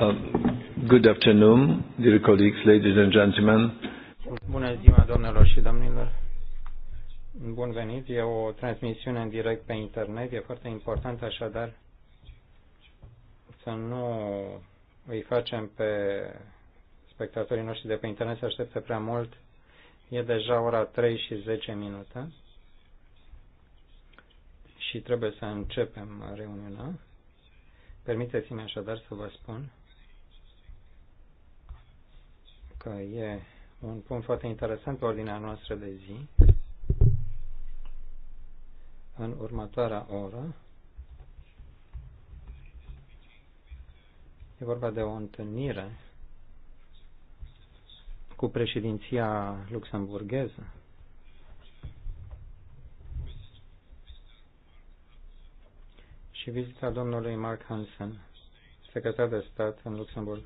Uh, good afternoon, dear colleagues, ladies and gentlemen. Bună ziua, domnilor și domnilor. Bun venit. E o transmisiune în direct pe internet. E foarte important, așadar, să nu îi facem pe spectatorii noștri de pe internet să aștepte prea mult. E deja ora 3 și 10 minute și trebuie să începem reuniunea. Permiteți-mi așadar să vă spun că e un punct foarte interesant pe ordinea noastră de zi. În următoarea oră e vorba de o întâlnire cu președinția luxemburgheză. Și vizita domnului Mark Hansen, secretar de stat în Luxemburg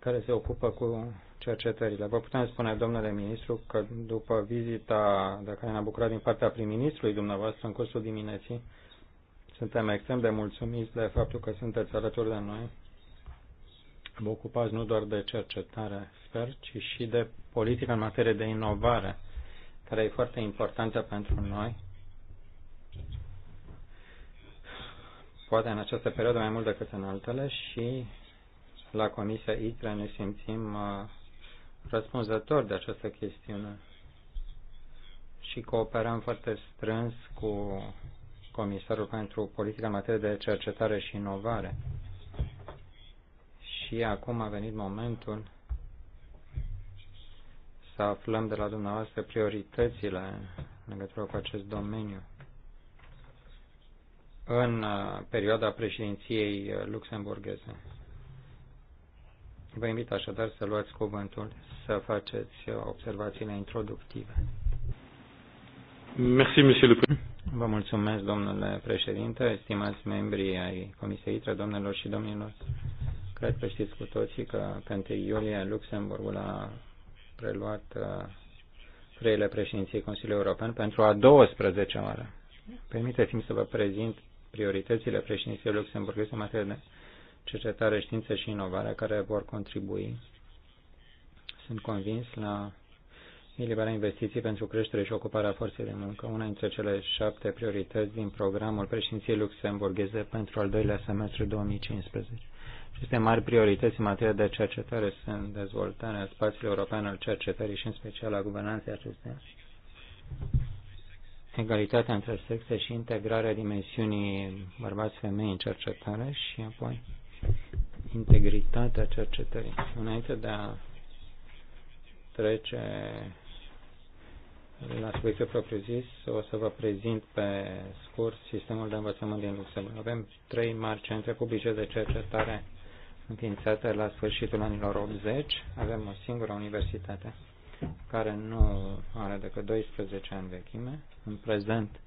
care se ocupă cu cercetările. Vă putem spune, domnule ministru, că după vizita de care ne-am bucurat din partea prim-ministrului dumneavoastră în cursul dimineții, suntem extrem de mulțumiți de faptul că sunteți alături de noi. Vă ocupați nu doar de cercetare, sper, ci și de politică în materie de inovare, care e foarte importantă pentru noi. Poate în această perioadă mai mult decât în altele și la Comisia ITRA ne simțim uh, răspunzători de această chestiune și cooperăm foarte strâns cu Comisarul pentru Politica în materie de cercetare și inovare. Și acum a venit momentul să aflăm de la dumneavoastră prioritățile în legătură cu acest domeniu. În uh, perioada președinției uh, luxemburgheze. Vă invit așadar să luați cuvântul, să faceți observațiile introductive. Merci, monsieur le Vă mulțumesc, domnule președinte, estimați membri ai Comisiei ITRE, domnilor și domnilor. Cred că știți cu toții că pe 1 iulie Luxemburgul a preluat preile uh, președinției Consiliului European pentru a 12 oară. Permiteți-mi să vă prezint prioritățile președinției Luxemburgului în materie de cercetare, știință și inovare care vor contribui, sunt convins, la eliberarea investiții pentru creștere și ocuparea forței de muncă, una dintre cele șapte priorități din programul președinției luxemburgheze pentru al doilea semestru 2015. Aceste mari priorități în materie de cercetare sunt dezvoltarea spațiului european al cercetării și în special a guvernanței acestea, egalitatea între sexe și integrarea dimensiunii bărbați-femei în cercetare și apoi integritatea cercetării. Înainte de a trece la subiectul propriu-zis, o să vă prezint pe scurt sistemul de învățământ din Luxemburg. Avem trei mari centre publice de cercetare înființate la sfârșitul anilor 80. Avem o singură universitate care nu are decât 12 ani vechime. În prezent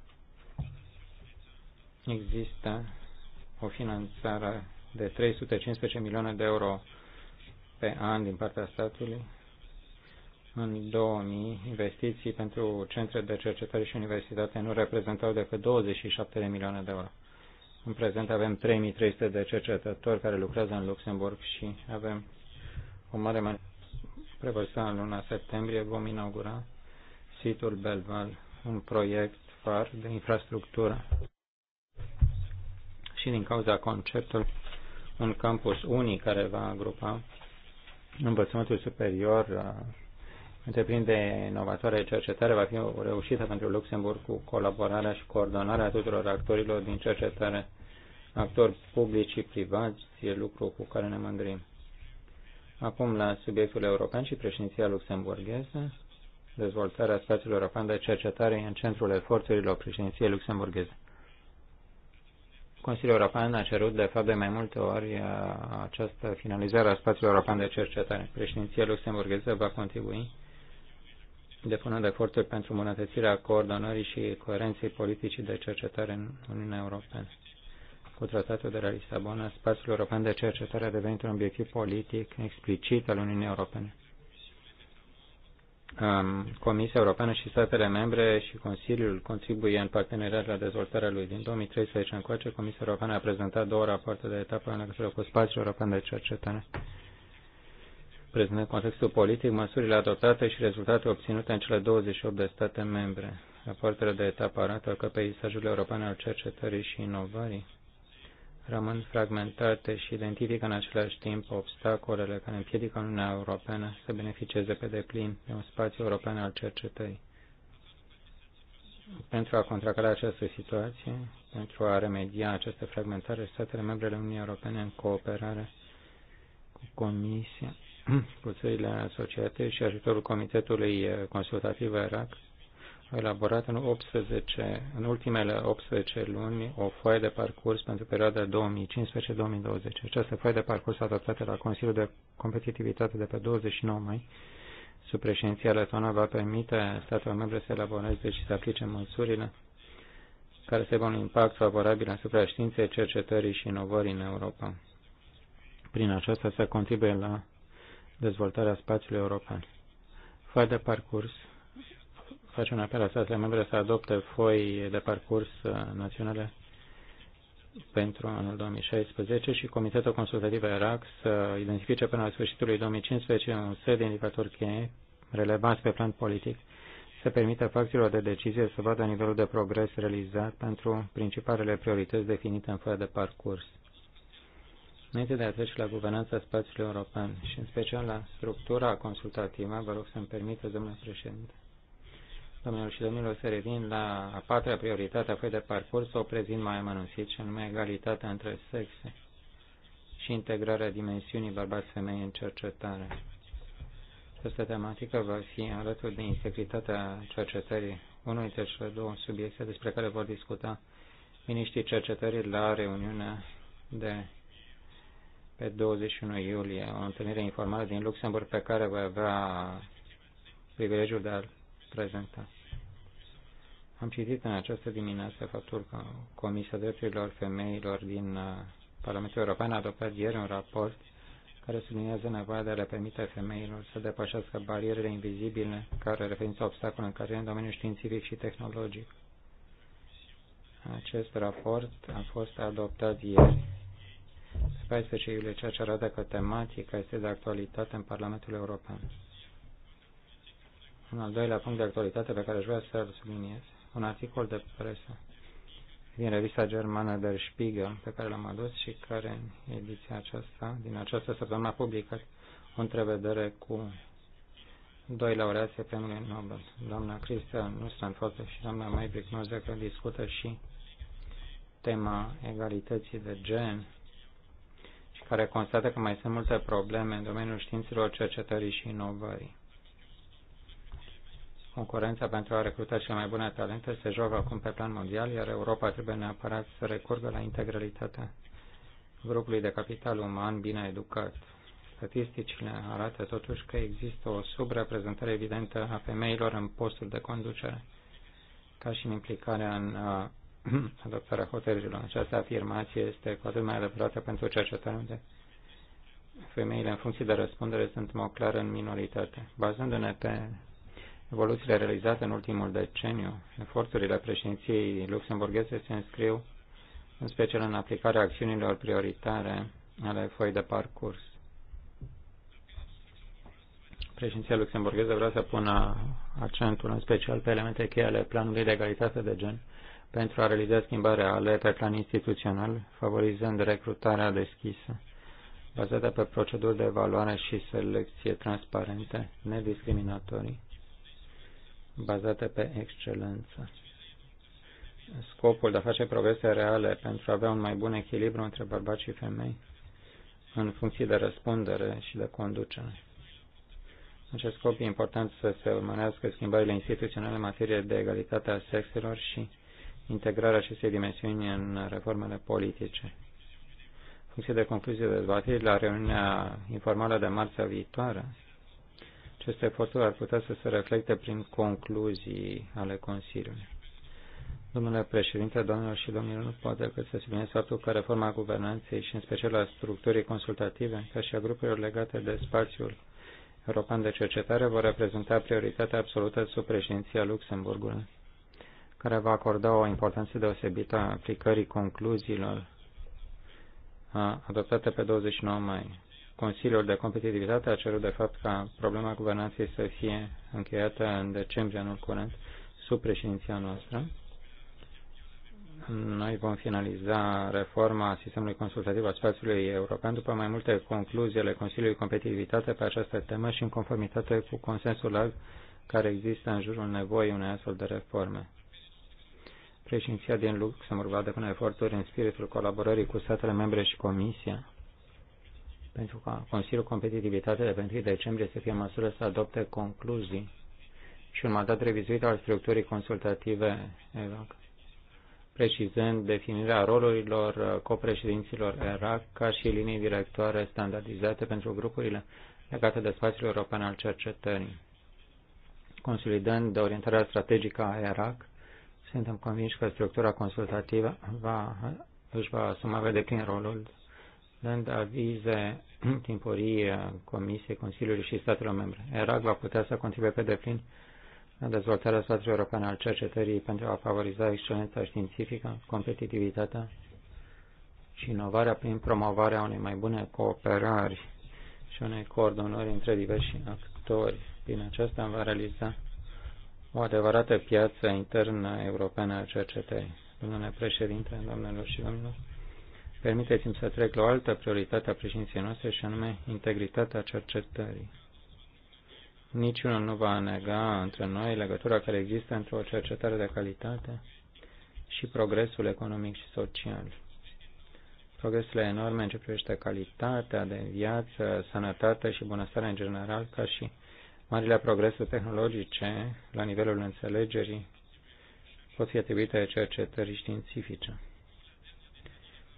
există o finanțare de 315 milioane de euro pe an din partea statului în 2000, investiții pentru centre de cercetare și universitate nu reprezentau decât 27 de milioane de euro. În prezent avem 3300 de cercetători care lucrează în Luxemburg și avem o mare mare prevăzută în luna septembrie vom inaugura situl Belval, un proiect far de infrastructură. Și din cauza conceptului un campus unic care va agrupa învățământul superior, uh, întreprinde inovatoare cercetare, va fi o reușită pentru Luxemburg cu colaborarea și coordonarea tuturor actorilor din cercetare, actori publici și privați, e lucru cu care ne mândrim. Acum la subiectul european și președinția luxemburgheză, dezvoltarea spațiului european de cercetare în centrul eforturilor președinției luxemburgheze. Consiliul European a cerut, de fapt, de mai multe ori uh, această finalizare a spațiului european de cercetare. Președinția luxemburgheză va contribui depunând eforturi pentru îmbunătățirea coordonării și coerenței politicii de cercetare în Uniunea Europeană. Cu tratatul de la Lisabona, spațiul european de cercetare a devenit un obiectiv politic explicit al Uniunii Europene. Comisia Europeană și statele membre și Consiliul contribuie în parteneriat la dezvoltarea lui. Din 2013 încoace, Comisia Europeană a prezentat două rapoarte de etapă în legătură cu spațiul european de cercetare, prezentând contextul politic, măsurile adoptate și rezultate obținute în cele 28 de state membre. Rapoartele de etapă arată că peisajul european al cercetării și inovării rămân fragmentate și identifică în același timp obstacolele care împiedică Uniunea Europeană să beneficieze pe deplin de un spațiu european al cercetării. Pentru a contracara această situație, pentru a remedia această fragmentare, statele membre ale Uniunii Europene în cooperare cu Comisia, cu țările asociate și ajutorul Comitetului Consultativ Irak, elaborat în, 18, în ultimele 18 luni o foaie de parcurs pentru perioada 2015-2020. Această foaie de parcurs adoptată la Consiliul de Competitivitate de pe 29 mai sub președinția Letona, va permite statelor membre să elaboreze și să aplice măsurile care să aibă un impact favorabil asupra științei, cercetării și inovării în Europa. Prin aceasta se contribuie la dezvoltarea spațiului european. Foaie de parcurs face un apel la statele membre să adopte foi de parcurs uh, naționale pentru anul 2016 și Comitetul Consultativ ERAC să identifice până la sfârșitul lui 2015 un set de indicatori cheie relevanți pe plan politic să permită factorilor de decizie să vadă nivelul de progres realizat pentru principalele priorități definite în foaia de parcurs. Înainte de a trece la guvernanța spațiului european și în special la structura consultativă, vă rog să-mi permiteți, domnule președinte, Domnilor și domnilor, să revin la a patra prioritate a de parcurs, o prezint mai amănunțit, și anume egalitatea între sexe și integrarea dimensiunii bărbați-femei în cercetare. Această tematică va fi alături de integritatea cercetării, unul dintre cele două subiecte despre care vor discuta miniștrii cercetării la reuniunea de pe 21 iulie, o întâlnire informală din Luxemburg pe care voi avea privilegiul de a prezentă. Am citit în această dimineață faptul că Comisia Drepturilor Femeilor din uh, Parlamentul European a adoptat ieri un raport care subliniază nevoia de a le permite femeilor să depășească barierele invizibile care reprezintă obstacole în care în domeniul științific și tehnologic. Acest raport a fost adoptat ieri, pe 14 iulie, ceea ce arată că tematica este de actualitate în Parlamentul European. Un al doilea punct de actualitate pe care aș vrea să-l subliniez, un articol de presă din revista germană Der Spiegel, pe care l-am adus și care în ediția aceasta, din această săptămână, publică, o întrevedere cu doi laureați ai premiului Nobel, doamna Cristia Nustanfote și doamna Mai Noze, care discută și tema egalității de gen și care constată că mai sunt multe probleme în domeniul științelor, cercetării și inovării. Concurența pentru a recruta cele mai bune talente se joacă acum pe plan mondial, iar Europa trebuie neapărat să recurgă la integralitatea grupului de capital uman bine educat. Statisticile arată totuși că există o subreprezentare evidentă a femeilor în postul de conducere, ca și în implicarea în adoptarea hotărârilor. Această afirmație este cu atât mai adevărată pentru cercetare unde femeile în funcție de răspundere sunt mai clar în minoritate. Bazându-ne pe evoluțiile realizate în ultimul deceniu, eforturile președinției luxemburgheze se înscriu în special în aplicarea acțiunilor prioritare ale foi de parcurs. Președinția luxemburgheză vrea să pună accentul în special pe elemente cheie ale planului de egalitate de gen pentru a realiza schimbarea ale pe plan instituțional, favorizând recrutarea deschisă, bazată pe proceduri de evaluare și selecție transparente, nediscriminatorii, bazate pe excelență. Scopul de a face progrese reale pentru a avea un mai bun echilibru între bărbați și femei în funcție de răspundere și de conducere. În acest scop e important să se urmărească schimbările instituționale în materie de egalitate a sexelor și integrarea acestei dimensiuni în reformele politice. În funcție de concluziile dezbaterii, la reuniunea informală de marțea viitoare, aceste eforturi ar putea să se reflecte prin concluzii ale Consiliului. Domnule președinte, domnilor și domnilor, nu poate decât să subliniez faptul că reforma guvernanței și în special a structurii consultative, ca și a grupurilor legate de spațiul european de cercetare, vor reprezenta prioritatea absolută sub președinția Luxemburgului, care va acorda o importanță deosebită a aplicării concluziilor adoptate pe 29 mai. Consiliul de Competitivitate a cerut de fapt ca problema guvernanței să fie încheiată în decembrie anul curent sub președinția noastră. Noi vom finaliza reforma sistemului consultativ al spațiului european după mai multe concluzii ale Consiliului Competitivitate pe această temă și în conformitate cu consensul larg care există în jurul nevoii unei astfel de reforme. Președinția din Luxemburg va depune eforturi în spiritul colaborării cu statele membre și Comisia pentru ca Consiliul Competitivitate de 1 decembrie să fie în măsură să adopte concluzii și un mandat revizuit al structurii consultative ERAC, precizând definirea rolurilor copreședinților ERAC ca și linii directoare standardizate pentru grupurile legate de spațiul european al cercetării. Consolidând orientarea strategică a ERAC, suntem convinși că structura consultativă va, își va asuma de deplin rolul dând avize timpurii uh, Comisiei, Consiliului și statelor membre. ERAG va putea să contribuie pe deplin la dezvoltarea spațiului european al cercetării pentru a favoriza excelența științifică, competitivitatea și inovarea prin promovarea unei mai bune cooperări și unei coordonări între diversi actori. Prin aceasta va realiza o adevărată piață internă europeană a cercetării. Domnule președinte, domnilor și domnilor, Permiteți-mi să trec la o altă prioritate a președinției noastre și anume integritatea cercetării. Niciunul nu va nega între noi legătura care există între o cercetare de calitate și progresul economic și social. Progresele enorme în ce privește calitatea de viață, sănătate și bunăstare în general, ca și marile progrese tehnologice la nivelul înțelegerii pot fi atribuite cercetării științifice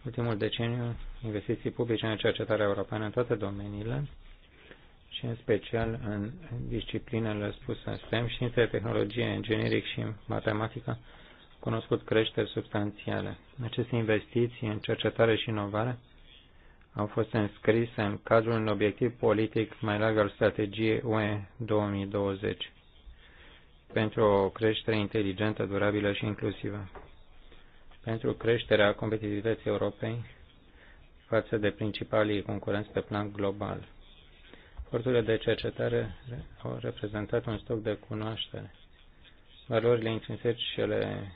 ultimul deceniu investiții publice în cercetarea europeană în toate domeniile și în special în disciplinele spuse STEM, științe, tehnologie, ingineric și matematică, cunoscut creșteri substanțiale. Aceste investiții în cercetare și inovare au fost înscrise în cadrul unui obiectiv politic mai larg al strategiei UE 2020 pentru o creștere inteligentă, durabilă și inclusivă pentru creșterea competitivității Europei față de principalii concurenți pe plan global. Forțurile de cercetare au reprezentat un stoc de cunoaștere. Valorile intrinseci și ale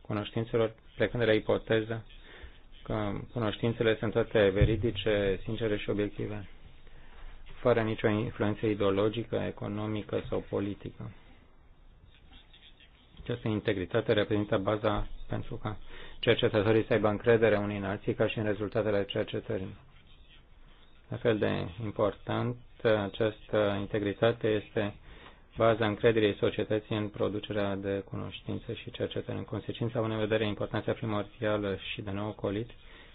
cunoștințelor, plecând de la ipoteză că cunoștințele sunt toate veridice, sincere și obiective, fără nicio influență ideologică, economică sau politică. Această integritate reprezintă baza pentru ca cercetătorii să aibă încredere unii în alții ca și în rezultatele cercetării. La fel de important, această integritate este baza încrederii societății în producerea de cunoștință și cercetări. În consecință, având în vedere importanța primordială și de nou colit,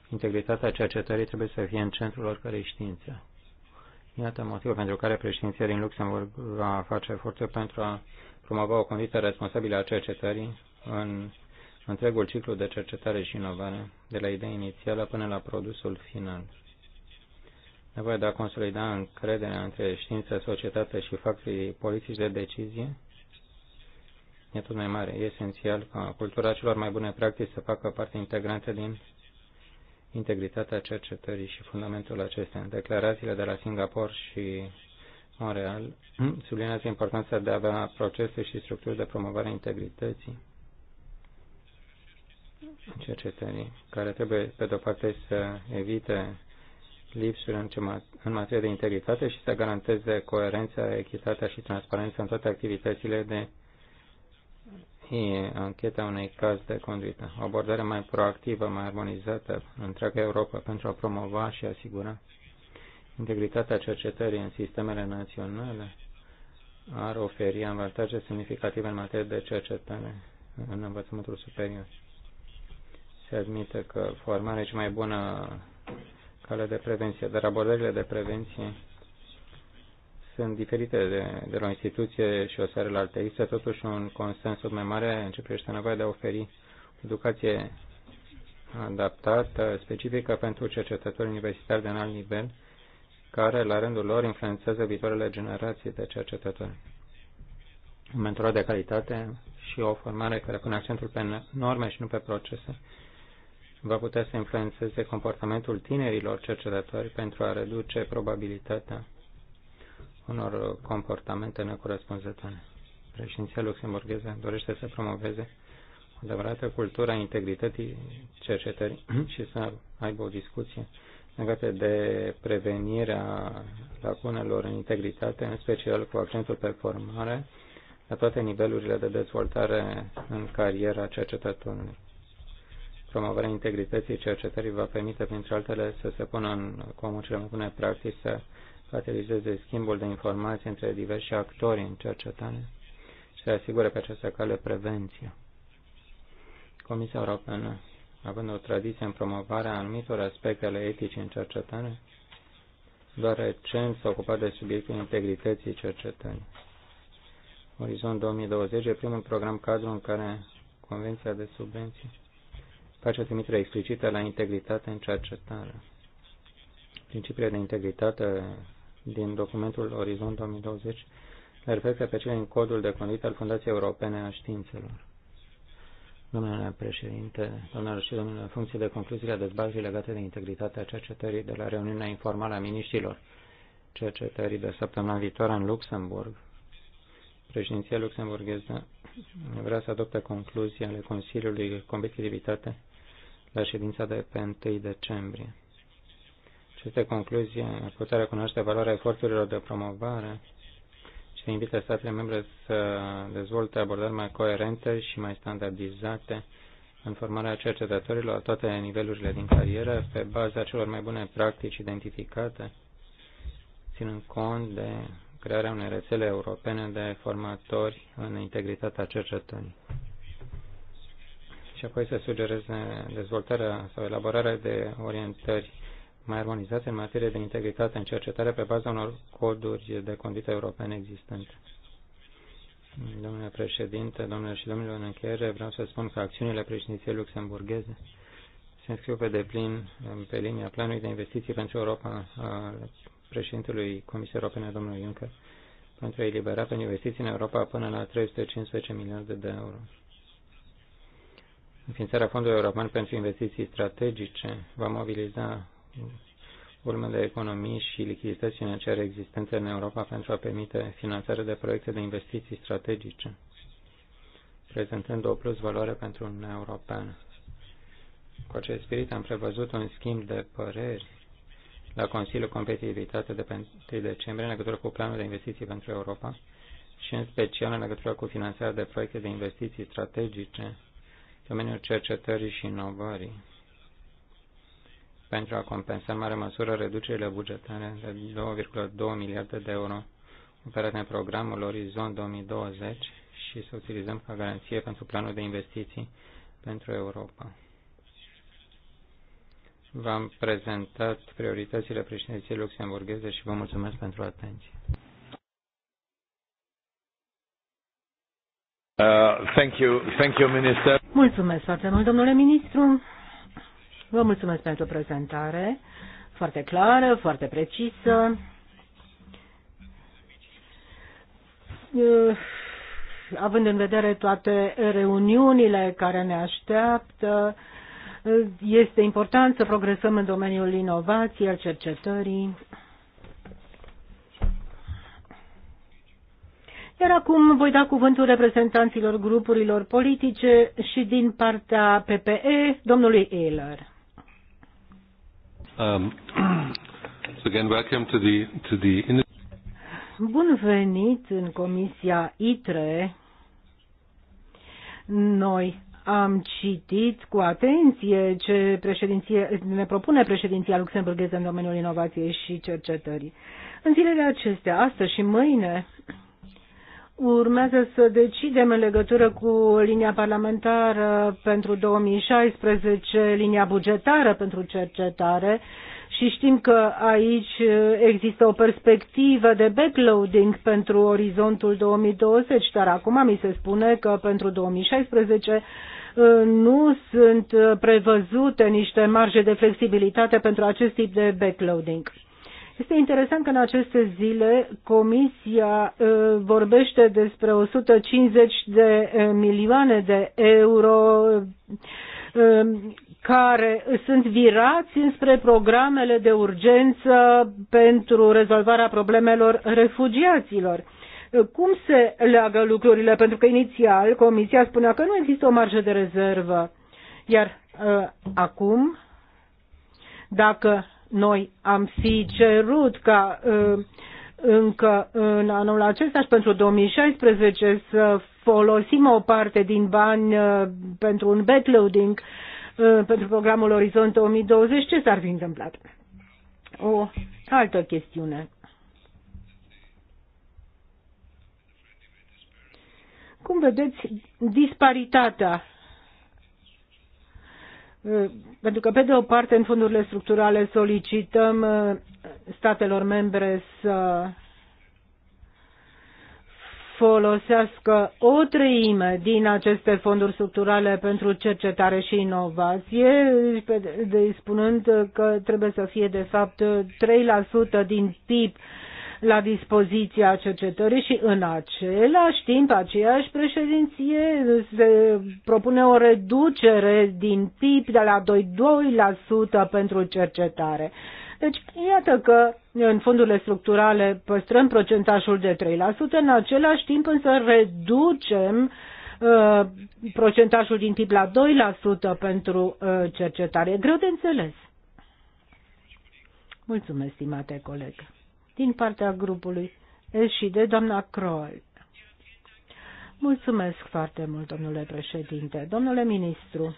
integritatea cercetării trebuie să fie în centrul oricărei științe. Iată motivul pentru care președinția din Luxemburg va face eforturi pentru a promova o conduită responsabilă a cercetării în întregul ciclu de cercetare și inovare, de la ideea inițială până la produsul final. Nevoie de a consolida încrederea între știință, societate și factorii politici de decizie e tot mai mare. E esențial ca cultura celor mai bune practici să facă parte integrantă din integritatea cercetării și fundamentul acestea. Declarațiile de la Singapore și Montreal sublinează importanța de a avea procese și structuri de promovare a integrității cercetării, care trebuie, pe de-o parte, să evite lipsurile în, în materie de integritate și să garanteze coerența, echitatea și transparența în toate activitățile de ancheta unui caz de conduită. O abordare mai proactivă, mai armonizată în întreaga Europa pentru a promova și asigura Integritatea cercetării în sistemele naționale ar oferi avantaje semnificative în materie de cercetare în învățământul superior. Se admite că formarea e cea mai bună cale de prevenție, dar abordările de prevenție sunt diferite de, de la o instituție și o seară la alte. Există totuși un consens mai mare în ce privește nevoia de a oferi educație adaptată, specifică pentru cercetători universitari de înalt nivel, care, la rândul lor, influențează viitoarele generații de cercetători. Un mentorat de calitate și o formare care pune accentul pe norme și nu pe procese va putea să influențeze comportamentul tinerilor cercetători pentru a reduce probabilitatea unor comportamente necorespunzătoare. Președinția luxemburgheză dorește să promoveze o adevărată cultură a integrității cercetării și să aibă o discuție legate de prevenirea lacunelor în integritate, în special cu accentul pe formare, la toate nivelurile de dezvoltare în cariera cercetătorului. Promovarea integrității cercetării va permite, printre altele, să se pună în comun cele mai bune practici, să catalizeze schimbul de informații între diversi actori în cercetare și să asigure pe această cale prevenția. Comisia Europeană având o tradiție în promovarea anumitor aspecte ale eticii în cercetare, doar recent s-a ocupat de subiectul integrității cercetării. Orizont 2020 e primul program cadru în care Convenția de Subvenții face o trimitere explicită la integritate în cercetare. Principiile de integritate din documentul Orizont 2020 le reflectă pe cele în codul de conduită al Fundației Europene a Științelor. Domnule președinte, domnilor și domnilor, în funcție de concluziile dezbaterii legate de integritatea cercetării de la reuniunea informală a miniștilor cercetării de săptămâna viitoare în Luxemburg, președinția luxemburgheză vrea să adopte concluzii ale Consiliului Competitivitate la ședința de pe 1 decembrie. Aceste concluzii ar putea recunoaște valoarea eforturilor de promovare se invită statele membre să dezvolte abordări mai coerente și mai standardizate în formarea cercetătorilor la toate nivelurile din carieră, pe baza celor mai bune practici identificate, ținând cont de crearea unei rețele europene de formatori în integritatea cercetării. Și apoi se sugereze dezvoltarea sau elaborarea de orientări mai armonizate în materie de integritate în cercetare pe baza unor coduri de conduită europene existente. Domnule președinte, domnule și domnilor, în încheiere vreau să spun că acțiunile președinției luxemburgheze se înscriu pe deplin pe linia planului de investiții pentru Europa al președintelui Comisiei Europene, domnul Juncker, pentru a elibera pe investiții în Europa până la 315 miliarde de euro. Înființarea Fondului European pentru Investiții Strategice va mobiliza urmele economii și lichidității financiare existente în Europa pentru a permite finanțarea de proiecte de investiții strategice, prezentând o plus valoare pentru un european. Cu acest spirit am prevăzut un schimb de păreri la Consiliul Competitivitate de pe 1 decembrie în legătură cu planul de investiții pentru Europa și în special în legătură cu finanțarea de proiecte de investiții strategice în domeniul cercetării și inovării pentru a compensa în mare măsură reducerile bugetare de 2,2 miliarde de euro operate în programul Orizont 2020 și să utilizăm ca garanție pentru planul de investiții pentru Europa. V-am prezentat prioritățile președinției luxemburgheze și vă mulțumesc pentru atenție. Uh, thank you, thank you, minister. Mulțumesc foarte mult, domnule ministru. Vă mulțumesc pentru prezentare, foarte clară, foarte precisă. Eh, având în vedere toate reuniunile care ne așteaptă, eh, este important să progresăm în domeniul inovației, al cercetării. Iar acum voi da cuvântul reprezentanților grupurilor politice și din partea PPE, domnului Ehler. Bun venit în Comisia ITRE. Noi am citit cu atenție ce președinție, ne propune președinția luxemburgheză în domeniul inovației și cercetării. În zilele acestea, astăzi și mâine, urmează să decidem în legătură cu linia parlamentară pentru 2016, linia bugetară pentru cercetare și știm că aici există o perspectivă de backloading pentru orizontul 2020, dar acum mi se spune că pentru 2016 uh, nu sunt prevăzute niște marje de flexibilitate pentru acest tip de backloading. Este interesant că în aceste zile Comisia vorbește despre 150 de milioane de euro care sunt virați înspre programele de urgență pentru rezolvarea problemelor refugiaților. Cum se leagă lucrurile? Pentru că inițial Comisia spunea că nu există o marjă de rezervă. Iar uh, acum, dacă noi am fi cerut ca ă, încă în anul acesta și pentru 2016 să folosim o parte din bani ă, pentru un backloading ă, pentru programul Orizont 2020, ce s-ar fi întâmplat? O altă chestiune. Cum vedeți disparitatea pentru că, pe de o parte, în fondurile structurale solicităm uh, statelor membre să folosească o treime din aceste fonduri structurale pentru cercetare și inovație, spunând că trebuie să fie de fapt 3% din PIB la dispoziția cercetării și în același timp aceeași președinție se propune o reducere din PIB de la 2,2% pentru cercetare. Deci, iată că în fondurile structurale păstrăm procentajul de 3%, în același timp însă reducem uh, procentajul din PIB la 2% pentru uh, cercetare. greu de înțeles. Mulțumesc, stimate coleg din partea grupului și de doamna Kroll. Mulțumesc foarte mult, domnule președinte. Domnule ministru,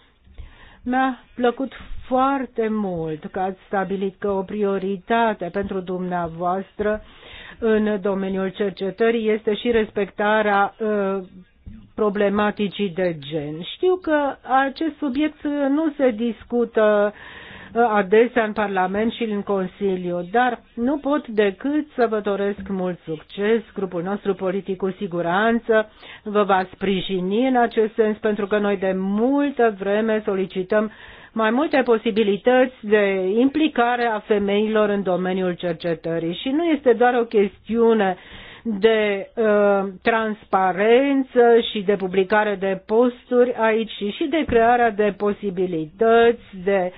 mi-a plăcut foarte mult că ați stabilit că o prioritate pentru dumneavoastră în domeniul cercetării este și respectarea uh, problematicii de gen. Știu că acest subiect nu se discută Uh, adesea în Parlament și în Consiliu, dar nu pot decât să vă doresc mult succes. Grupul nostru politic cu siguranță vă va sprijini în acest sens pentru că noi de multă vreme solicităm mai multe posibilități de implicare a femeilor în domeniul cercetării și nu este doar o chestiune de uh, transparență și de publicare de posturi aici și de crearea de posibilități de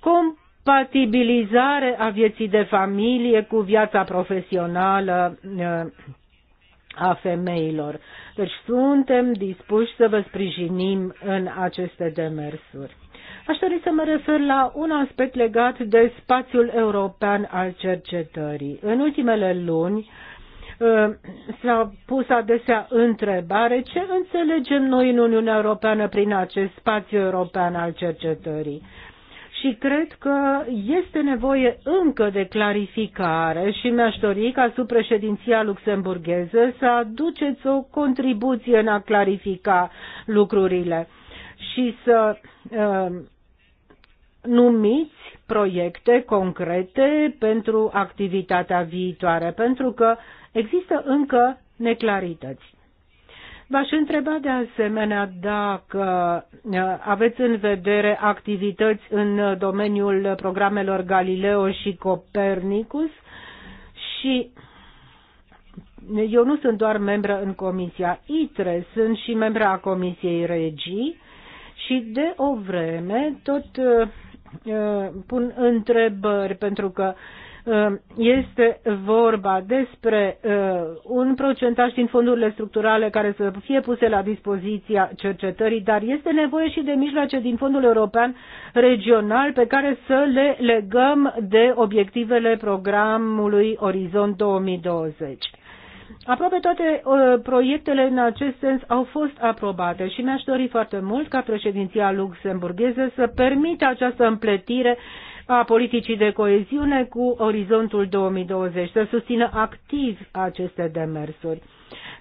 compatibilizare a vieții de familie cu viața profesională a femeilor. Deci suntem dispuși să vă sprijinim în aceste demersuri. Aș dori să mă refer la un aspect legat de spațiul european al cercetării. În ultimele luni s-a pus adesea întrebare ce înțelegem noi în Uniunea Europeană prin acest spațiu european al cercetării și cred că este nevoie încă de clarificare și mi-aș dori ca sub președinția luxemburgheză să aduceți o contribuție în a clarifica lucrurile și să uh, numiți proiecte concrete pentru activitatea viitoare, pentru că există încă neclarități. V-aș întreba de asemenea dacă uh, aveți în vedere activități în domeniul programelor Galileo și Copernicus și eu nu sunt doar membră în Comisia ITRE, sunt și membra a Comisiei Regii și de o vreme tot uh, uh pun întrebări pentru că uh, Ehm, este vorba despre ehm, un procentaj din fondurile structurale care să fie puse la dispoziția cercetării, dar este nevoie și de mijloace din fondul european regional pe care să le legăm de obiectivele programului Orizont 2020. Aproape toate uh, proiectele în acest sens au fost aprobate și mi-aș dori foarte mult ca președinția luxemburgheză să permită această împletire a politicii de coeziune cu orizontul 2020, să susțină activ aceste demersuri.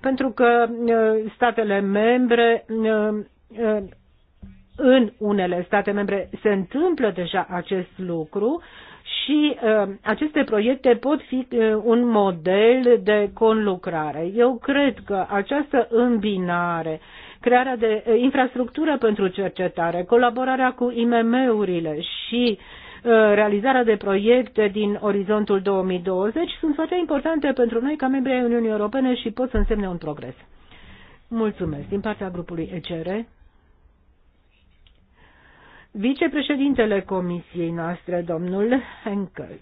Pentru că uh, statele membre uh, uh, în unele state membre se întâmplă deja acest lucru și aceste proiecte pot fi un model de conlucrare. Eu cred că această îmbinare, crearea de infrastructură pentru cercetare, colaborarea cu IMM-urile și Uh, realizarea de proiecte din orizontul 2020 sunt foarte importante pentru noi ca membri ai Uniunii Europene și pot să însemne un progres. Mulțumesc. Din partea grupului ECR, vicepreședintele comisiei noastre, domnul Henkel.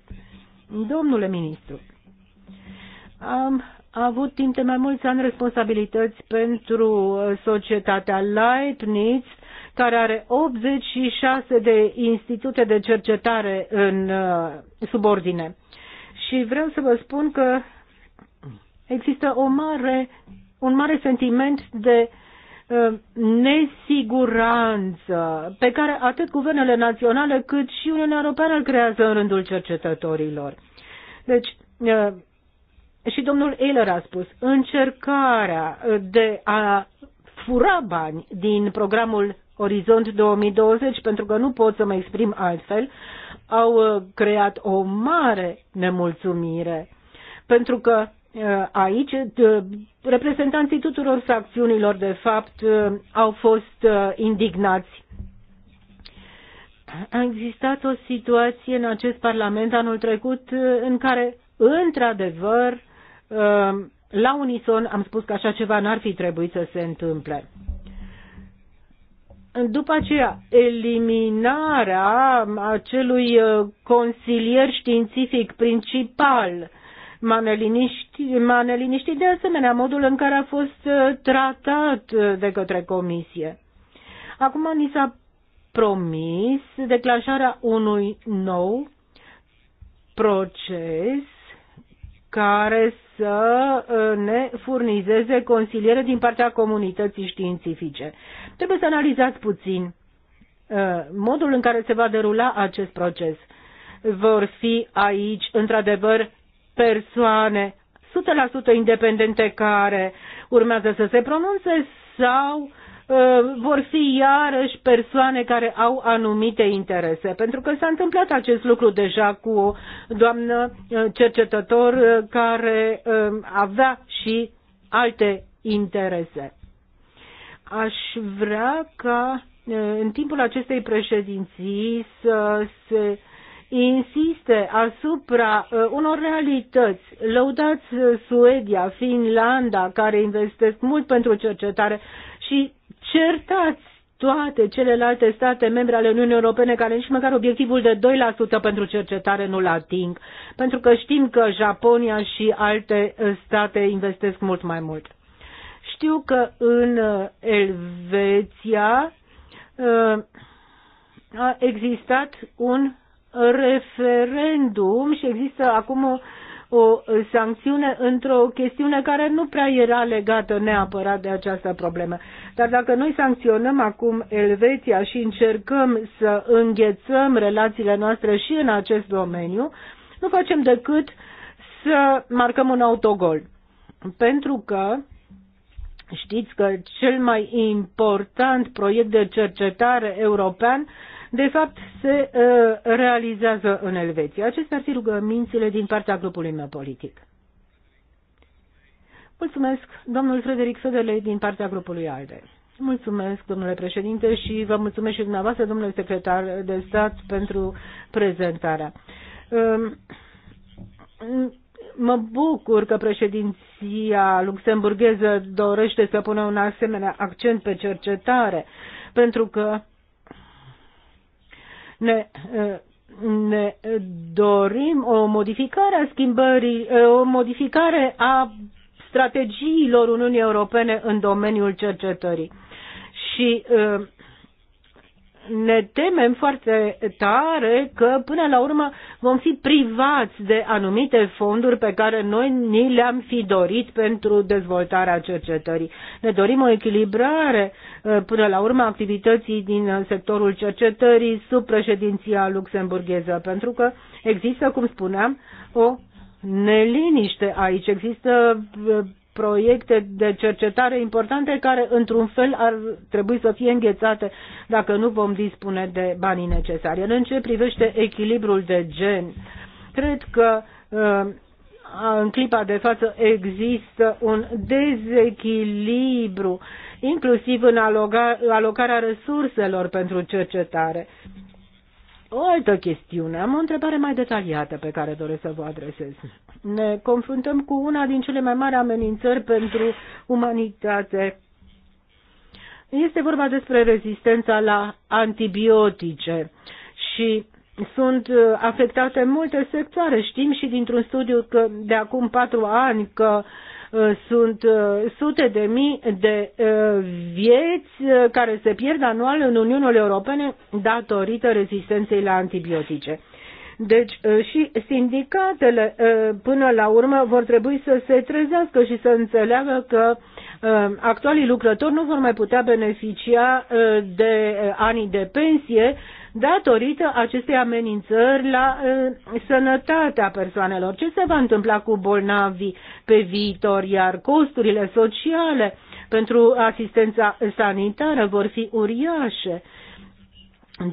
Domnule ministru, am avut timp de mai mulți ani responsabilități pentru uh, societatea Leibniz, care are 86 de institute de cercetare în uh, subordine. Și vreau să vă spun că există o mare, un mare sentiment de uh, nesiguranță pe care atât guvernele naționale cât și Uniunea Europeană îl creează în rândul cercetătorilor. Deci, uh, și domnul Eiler a spus, încercarea de a fura bani din programul Orizont 2020, pentru că nu pot să mă exprim altfel, au uh, creat o mare nemulțumire. Pentru că uh, aici uh, reprezentanții tuturor fracțiunilor, de fapt, au fost indignați. A existat o situație în acest Parlament anul trecut în care, într-adevăr, la unison am spus că așa ceva n-ar fi trebuit să se întâmple. După aceea, eliminarea acelui uh, consilier științific principal m-a neliniștit, de asemenea modul în care a fost uh, tratat uh, de către comisie. Acum ni s-a promis declanșarea unui nou proces care să ne furnizeze consiliere din partea comunității științifice. Trebuie să analizați puțin uh, modul în care se va derula acest proces. Vor fi aici, într-adevăr, persoane 100% independente care urmează să se pronunțe sau uh, vor fi iarăși persoane care au anumite interese. Pentru că s-a întâmplat acest lucru deja cu o doamnă uh, cercetător care avea și alte interese aș vrea ca în timpul acestei președinții să se insiste asupra unor realități. Lăudați Suedia, Finlanda, care investesc mult pentru cercetare și certați toate celelalte state membre ale Uniunii Europene care nici măcar obiectivul de 2% pentru cercetare nu-l ating, pentru că știm că Japonia și alte state investesc mult mai mult. Știu că în uh, Elveția uh, a existat un referendum și există acum o, o sancțiune într-o chestiune care nu prea era legată neapărat de această problemă. Dar dacă noi sancționăm acum Elveția și încercăm să înghețăm relațiile noastre și în acest domeniu, nu facem decât să marcăm un autogol. Pentru că Știți că cel mai important proiect de cercetare european de fapt se uh, realizează în Elveția. Acestea ar fi rugămințile din partea grupului meu politic. Mulțumesc, domnul Frederic Federley, din partea grupului ALDE. Mulțumesc, domnule președinte, și vă mulțumesc și dumneavoastră, domnule secretar de stat, pentru prezentarea. Uh, Mă bucur că președinția luxemburgheză dorește să pună un asemenea accent pe cercetare, pentru că ne, uh, ne dorim o modificare a schimbării, uh, o modificare a strategiilor Uniunii Europene în domeniul cercetării. Și uh, ne temem foarte tare că până la urmă vom fi privați de anumite fonduri pe care noi ni le-am fi dorit pentru dezvoltarea cercetării. Ne dorim o echilibrare uh, până la urmă activității din sectorul cercetării sub președinția luxemburgheză, pentru că există, cum spuneam, o neliniște aici. Există uh, proiecte de cercetare importante care, într-un fel, ar trebui să fie înghețate dacă nu vom dispune de banii necesari. În ce privește echilibrul de gen, cred că uh, în clipa de față există un dezechilibru, inclusiv în alocarea resurselor pentru cercetare. O altă chestiune, am o întrebare mai detaliată pe care doresc să vă adresez. Ne confruntăm cu una din cele mai mari amenințări pentru umanitate. Este vorba despre rezistența la antibiotice și sunt uh, afectate multe sectoare. Știm și dintr-un studiu că de acum patru ani că uh, Uh, sunt uh, sute de mii de uh, vieți care se pierd anual în Uniunea Europene datorită rezistenței la antibiotice. Deci și sindicatele până la urmă vor trebui să se trezească și să înțeleagă că actualii lucrători nu vor mai putea beneficia de ani de pensie datorită acestei amenințări la uh, sănătatea persoanelor. Ce se va întâmpla cu bolnavii pe viitor, iar costurile sociale pentru asistența sanitară vor fi uriașe.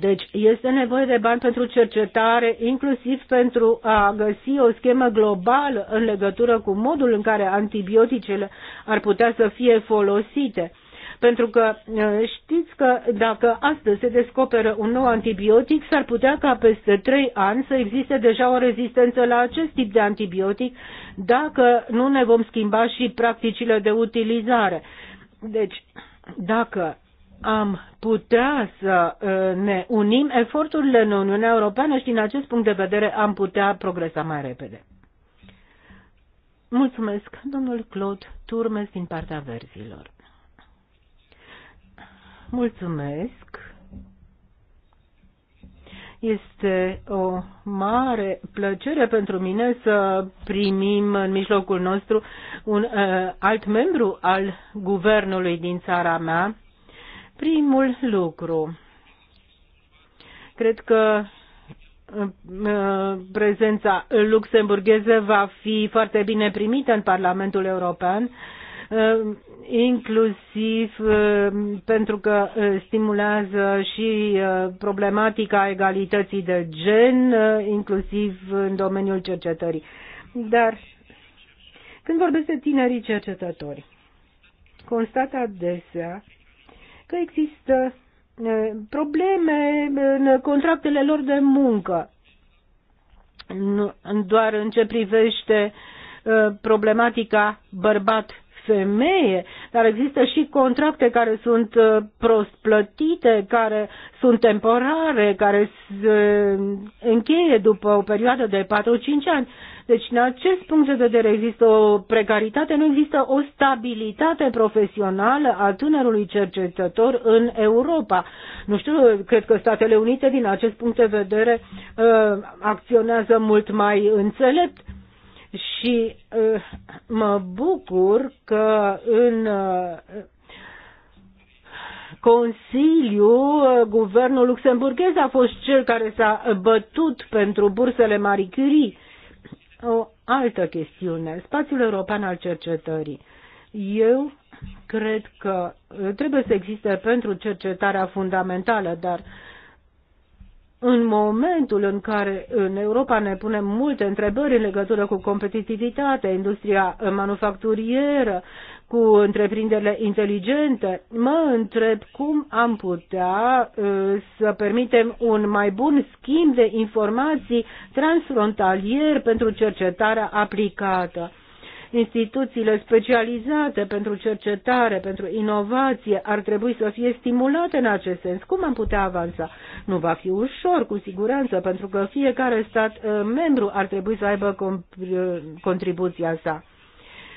Deci este nevoie de bani pentru cercetare, inclusiv pentru a găsi o schemă globală în legătură cu modul în care antibioticele ar putea să fie folosite. Pentru că uh, știți că dacă astăzi se descoperă un nou antibiotic, s-ar putea ca peste 3 ani să existe deja o rezistență la acest tip de antibiotic dacă nu ne vom schimba și practicile de utilizare. Deci, dacă am putea să uh, ne unim eforturile în Uniunea Europeană și din acest punct de vedere am putea progresa mai repede. Mulțumesc, domnul Claude Turmes din partea verzilor. Mulțumesc! Este o mare plăcere pentru mine să primim în mijlocul nostru un uh, alt membru al guvernului din țara mea. Primul lucru. Cred că uh, prezența luxemburgheză va fi foarte bine primită în Parlamentul European Uh, inclusiv uh, pentru că uh, stimulează și problematica egalității de gen, inclusiv în domeniul cercetării. Dar când vorbesc de tinerii cercetători, constat adesea că există probleme în contractele lor de muncă, doar în ce privește problematica bărbat femeie, dar există și contracte care sunt uh, prost plătite, care sunt temporare, care se uh, încheie după o perioadă de 4-5 ani. Deci, în acest punct de vedere, există o precaritate, nu există o stabilitate profesională a tânărului cercetător în Europa. Nu știu, cred că Statele Unite, din acest punct de vedere, uh, acționează mult mai înțelept și uh, mă bucur că în uh, Consiliu, uh, guvernul luxemburghez a fost cel care s-a bătut pentru bursele Marie Curie. O altă chestiune, spațiul european al cercetării. Eu cred că trebuie să existe pentru cercetarea fundamentală, dar uh, în momentul în care în Europa ne punem multe întrebări în legătură cu competitivitatea, industria manufacturieră, cu întreprinderile inteligente, mă întreb cum am putea uh, să permitem un mai bun schimb de informații transfrontalier pentru cercetarea aplicată instituțiile specializate pentru cercetare, pentru inovație, ar trebui să fie stimulate în acest sens. Cum am putea avansa? Nu va fi ușor, cu siguranță, pentru că fiecare stat uh, membru ar trebui să aibă contribuția sa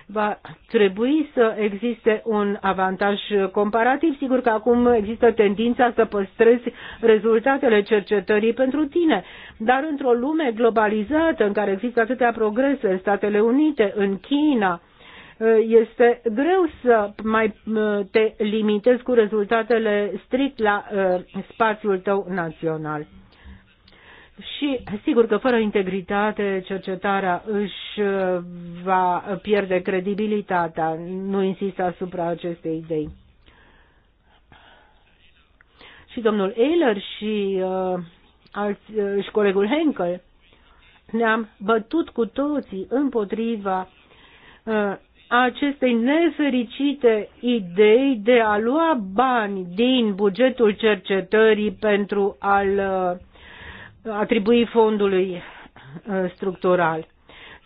va trebui să existe un avantaj comparativ. Sigur că acum există tendința să păstrezi rezultatele cercetării pentru tine, dar într-o lume globalizată în care există atâtea progrese în Statele Unite, în China, este greu să mai te limitezi cu rezultatele strict la uh, spațiul tău național. Și sigur că fără integritate cercetarea își uh, va pierde credibilitatea. Nu insist asupra acestei idei. Și domnul Ehler și, uh, alți, uh, și colegul Henkel ne-am bătut cu toții împotriva uh, acestei nefericite idei de a lua bani din bugetul cercetării pentru a-l uh, atribui fondului uh, structural.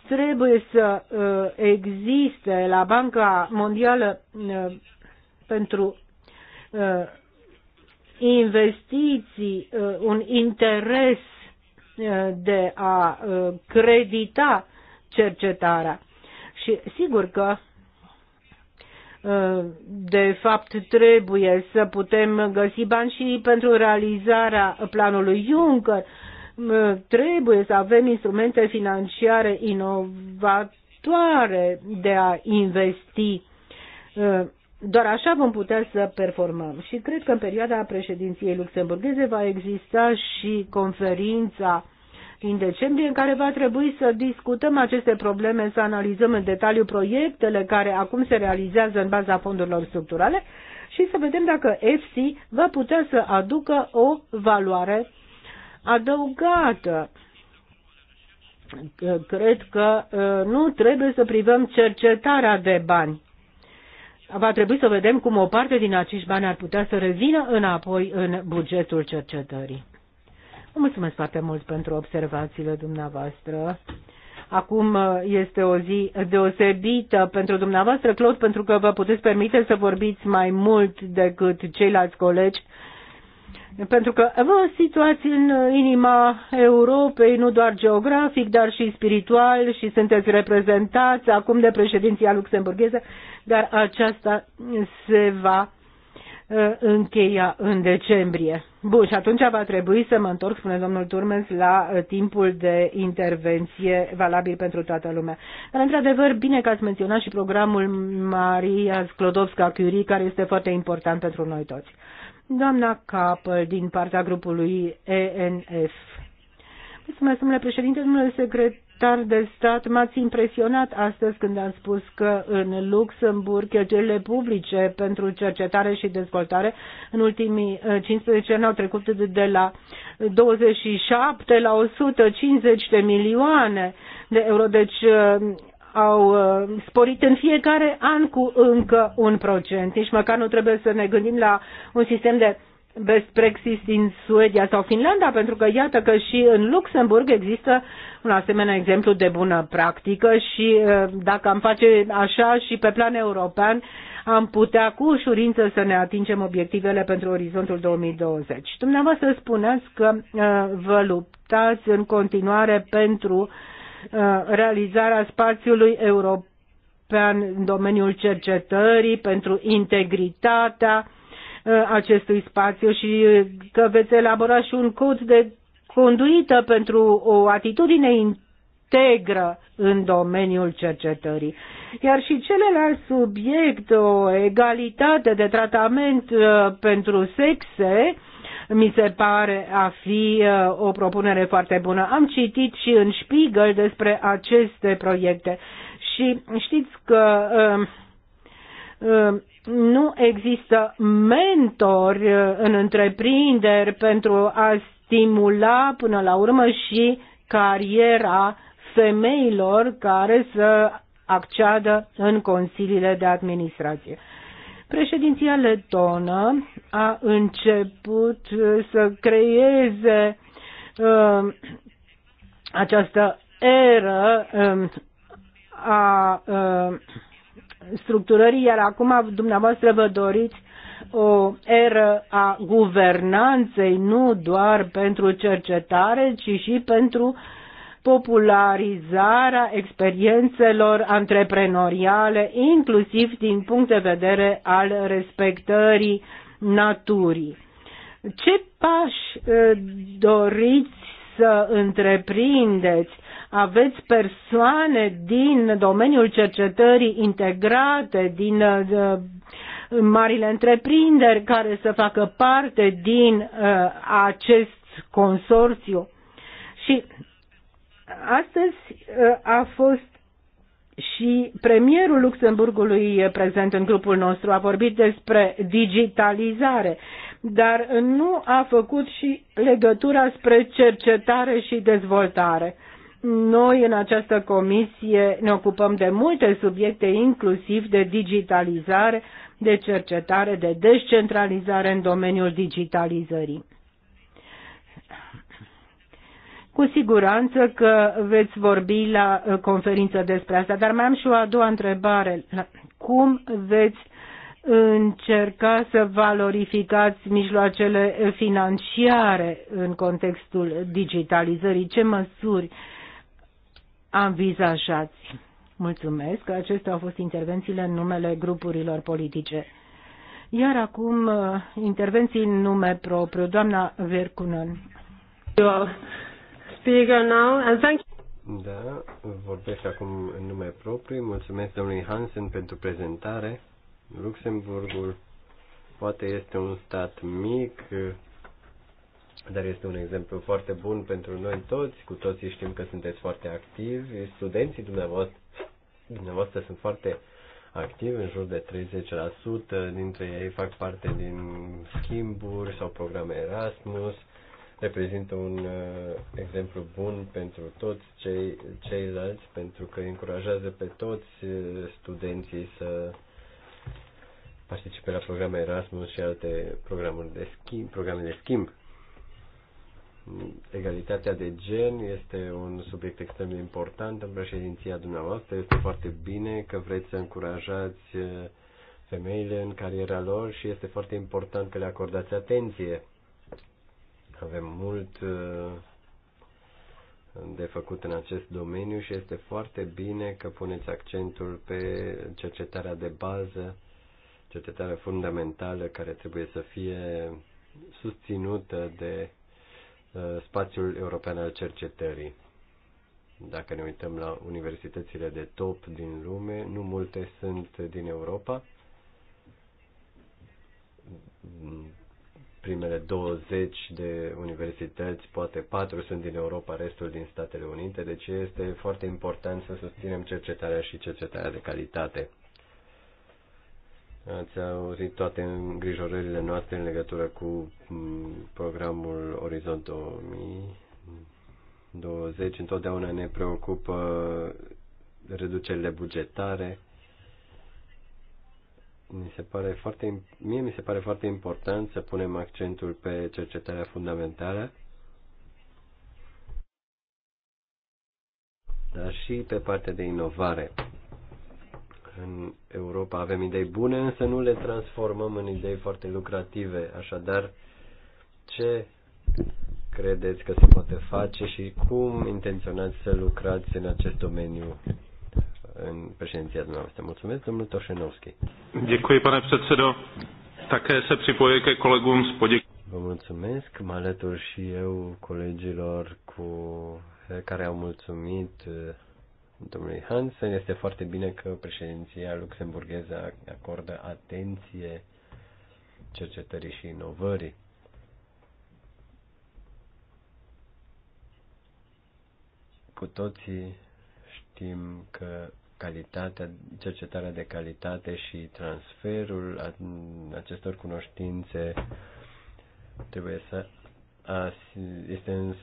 Trebuie să uh, existe la Banca Mondială uh, pentru investiții un interes de a credita cercetarea. Și sigur că de fapt trebuie să putem găsi bani și pentru realizarea planului Juncker, Mm, trebuie să avem instrumente financiare inovatoare de a investi. Mm, doar așa vom putea să performăm. Și cred că în perioada președinției luxemburgheze va exista și conferința din decembrie în care va trebui să discutăm aceste probleme, să analizăm în detaliu proiectele care acum se realizează în baza fondurilor structurale și să vedem dacă EFSI va putea să aducă o valoare adăugată. Cred că uh, nu trebuie să privăm cercetarea de bani. Va trebui să vedem cum o parte din acești bani ar putea să revină înapoi în bugetul cercetării. Vă mulțumesc foarte mult pentru observațiile dumneavoastră. Acum uh, este o zi deosebită pentru dumneavoastră, Claude, pentru că vă puteți permite să vorbiți mai mult decât ceilalți colegi pentru că vă situați în inima Europei, nu doar geografic, dar și spiritual și sunteți reprezentați acum de președinția luxemburgheză, dar aceasta se va uh, încheia în decembrie. Bun, și atunci va trebui să mă întorc, spune domnul Turmes, la uh, timpul de intervenție valabil pentru toată lumea. Dar, într-adevăr, bine că ați menționat și programul Maria Sklodowska-Curie, care este foarte important pentru noi toți. Doamna Capăl din partea grupului ENF. Mulțumesc, domnule președinte, domnule secretar de stat, m-ați impresionat astăzi când am spus că în Luxemburg cheltuielile publice pentru cercetare și dezvoltare în ultimii 15 eh, ani au trecut de la 27 la 150 de milioane de euro. Deci eh, au uh, sporit în fiecare an cu încă un procent. Nici măcar nu trebuie să ne gândim la un sistem de best practice din Suedia sau Finlanda, pentru că iată că și în Luxemburg există un asemenea exemplu de bună practică și uh, dacă am face așa și pe plan european, am putea cu ușurință să ne atingem obiectivele pentru orizontul 2020. Dumneavoastră spuneați că uh, vă luptați în continuare pentru uh, Uh, realizarea spațiului european în domeniul cercetării, pentru integritatea uh, acestui spațiu și că veți elabora și un cod de conduită pentru o atitudine integră în domeniul cercetării. Iar și celălalt subiect, o egalitate de tratament uh, pentru sexe, mi se pare a fi uh, o propunere foarte bună. Am citit și în Spiegel despre aceste proiecte și știți că uh, uh, nu există mentori în întreprinderi pentru a stimula până la urmă și cariera femeilor care să acceadă în consiliile de administrație. Președinția letonă a început uh, să creeze uh, această eră uh, a uh, structurării, iar acum dumneavoastră vă doriți o eră a guvernanței, nu doar pentru cercetare, ci și pentru uh, popularizarea experiențelor antreprenoriale, inclusiv din punct de vedere al respectării naturii. Ce pași doriți să întreprindeți? Aveți persoane din domeniul cercetării integrate, din marile întreprinderi care să facă parte din acest consorțiu. Și Astăzi ă, a fost și premierul Luxemburgului prezent în grupul nostru a vorbit despre digitalizare, dar nu a făcut și legătura spre cercetare și dezvoltare. Noi în această comisie ne ocupăm de multe subiecte, inclusiv de digitalizare, de cercetare, de descentralizare în domeniul digitalizării. Cu siguranță că veți vorbi la uh, conferință despre asta, dar mai am și o a doua întrebare. Cum veți încerca să valorificați mijloacele financiare în contextul digitalizării? Ce măsuri anvizajați? Mulțumesc că acestea au fost intervențiile în numele grupurilor politice. Iar acum uh, intervenții în nume propriu. Doamna Vercunan. Eu speaker now and thank you. Da, vorbesc acum în nume propriu. Mulțumesc domnului Hansen pentru prezentare. Luxemburgul poate este un stat mic, dar este un exemplu foarte bun pentru noi toți. Cu toții știm că sunteți foarte activi. Studenții dumneavoastră, dumneavoastră sunt foarte activi, în jur de 30% dintre ei fac parte din schimburi sau programe Erasmus reprezintă un uh, exemplu bun pentru toți cei, ceilalți, pentru că încurajează pe toți uh, studenții să participe la programe Erasmus și alte programuri de schimb, programe de schimb. Egalitatea de gen este un subiect extrem de important în președinția dumneavoastră. Este foarte bine că vreți să încurajați uh, femeile în cariera lor și este foarte important că le acordați atenție avem mult uh, de făcut în acest domeniu și este foarte bine că puneți accentul pe cercetarea de bază, cercetarea fundamentală care trebuie să fie susținută de uh, spațiul european al cercetării. Dacă ne uităm la universitățile de top din lume, nu multe sunt din Europa primele 20 de universități, poate 4 sunt din Europa, restul din Statele Unite, deci este foarte important să susținem cercetarea și cercetarea de calitate. Ați auzit toate îngrijorările noastre în legătură cu mm, programul Orizont 2020. Întotdeauna ne preocupă reducerile bugetare mi se pare foarte, mie mi se pare foarte important să punem accentul pe cercetarea fundamentală, dar și pe partea de inovare. În Europa avem idei bune, însă nu le transformăm în idei foarte lucrative. Așadar, ce credeți că se poate face și cum intenționați să lucrați în acest domeniu în președinția dumneavoastră. Mulțumesc, domnul Toșenovski. Děkuji, pane předsedo. Také se připojuji ke kolegům s poděk... Vă mulțumesc, mă alătur și eu colegilor cu care au mulțumit eh, domnului Hansen. Este foarte bine că președinția luxemburgheză acordă atenție cercetării și inovării. Cu toții știm că calitatea, cercetarea de calitate și transferul acestor cunoștințe trebuie să este în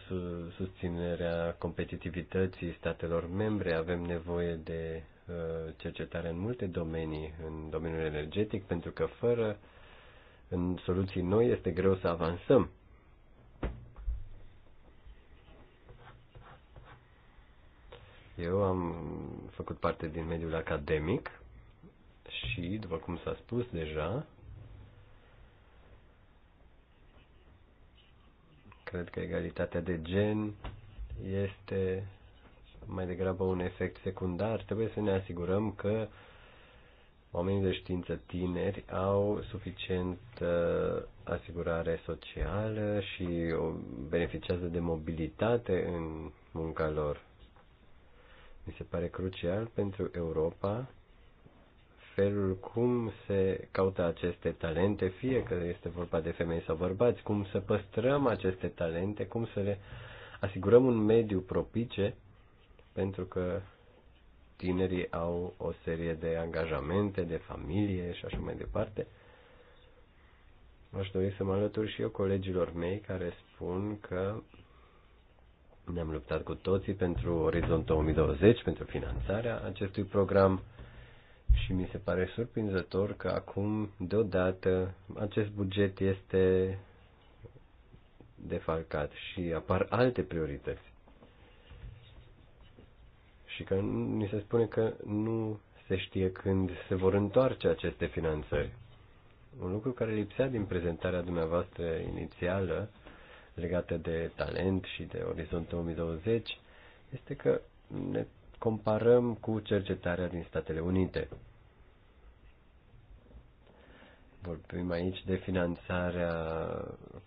susținerea competitivității statelor membre. Avem nevoie de uh, cercetare în multe domenii, în domeniul energetic, pentru că fără în soluții noi este greu să avansăm. Eu am făcut parte din mediul academic și, după cum s-a spus deja, cred că egalitatea de gen este mai degrabă un efect secundar. Trebuie să ne asigurăm că oamenii de știință tineri au suficient uh, asigurare socială și beneficiază de mobilitate în munca lor. Mi se pare crucial pentru Europa felul cum se caută aceste talente, fie că este vorba de femei sau bărbați, cum să păstrăm aceste talente, cum să le asigurăm un mediu propice, pentru că tinerii au o serie de angajamente, de familie și așa mai departe. Aș dori să mă alătur și eu colegilor mei care spun că ne-am luptat cu toții pentru Orizont 2020, pentru finanțarea acestui program și mi se pare surprinzător că acum, deodată, acest buget este defalcat și apar alte priorități. Și că ni se spune că nu se știe când se vor întoarce aceste finanțări. Un lucru care lipsea din prezentarea dumneavoastră inițială legate de talent și de Orizont 2020 este că ne comparăm cu cercetarea din Statele Unite. Vorbim aici de finanțarea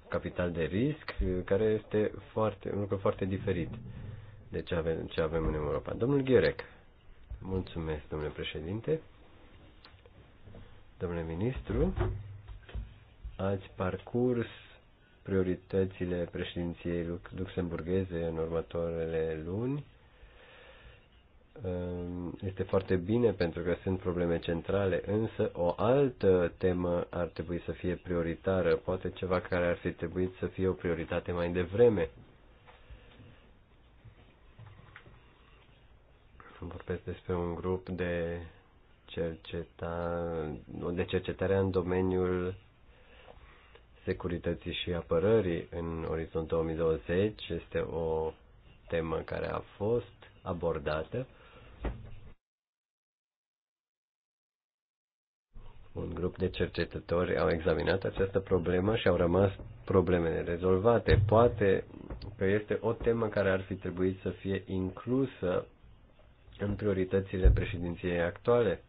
capital de risc, care este foarte, un lucru foarte diferit de ce avem, ce avem în Europa. Domnul Ghirec, mulțumesc, domnule președinte, domnule ministru, ați parcurs prioritățile președinției luxemburgheze în următoarele luni. Ehm, este foarte bine pentru că sunt probleme centrale, însă o altă temă ar trebui să fie prioritară, poate ceva care ar fi trebuit să fie o prioritate mai devreme. Vorbesc despre un grup de cerceta, de cercetare în domeniul securității și apărării în orizont 2020 este o temă care a fost abordată. Un grup de cercetători au examinat această problemă și au rămas problemele rezolvate. Poate că este o temă care ar fi trebuit să fie inclusă în prioritățile președinției actuale,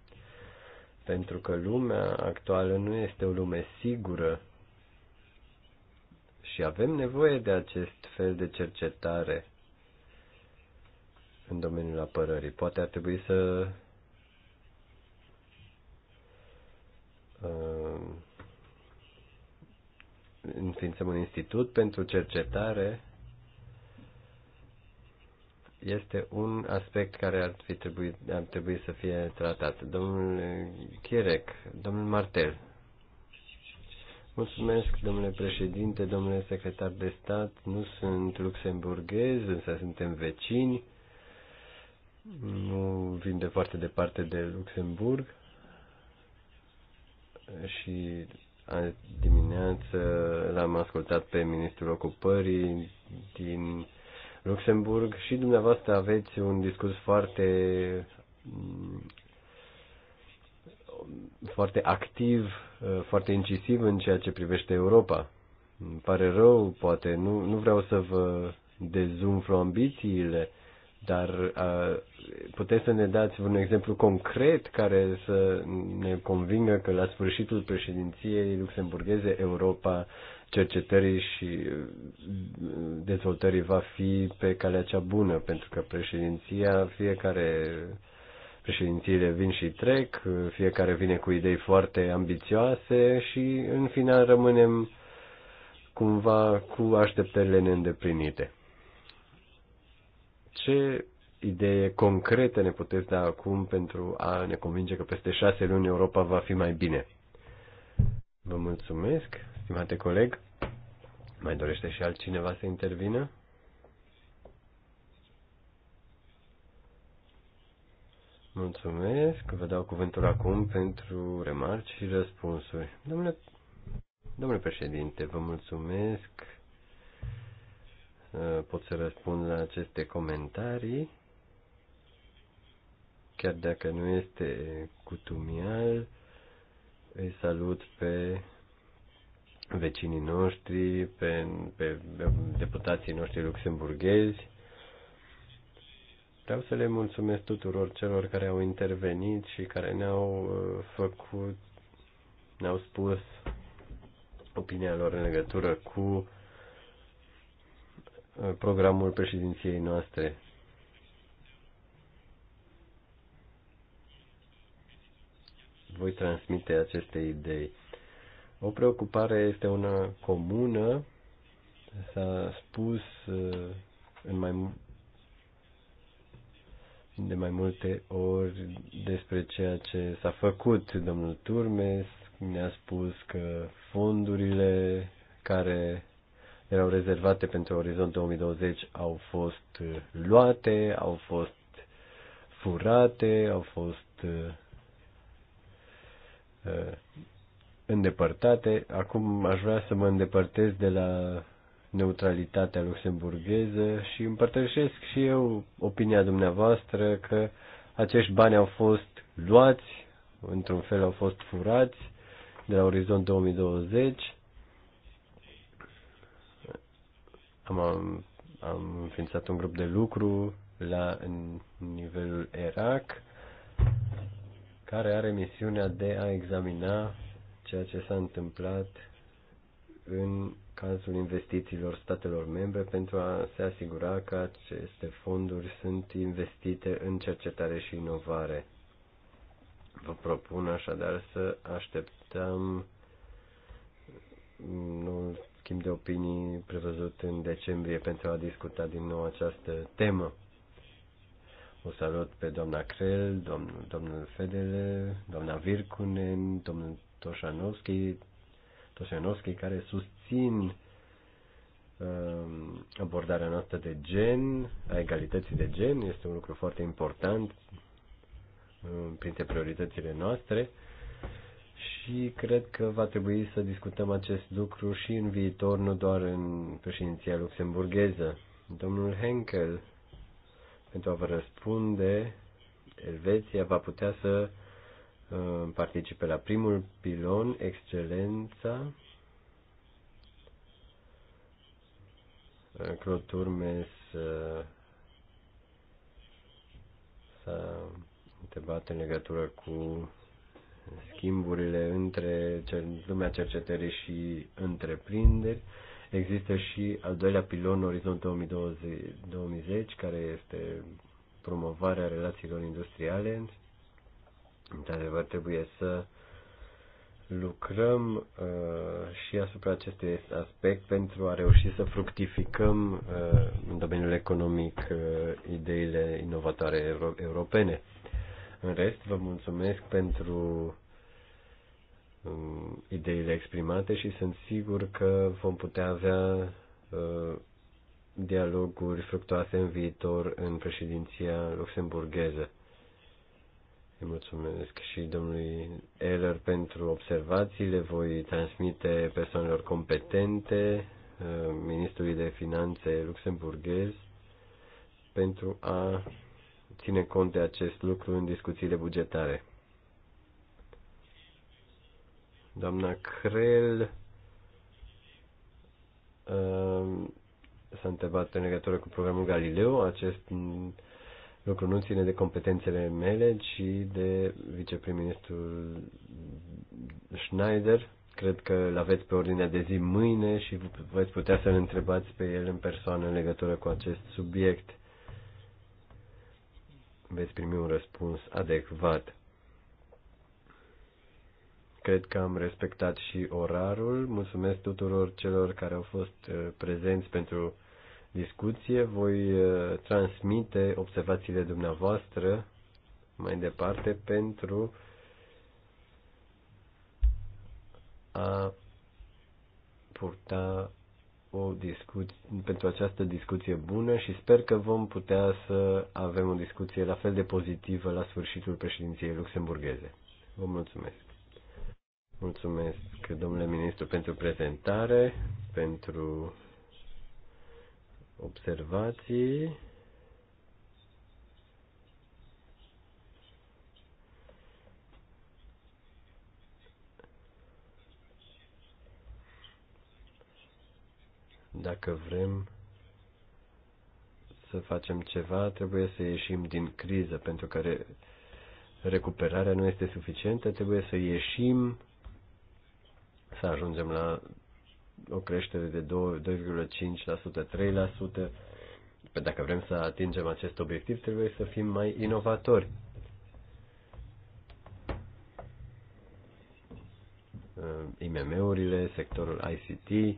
pentru că lumea actuală nu este o lume sigură și avem nevoie de acest fel de cercetare în domeniul apărării. Poate ar trebui să uh, înființăm un institut pentru cercetare. Este un aspect care ar, fi trebui, ar trebui să fie tratat. Domnul Chirec, domnul Martel, Mulțumesc, domnule președinte, domnule secretar de stat. Nu sunt luxemburghez, însă suntem vecini. Nu vin de foarte departe de Luxemburg. Și dimineață l-am ascultat pe ministrul ocupării din Luxemburg și dumneavoastră aveți un discurs foarte foarte activ Uh, foarte incisiv în ceea ce privește Europa. Îmi pare rău, poate, nu, nu vreau să vă dezumflu ambițiile, dar a, uh, puteți să ne dați un exemplu concret care să ne convingă că la sfârșitul președinției luxemburgheze Europa cercetării și uh, dezvoltării va fi pe calea cea bună, pentru că președinția fiecare Președințiile vin și trec, fiecare vine cu idei foarte ambițioase și în final rămânem cumva cu așteptările neîndeplinite. Ce idee concrete ne puteți da acum pentru a ne convinge că peste șase luni Europa va fi mai bine? Vă mulțumesc, stimate coleg. Mai dorește și altcineva să intervină? Mulțumesc. Vă dau cuvântul acum pentru remarci și răspunsuri. Domnule, domnule președinte, vă mulțumesc. Uh, pot să răspund la aceste comentarii. Chiar dacă nu este cutumial, îi salut pe vecinii noștri, pe, pe deputații noștri luxemburghezi Vreau să le mulțumesc tuturor celor care au intervenit și care ne-au uh, făcut, ne-au spus opinia lor în legătură cu uh, programul președinției noastre. Voi transmite aceste idei. O preocupare este una comună, s-a spus uh, în mai de mai multe ori despre ceea ce s-a făcut. Domnul Turmes ne-a spus că fondurile care erau rezervate pentru Orizont 2020 au fost uh, luate, au fost furate, au fost uh, uh, îndepărtate. Acum aș vrea să mă îndepărtez de la neutralitatea luxemburgheză și împărtășesc și eu opinia dumneavoastră că acești bani au fost luați, într-un fel au fost furați de la Orizont 2020. Am, am, înființat un grup de lucru la în nivelul ERAC care are misiunea de a examina ceea ce s-a întâmplat în cazul investițiilor statelor membre pentru a se asigura că aceste fonduri sunt investite în cercetare și inovare. Vă propun așadar să așteptăm un schimb de opinii prevăzut în decembrie pentru a discuta din nou această temă. O salut pe doamna Crel, domnul, domnul Fedele, doamna Virkunen, domnul Toșanovski, Toșanovski, care susțin um, abordarea noastră de gen, a egalității de gen, este un lucru foarte important um, printre prioritățile noastre și cred că va trebui să discutăm acest lucru și în viitor, nu doar în președinția luxemburgheză. Domnul Henkel, pentru a vă răspunde, Elveția va putea să participe la primul pilon, excelența. Claude Turmes uh, s-a întrebat în legătură cu schimburile între lumea cercetării și întreprinderi. Există și al doilea pilon, Orizont 2020, 2020 care este promovarea relațiilor industriale Într-adevăr, trebuie să lucrăm uh, și asupra acestui aspect pentru a reuși să fructificăm uh, în domeniul economic uh, ideile inovatoare euro- europene. În rest, vă mulțumesc pentru um, ideile exprimate și sunt sigur că vom putea avea uh, dialoguri fructoase în viitor în președinția luxemburgheză. Îi mulțumesc și domnului Eller pentru observațiile. Voi transmite persoanelor competente, uh, ministrului de finanțe luxemburghez, pentru a ține cont de acest lucru în discuțiile bugetare. Doamna Crel uh, s-a întrebat în legătură cu programul Galileo. Acest lucru nu ține de competențele mele, ci de viceprim-ministrul Schneider. Cred că îl aveți pe ordinea de zi mâine și veți putea să-l întrebați pe el în persoană în legătură cu acest subiect. Veți primi un răspuns adecvat. Cred că am respectat și orarul. Mulțumesc tuturor celor care au fost uh, prezenți pentru discuție, voi uh, transmite observațiile dumneavoastră mai departe pentru a purta o discuție, pentru această discuție bună și sper că vom putea să avem o discuție la fel de pozitivă la sfârșitul președinției luxemburgheze. Vă mulțumesc! Mulțumesc, domnule ministru, pentru prezentare, pentru observații. Dacă vrem să facem ceva, trebuie să ieșim din criză, pentru că recuperarea nu este suficientă, trebuie să ieșim, să ajungem la o creștere de 2,5%, 3%. Pe dacă vrem să atingem acest obiectiv, trebuie să fim mai inovatori. Uh, IMM-urile, sectorul ICT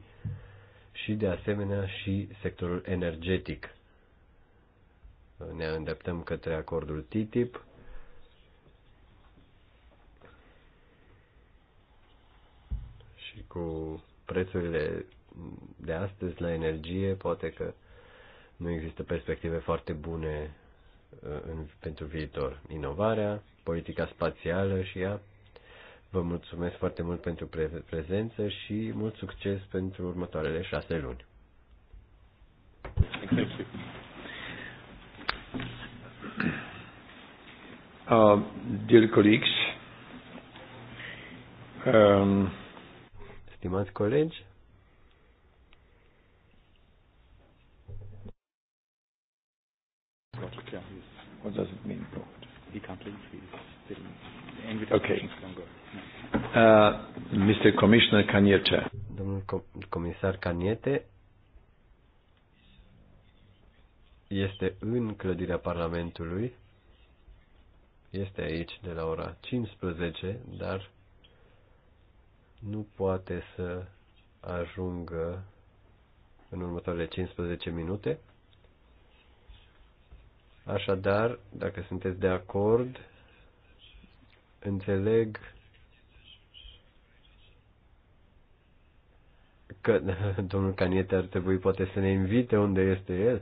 și de asemenea și sectorul energetic. Uh, ne îndreptăm către acordul TTIP. Și cu prețurile de astăzi la energie, poate că nu există perspective foarte bune uh, în, pentru viitor. Inovarea, politica spațială și ea. Vă mulțumesc foarte mult pentru pre- prezență și mult succes pentru următoarele șase luni. Uh, dear colleagues, um, Stimați colegi, Okay. Uh, Mr. Domnul comisar Caniete este în clădirea Parlamentului. Este aici de la ora 15, dar nu poate să ajungă în următoarele 15 minute. Așadar, dacă sunteți de acord, înțeleg că domnul Caniete ar trebui poate să ne invite unde este el.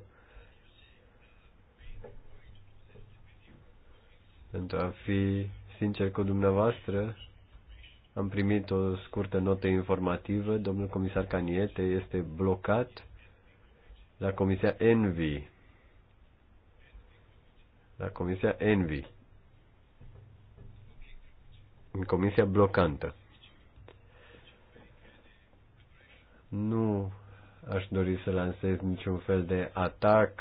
Pentru a fi sincer cu dumneavoastră, am primit o scurtă notă informativă. Domnul comisar Caniete este blocat la Comisia Envy. La Comisia Envy. În Comisia Blocantă. Nu aș dori să lansez niciun fel de atac,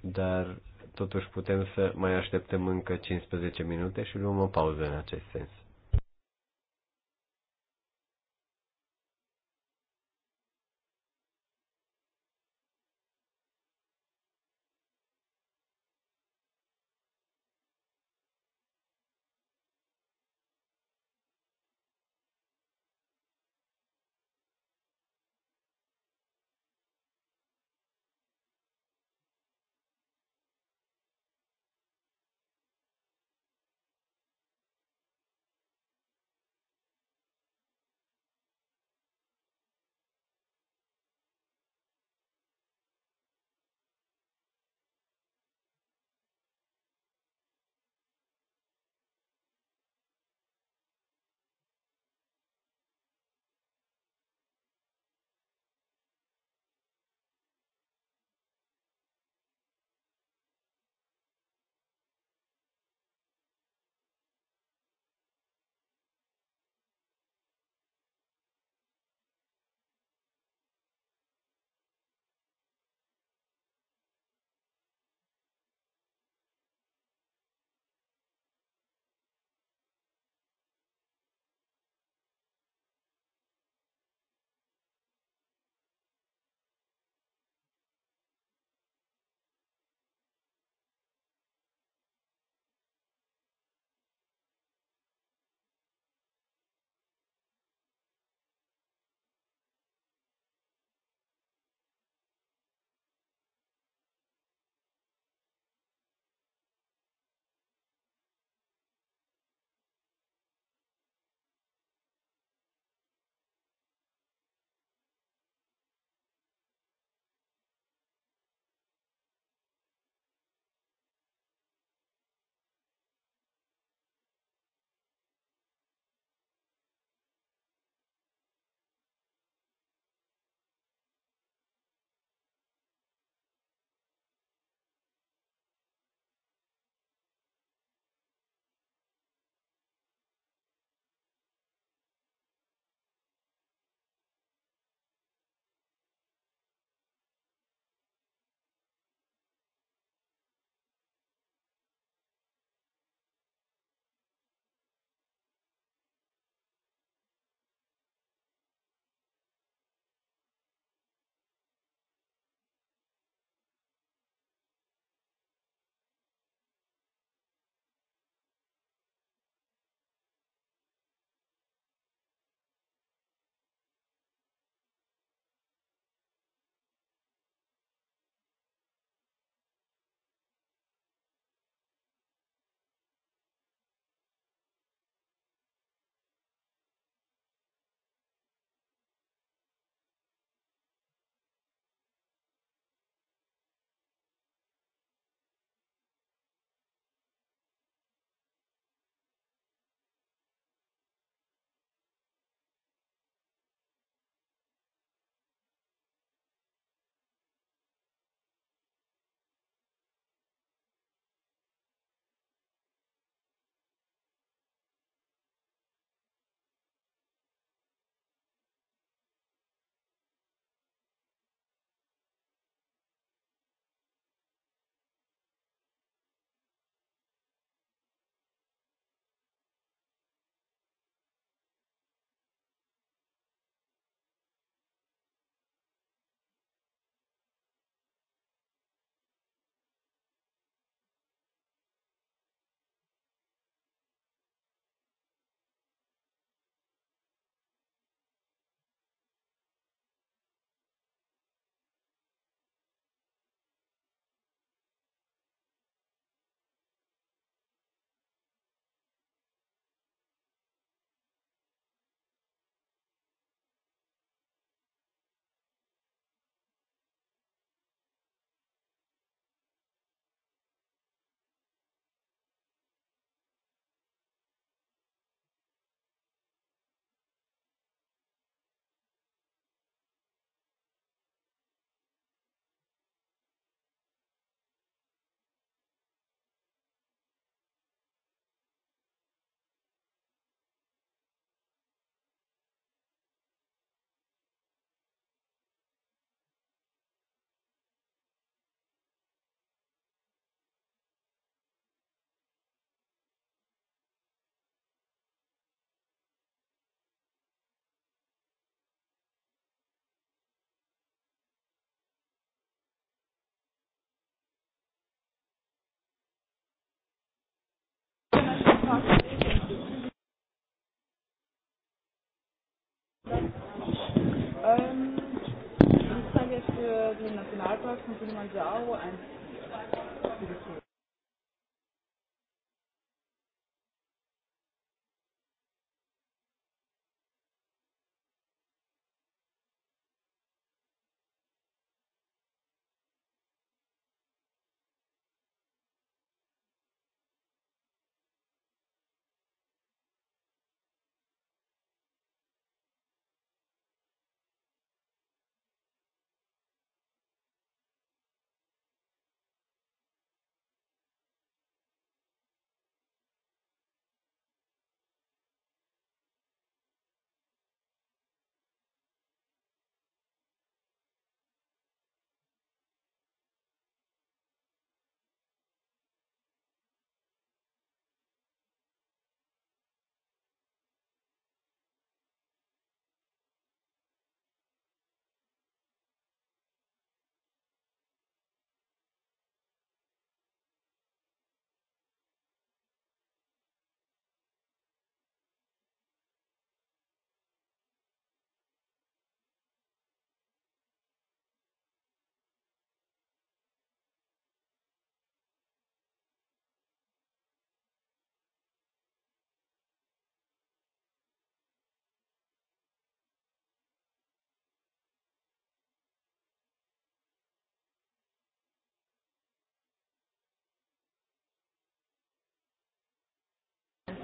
dar totuși putem să mai așteptăm încă 15 minute și luăm o pauză în acest sens. den Nationalpark von Kilimanjaro ein.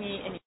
me any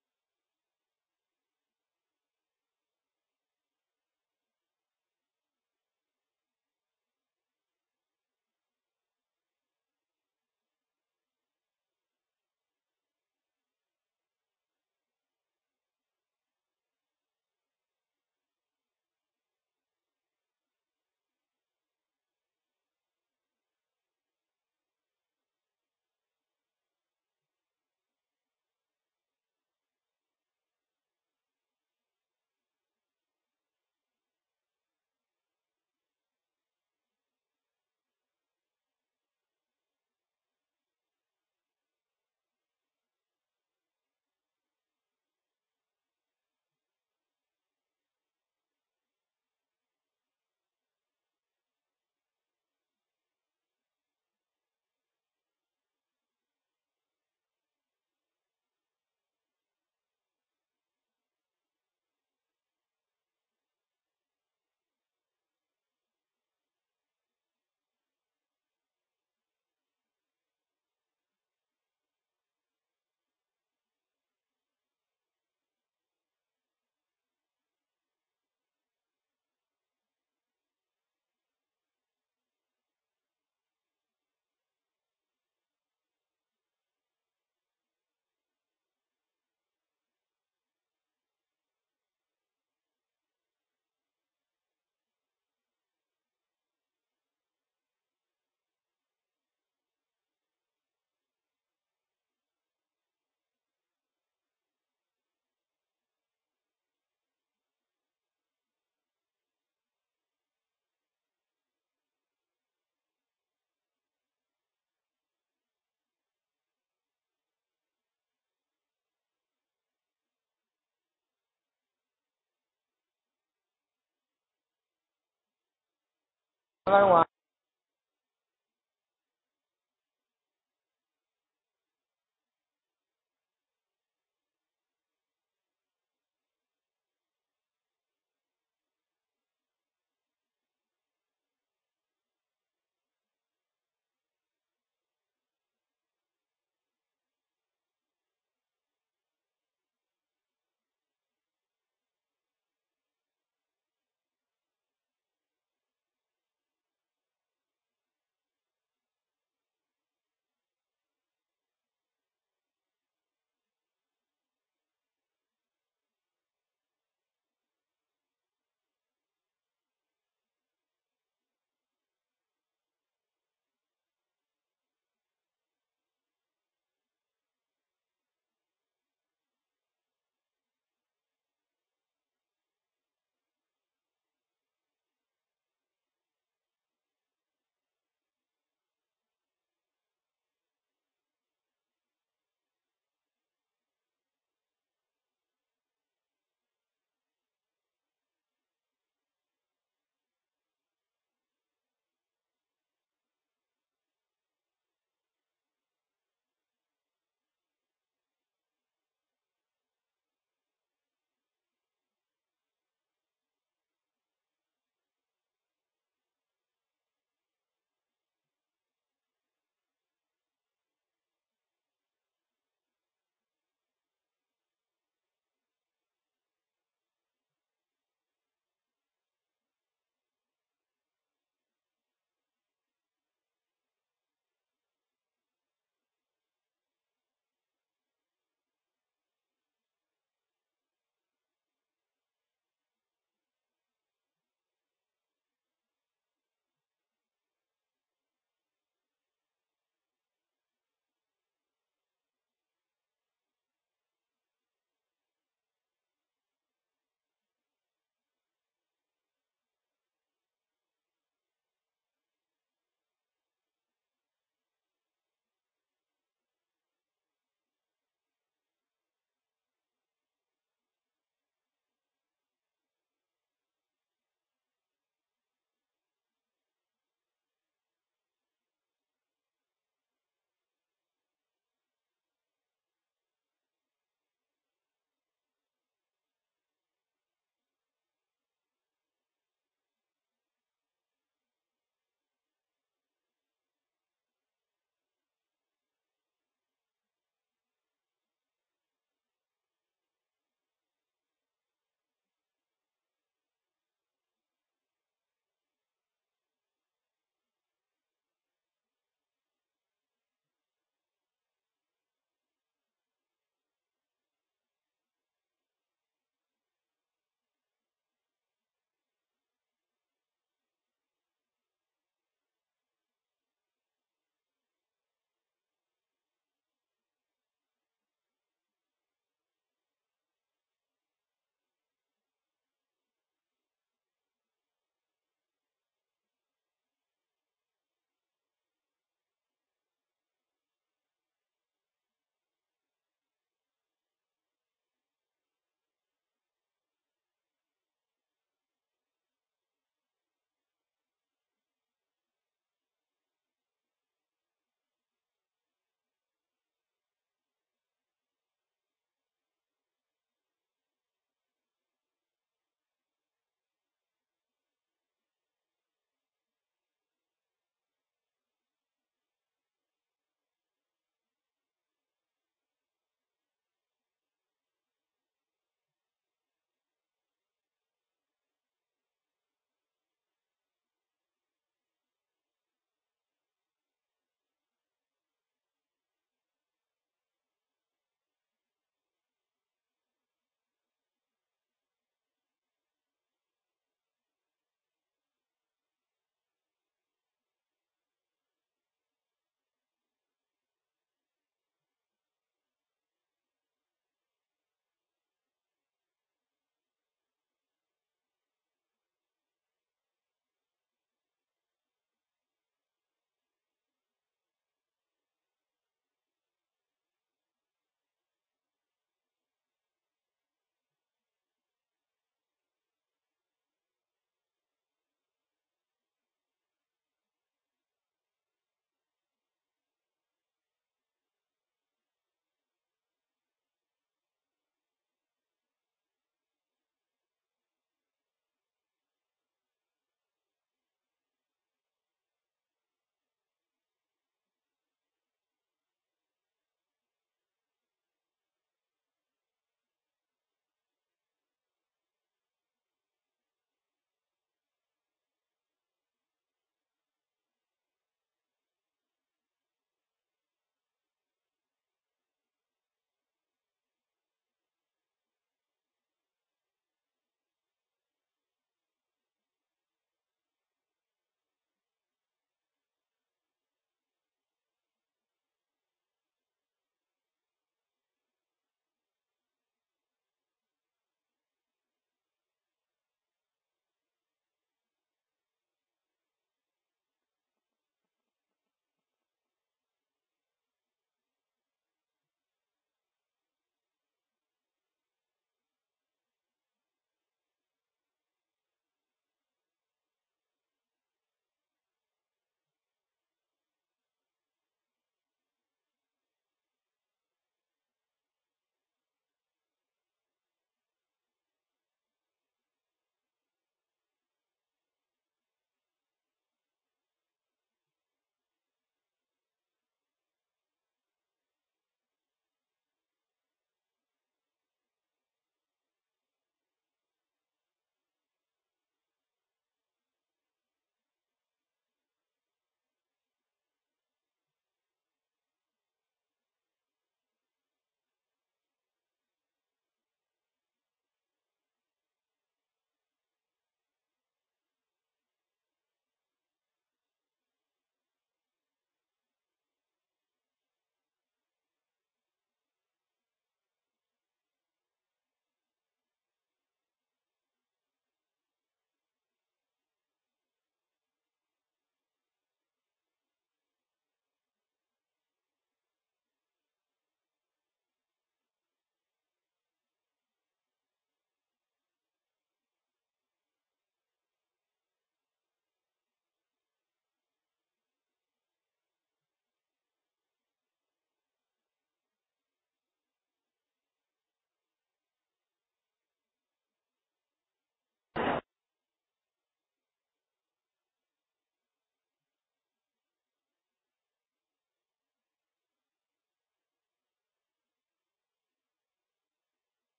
another one.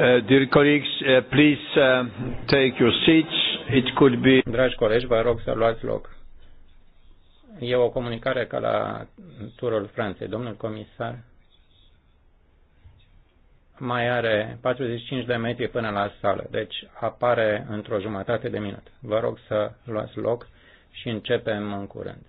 Uh, dear colleagues, uh, please uh, take your seats. It could be... Dragi colegi, vă rog să luați loc. E o comunicare ca la turul Franței. Domnul comisar mai are 45 de metri până la sală, deci apare într-o jumătate de minut. Vă rog să luați loc și începem în curând.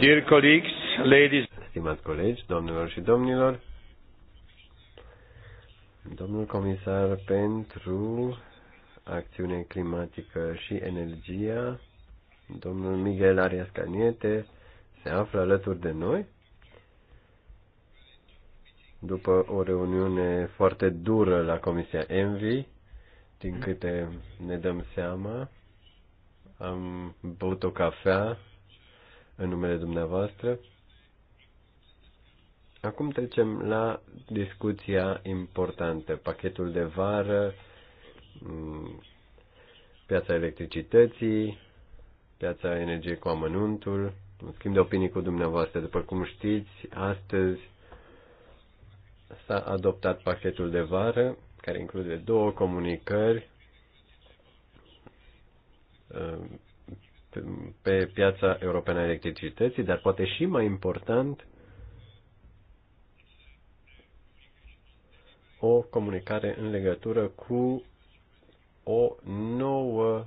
Dear colleagues, ladies... Stimați colegi, domnilor și domnilor, domnul comisar pentru acțiune climatică și energia, domnul Miguel Arias Caniete, se află alături de noi după o reuniune foarte dură la Comisia Envy, din câte ne dăm seama, am băut o cafea în numele dumneavoastră. Acum trecem la discuția importantă, pachetul de vară, mm, piața electricității, piața energiei cu amănuntul, un schimb de opinii cu dumneavoastră. După cum știți, astăzi s-a adoptat pachetul de vară, care include două comunicări pe piața europeană a electricității, dar poate și mai important, o comunicare în legătură cu o nouă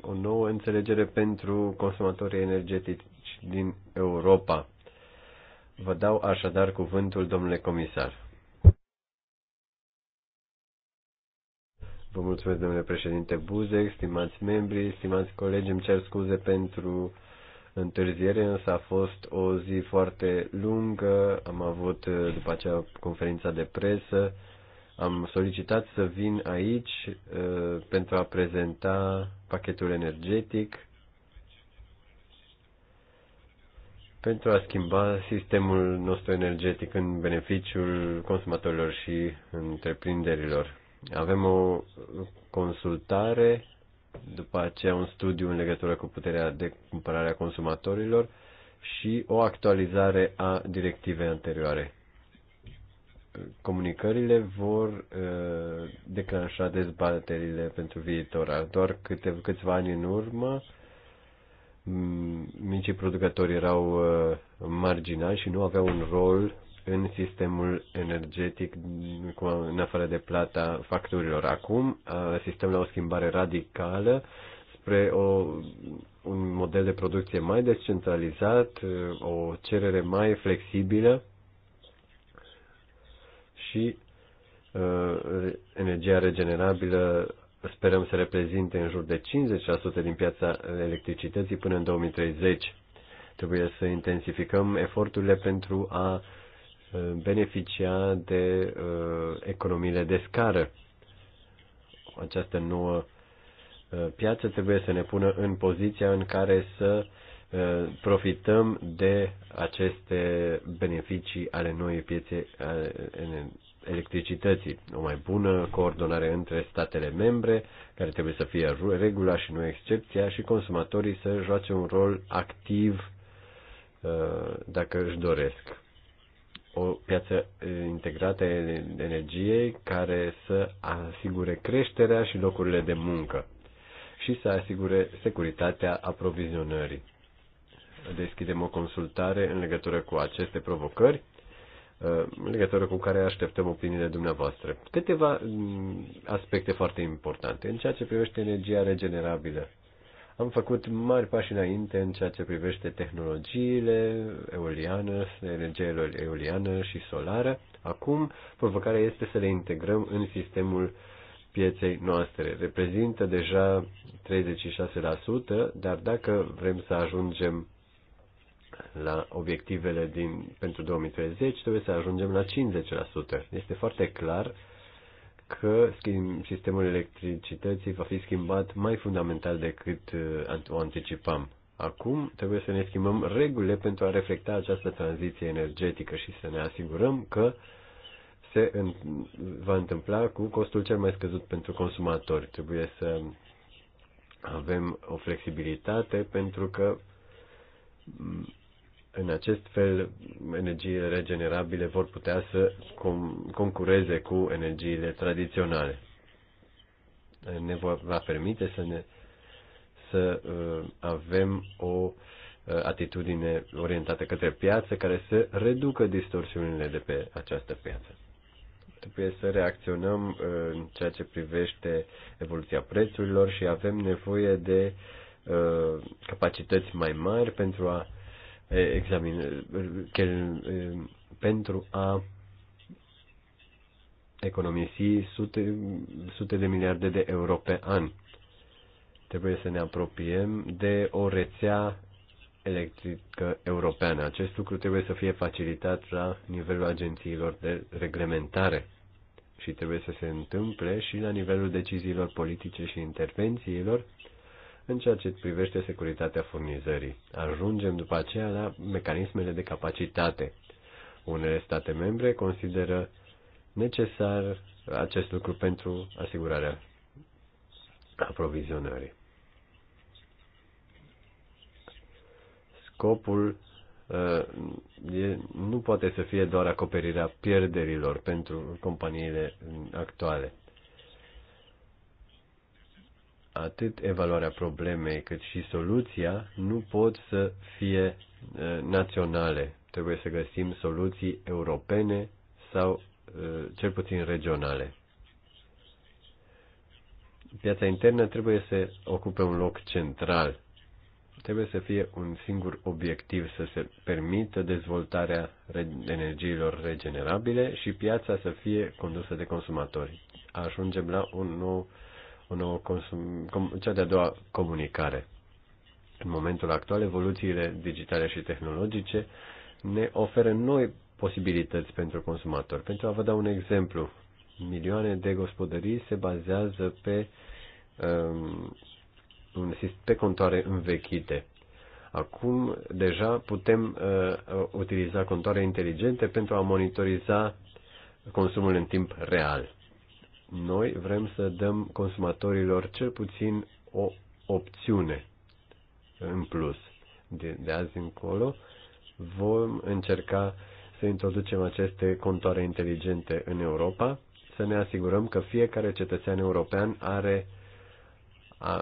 o nouă înțelegere pentru consumatorii energetici din Europa. Vă dau așadar cuvântul, domnule comisar. Vă mulțumesc, domnule președinte Buzek, stimați membri, stimați colegi, îmi cer scuze pentru întârziere, însă a fost o zi foarte lungă, am avut după aceea conferința de presă, am solicitat să vin aici uh, pentru a prezenta pachetul energetic, pentru a schimba sistemul nostru energetic în beneficiul consumatorilor și întreprinderilor avem o consultare, după aceea un studiu în legătură cu puterea de cumpărare a consumatorilor și o actualizare a directivei anterioare. Comunicările vor uh, declanșa dezbaterile pentru viitor. Doar câte, câțiva ani în urmă, micii producători erau uh, marginali și nu aveau un rol în sistemul energetic în afară de plata facturilor. Acum sistemul la o schimbare radicală spre o, un model de producție mai descentralizat, o cerere mai flexibilă și uh, energia regenerabilă sperăm să reprezinte în jur de 50% din piața electricității până în 2030. Trebuie să intensificăm eforturile pentru a beneficia de uh, economiile de scară. Această nouă uh, piață trebuie să ne pună în poziția în care să uh, profităm de aceste beneficii ale noii piețe electricității. O mai bună coordonare între statele membre, care trebuie să fie regula și nu excepția, și consumatorii să joace un rol activ dacă își doresc o piață integrată de energiei care să asigure creșterea și locurile de muncă și să asigure securitatea aprovizionării. Deschidem o consultare în legătură cu aceste provocări, în legătură cu care așteptăm opiniile dumneavoastră. Câteva aspecte foarte importante în ceea ce privește energia regenerabilă. Am făcut mari pași înainte în ceea ce privește tehnologiile eoliană, energiilor eoliană și solară. Acum, provocarea este să le integrăm în sistemul pieței noastre. Reprezintă deja 36%, dar dacă vrem să ajungem la obiectivele din, pentru 2030, trebuie să ajungem la 50%. Este foarte clar că sistemul electricității va fi schimbat mai fundamental decât uh, o anticipam. Acum trebuie să ne schimbăm regulile pentru a reflecta această tranziție energetică și să ne asigurăm că se în, va întâmpla cu costul cel mai scăzut pentru consumatori. Trebuie să avem o flexibilitate pentru că în acest fel, energiile regenerabile vor putea să concureze cu energiile tradiționale. Ne va permite să ne să uh, avem o uh, atitudine orientată către piață care să reducă distorsiunile de pe această piață. Trebuie să reacționăm uh, în ceea ce privește evoluția prețurilor și avem nevoie de capacități mai mari pentru a examine, pentru a economisi sute, sute de miliarde de euro pe an. Trebuie să ne apropiem de o rețea electrică europeană. Acest lucru trebuie să fie facilitat la nivelul agențiilor de reglementare și trebuie să se întâmple și la nivelul deciziilor politice și intervențiilor în ceea ce privește securitatea furnizării. Ajungem după aceea la mecanismele de capacitate. Unele state membre consideră necesar acest lucru pentru asigurarea aprovizionării. Scopul uh, e, nu poate să fie doar acoperirea pierderilor pentru companiile actuale atât evaluarea problemei cât și soluția nu pot să fie naționale. Trebuie să găsim soluții europene sau cel puțin regionale. Piața internă trebuie să ocupe un loc central. Trebuie să fie un singur obiectiv să se permită dezvoltarea energiilor regenerabile și piața să fie condusă de consumatori. Ajungem la un nou uh, o nouă consum, cea de-a doua comunicare. În momentul actual, evoluțiile digitale și tehnologice ne oferă noi posibilități pentru consumatori. Pentru a vă da un exemplu, milioane de gospodării se bazează pe, um, pe contoare învechite. Acum deja putem uh, utiliza contoare inteligente pentru a monitoriza consumul în timp real. Noi vrem să dăm consumatorilor cel puțin o opțiune în plus. De, de azi încolo vom încerca să introducem aceste contoare inteligente în Europa, să ne asigurăm că fiecare cetățean european are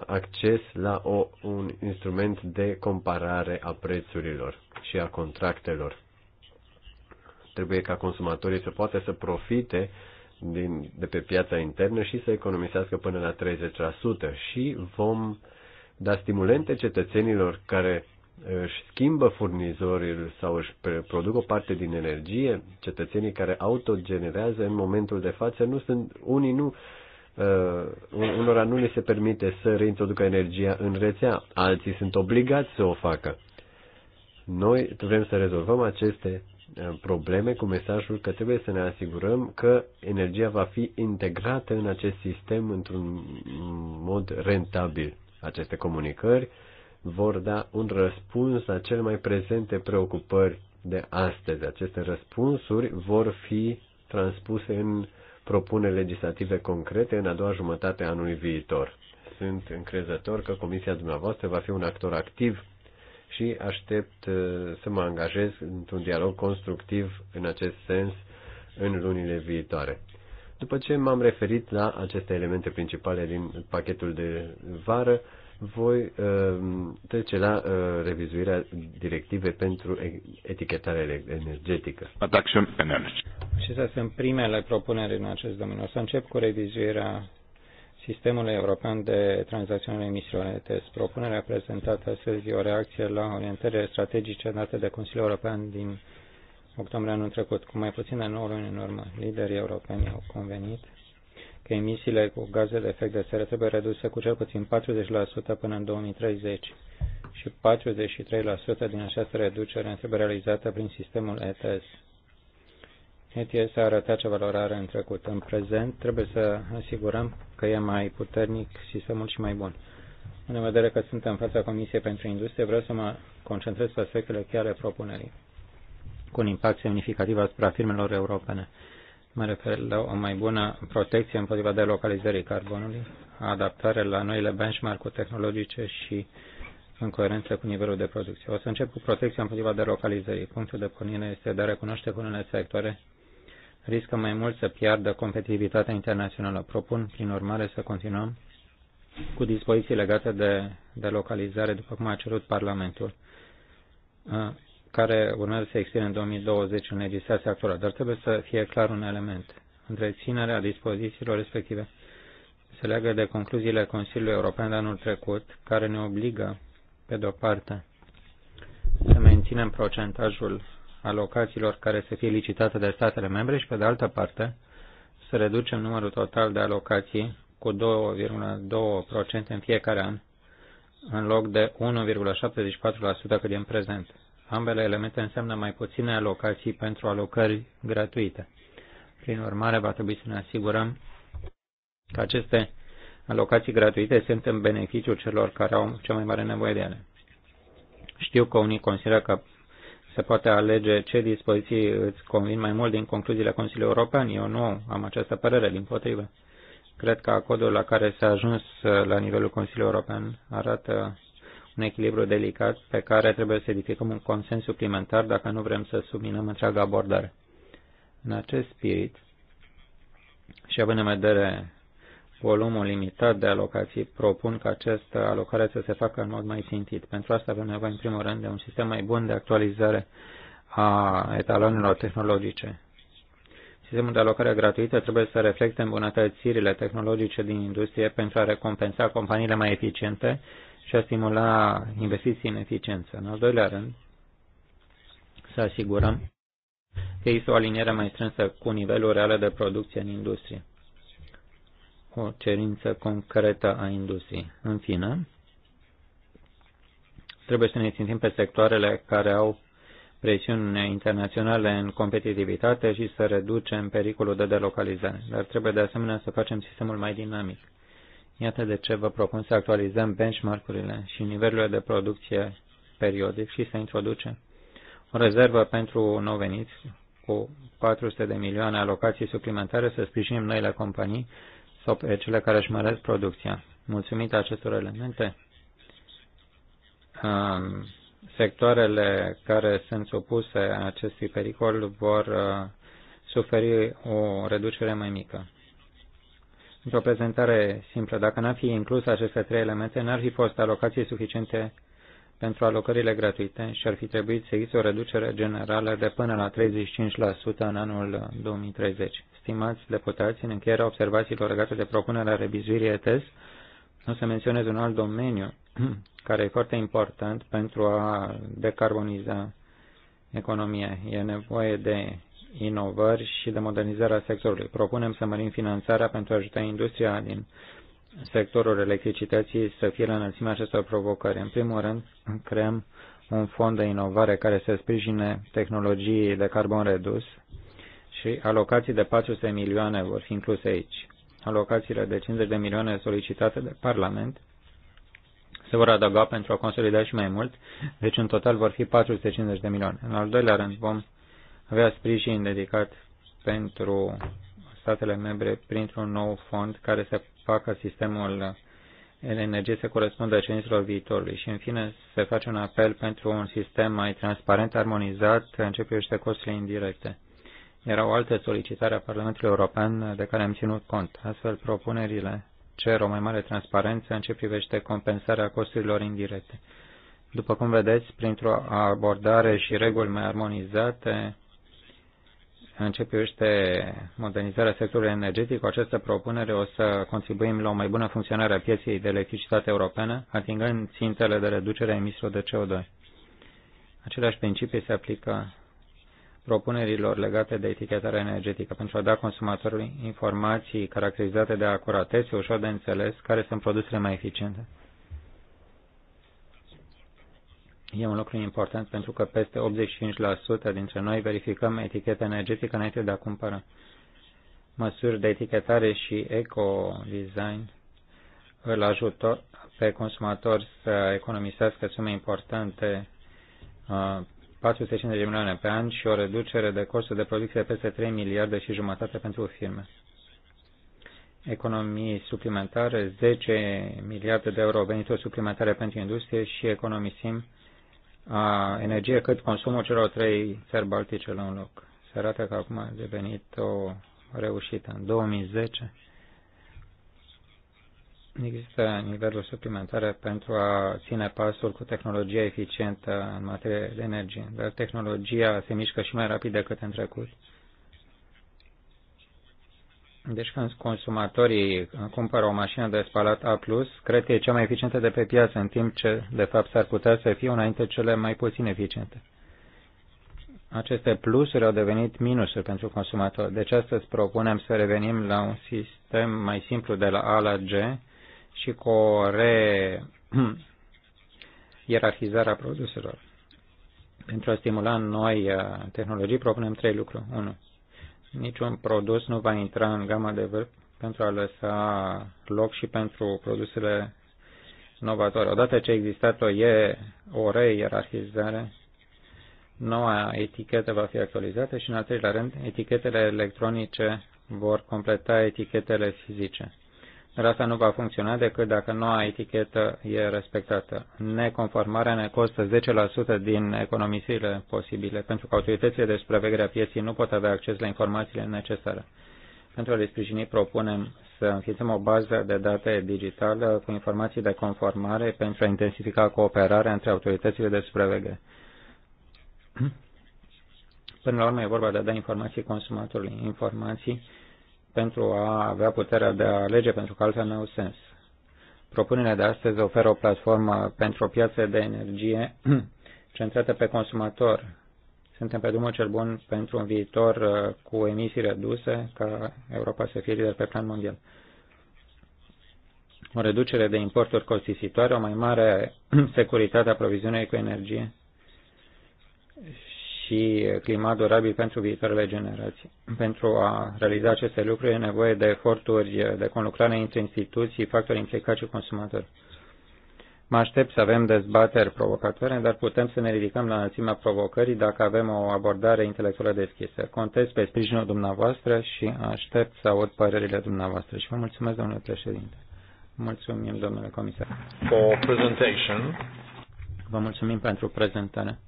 acces la o, un instrument de comparare a prețurilor și a contractelor. Trebuie ca consumatorii să poată să profite din, de pe piața internă și să economisească până la 30% și vom da stimulente cetățenilor care își schimbă furnizorii sau își produc o parte din energie, cetățenii care autogenerează în momentul de față nu sunt, unii nu, uh, unora nu le se permite să reintroducă energia în rețea, alții sunt obligați să o facă. Noi vrem să rezolvăm aceste Eh, probleme cu mesajul că trebuie să ne asigurăm că energia va fi integrată în acest sistem într-un mod rentabil. Aceste comunicări vor da un răspuns la cele mai prezente preocupări de astăzi. Aceste răspunsuri vor fi transpuse în propuneri legislative concrete în a doua jumătate a anului viitor. Sunt încrezător că Comisia dumneavoastră va fi un actor activ și aștept uh, să mă angajez într-un dialog constructiv în acest sens în lunile viitoare. După ce m-am referit la aceste elemente principale din pachetul de vară, voi uh, trece la uh, revizuirea directivei pentru etichetare energetică. Action Energy. Și să sunt primele propuneri în acest domeniu. O să încep cu revizuirea Sistemul European de Tranzacționare Emisiilor ETS. Deci, propunerea prezentată astăzi e o reacție la orientările strategice date de Consiliul European din octombrie anul trecut. Cu mai puțin de 9 luni în urmă, liderii europeni au convenit că emisiile cu gaze de efect de seră trebuie reduse cu cel puțin 40% până în 2030 și 43% din această reducere trebuie realizată prin sistemul ETS. ETS a arătat ce valorare în trecut. În prezent trebuie să asigurăm că e mai puternic sistemul și mai bun. În vedere că sunt în fața Comisiei pentru Industrie, vreau să mă concentrez pe aspectele chiare propunerii, cu un impact semnificativ asupra firmelor europene. Mă refer la o mai bună protecție împotriva delocalizării carbonului, adaptare la noile benchmark-uri tehnologice și în coerență cu nivelul de producție. O să încep cu protecția împotriva delocalizării. Punctul de pornire este de a recunoaște că unele sectoare riscă mai mult să piardă competitivitatea internațională. Propun, prin urmare, să continuăm cu dispoziții legate de, de localizare, după cum a cerut Parlamentul, care urmează să extinde în 2020 în legislația actuală. Dar trebuie să fie clar un element. Întreținerea dispozițiilor respective se leagă de concluziile Consiliului European de anul trecut, care ne obligă, pe de-o parte, să menținem procentajul alocațiilor care să fie licitate de statele membre și, pe de altă parte, să reducem numărul total de alocații cu 2,2% în fiecare an, în loc de 1,74% cât e în prezent. Ambele elemente înseamnă mai puține alocații pentru alocări gratuite. Prin urmare, va trebui să ne asigurăm că aceste alocații gratuite sunt în beneficiul celor care au cea mai mare nevoie de ele. Știu că unii consideră că se poate alege ce dispoziții îți convin mai mult din concluziile Consiliului European. Eu nu am această părere, din potrivă. Cred că acordul la care s-a ajuns la nivelul Consiliului European arată un echilibru delicat pe care trebuie să edificăm un consens suplimentar dacă nu vrem să subminăm întreaga abordare. În acest spirit, și având în vedere volumul limitat de alocații, propun ca această alocare să se facă în mod mai țintit. Pentru asta avem nevoie, în primul rând, de un sistem mai bun de actualizare a etalonelor tehnologice. Sistemul de alocare gratuită trebuie să reflecte îmbunătățirile tehnologice din industrie pentru a recompensa companiile mai eficiente și a stimula investiții în eficiență. În al doilea rând, să asigurăm că există o aliniere mai strânsă cu nivelul real de producție în industrie o cerință concretă a industriei. În fine, trebuie să ne țintim pe sectoarele care au presiuni internaționale în competitivitate și să reducem pericolul de delocalizare, dar trebuie de asemenea să facem sistemul mai dinamic. Iată de ce vă propun să actualizăm benchmark-urile și nivelurile de producție periodic și să introducem o rezervă pentru nou veniți cu 400 de milioane alocații suplimentare să sprijinim noile companii sau pe cele care își măresc producția. Mulțumită acestor elemente, um, sectoarele care sunt supuse acestui pericol vor uh, suferi o reducere mai mică. Într-o prezentare simplă, dacă n-ar fi inclus aceste trei elemente, n-ar fi fost alocații suficiente pentru alocările gratuite și ar fi trebuit să existe o reducere generală de până la 35% în anul 2030. Stimați deputați, în încheierea observațiilor legate de propunerea revizuirii ETS, o să menționez un alt domeniu care e foarte important pentru a decarboniza economia. E nevoie de inovări și de modernizarea sectorului. Propunem să mărim finanțarea pentru a ajuta industria din sectorul electricității să fie la înălțimea acestor provocări. În primul rând, creăm un fond de inovare care să sprijine tehnologii de carbon redus și alocații de 400 milioane vor fi incluse aici. Alocațiile de 50 de milioane solicitate de Parlament se vor adăuga pentru a consolida și mai mult, deci în total vor fi 450 de milioane. În al doilea rând vom avea sprijin dedicat pentru statele membre printr-un nou fond care să facă sistemul energiei să corespundă cenților viitorului și, în fine, se face un apel pentru un sistem mai transparent, armonizat, în ce privește costurile indirecte. Era o altă solicitare a Parlamentului European de care am ținut cont. Astfel, propunerile cer o mai mare transparență în ce privește compensarea costurilor indirecte. După cum vedeți, printr-o abordare și reguli mai armonizate, începește modernizarea sectorului energetic, cu această propunere o să contribuim la o mai bună funcționare a pieței de electricitate europeană, atingând țintele de reducere a emisiilor de CO2. Același principiu se aplică propunerilor legate de etichetarea energetică pentru a da consumatorului informații caracterizate de acuratețe, ușor de înțeles, care sunt produsele mai eficiente E un lucru important pentru că peste 85% dintre noi verificăm eticheta energetică înainte de a cumpăra. Măsuri de etichetare și eco-design îl ajută pe consumator să economisească sume importante, 450 uh, de milioane pe an și o reducere de costuri de producție de peste 3 miliarde și jumătate pentru firme. Economii suplimentare, 10 miliarde de euro venituri suplimentare pentru industrie și economisim a energie cât consumul celor trei țări baltice la un loc. Se arată că acum a devenit o reușită. În 2010 există niveluri suplimentare pentru a ține pasul cu tehnologia eficientă în materie de energie, dar tehnologia se mișcă și mai rapid decât în trecut deci când consumatorii cumpără o mașină de spalat A+, cred că e cea mai eficientă de pe piață, în timp ce, de fapt, s-ar putea să fie una dintre cele mai puțin eficiente. Aceste plusuri au devenit minusuri pentru consumator. Deci astăzi propunem să revenim la un sistem mai simplu de la A la G și cu o re ierarhizare a produselor. Pentru a stimula noi uh, tehnologii propunem trei lucruri. 1 Niciun produs nu va intra în gama de vârf pentru a lăsa loc și pentru produsele novatoare. Odată ce a existat o, e, o ierarhizare, noua etichetă va fi actualizată și, în al treilea rând, etichetele electronice vor completa etichetele fizice. Rasa nu va funcționa decât dacă noua etichetă e respectată. Neconformarea ne costă 10% din economisirile posibile, pentru că autoritățile de supraveghere a pieții nu pot avea acces la informațiile necesare. Pentru a le sprijini, propunem să înființăm o bază de date digitală cu informații de conformare pentru a intensifica cooperarea între autoritățile de supraveghere. Până la urmă e vorba de a da informații consumatorului, informații pentru a avea puterea de a alege, pentru că altfel nu au sens. Propunerea de astăzi oferă o platformă pentru o piață de energie centrată pe consumator. Suntem pe drumul cel bun pentru un viitor uh, cu emisii reduse ca Europa să fie lider pe plan mondial. O reducere de importuri costisitoare, o mai mare securitate a provizionării cu energie și climat durabil pentru viitoarele generații. Pentru a realiza aceste lucruri e nevoie de eforturi de conlucrare între instituții, factori implicați și consumatori. Mă aștept să avem dezbateri provocatoare, dar putem să ne ridicăm la înălțimea provocării dacă avem o abordare intelectuală deschisă. Contez pe sprijinul dumneavoastră și aștept să aud părerile dumneavoastră. Și vă mulțumesc, domnule președinte. Mulțumim, domnule comisar. For presentation. Vă mulțumim pentru prezentare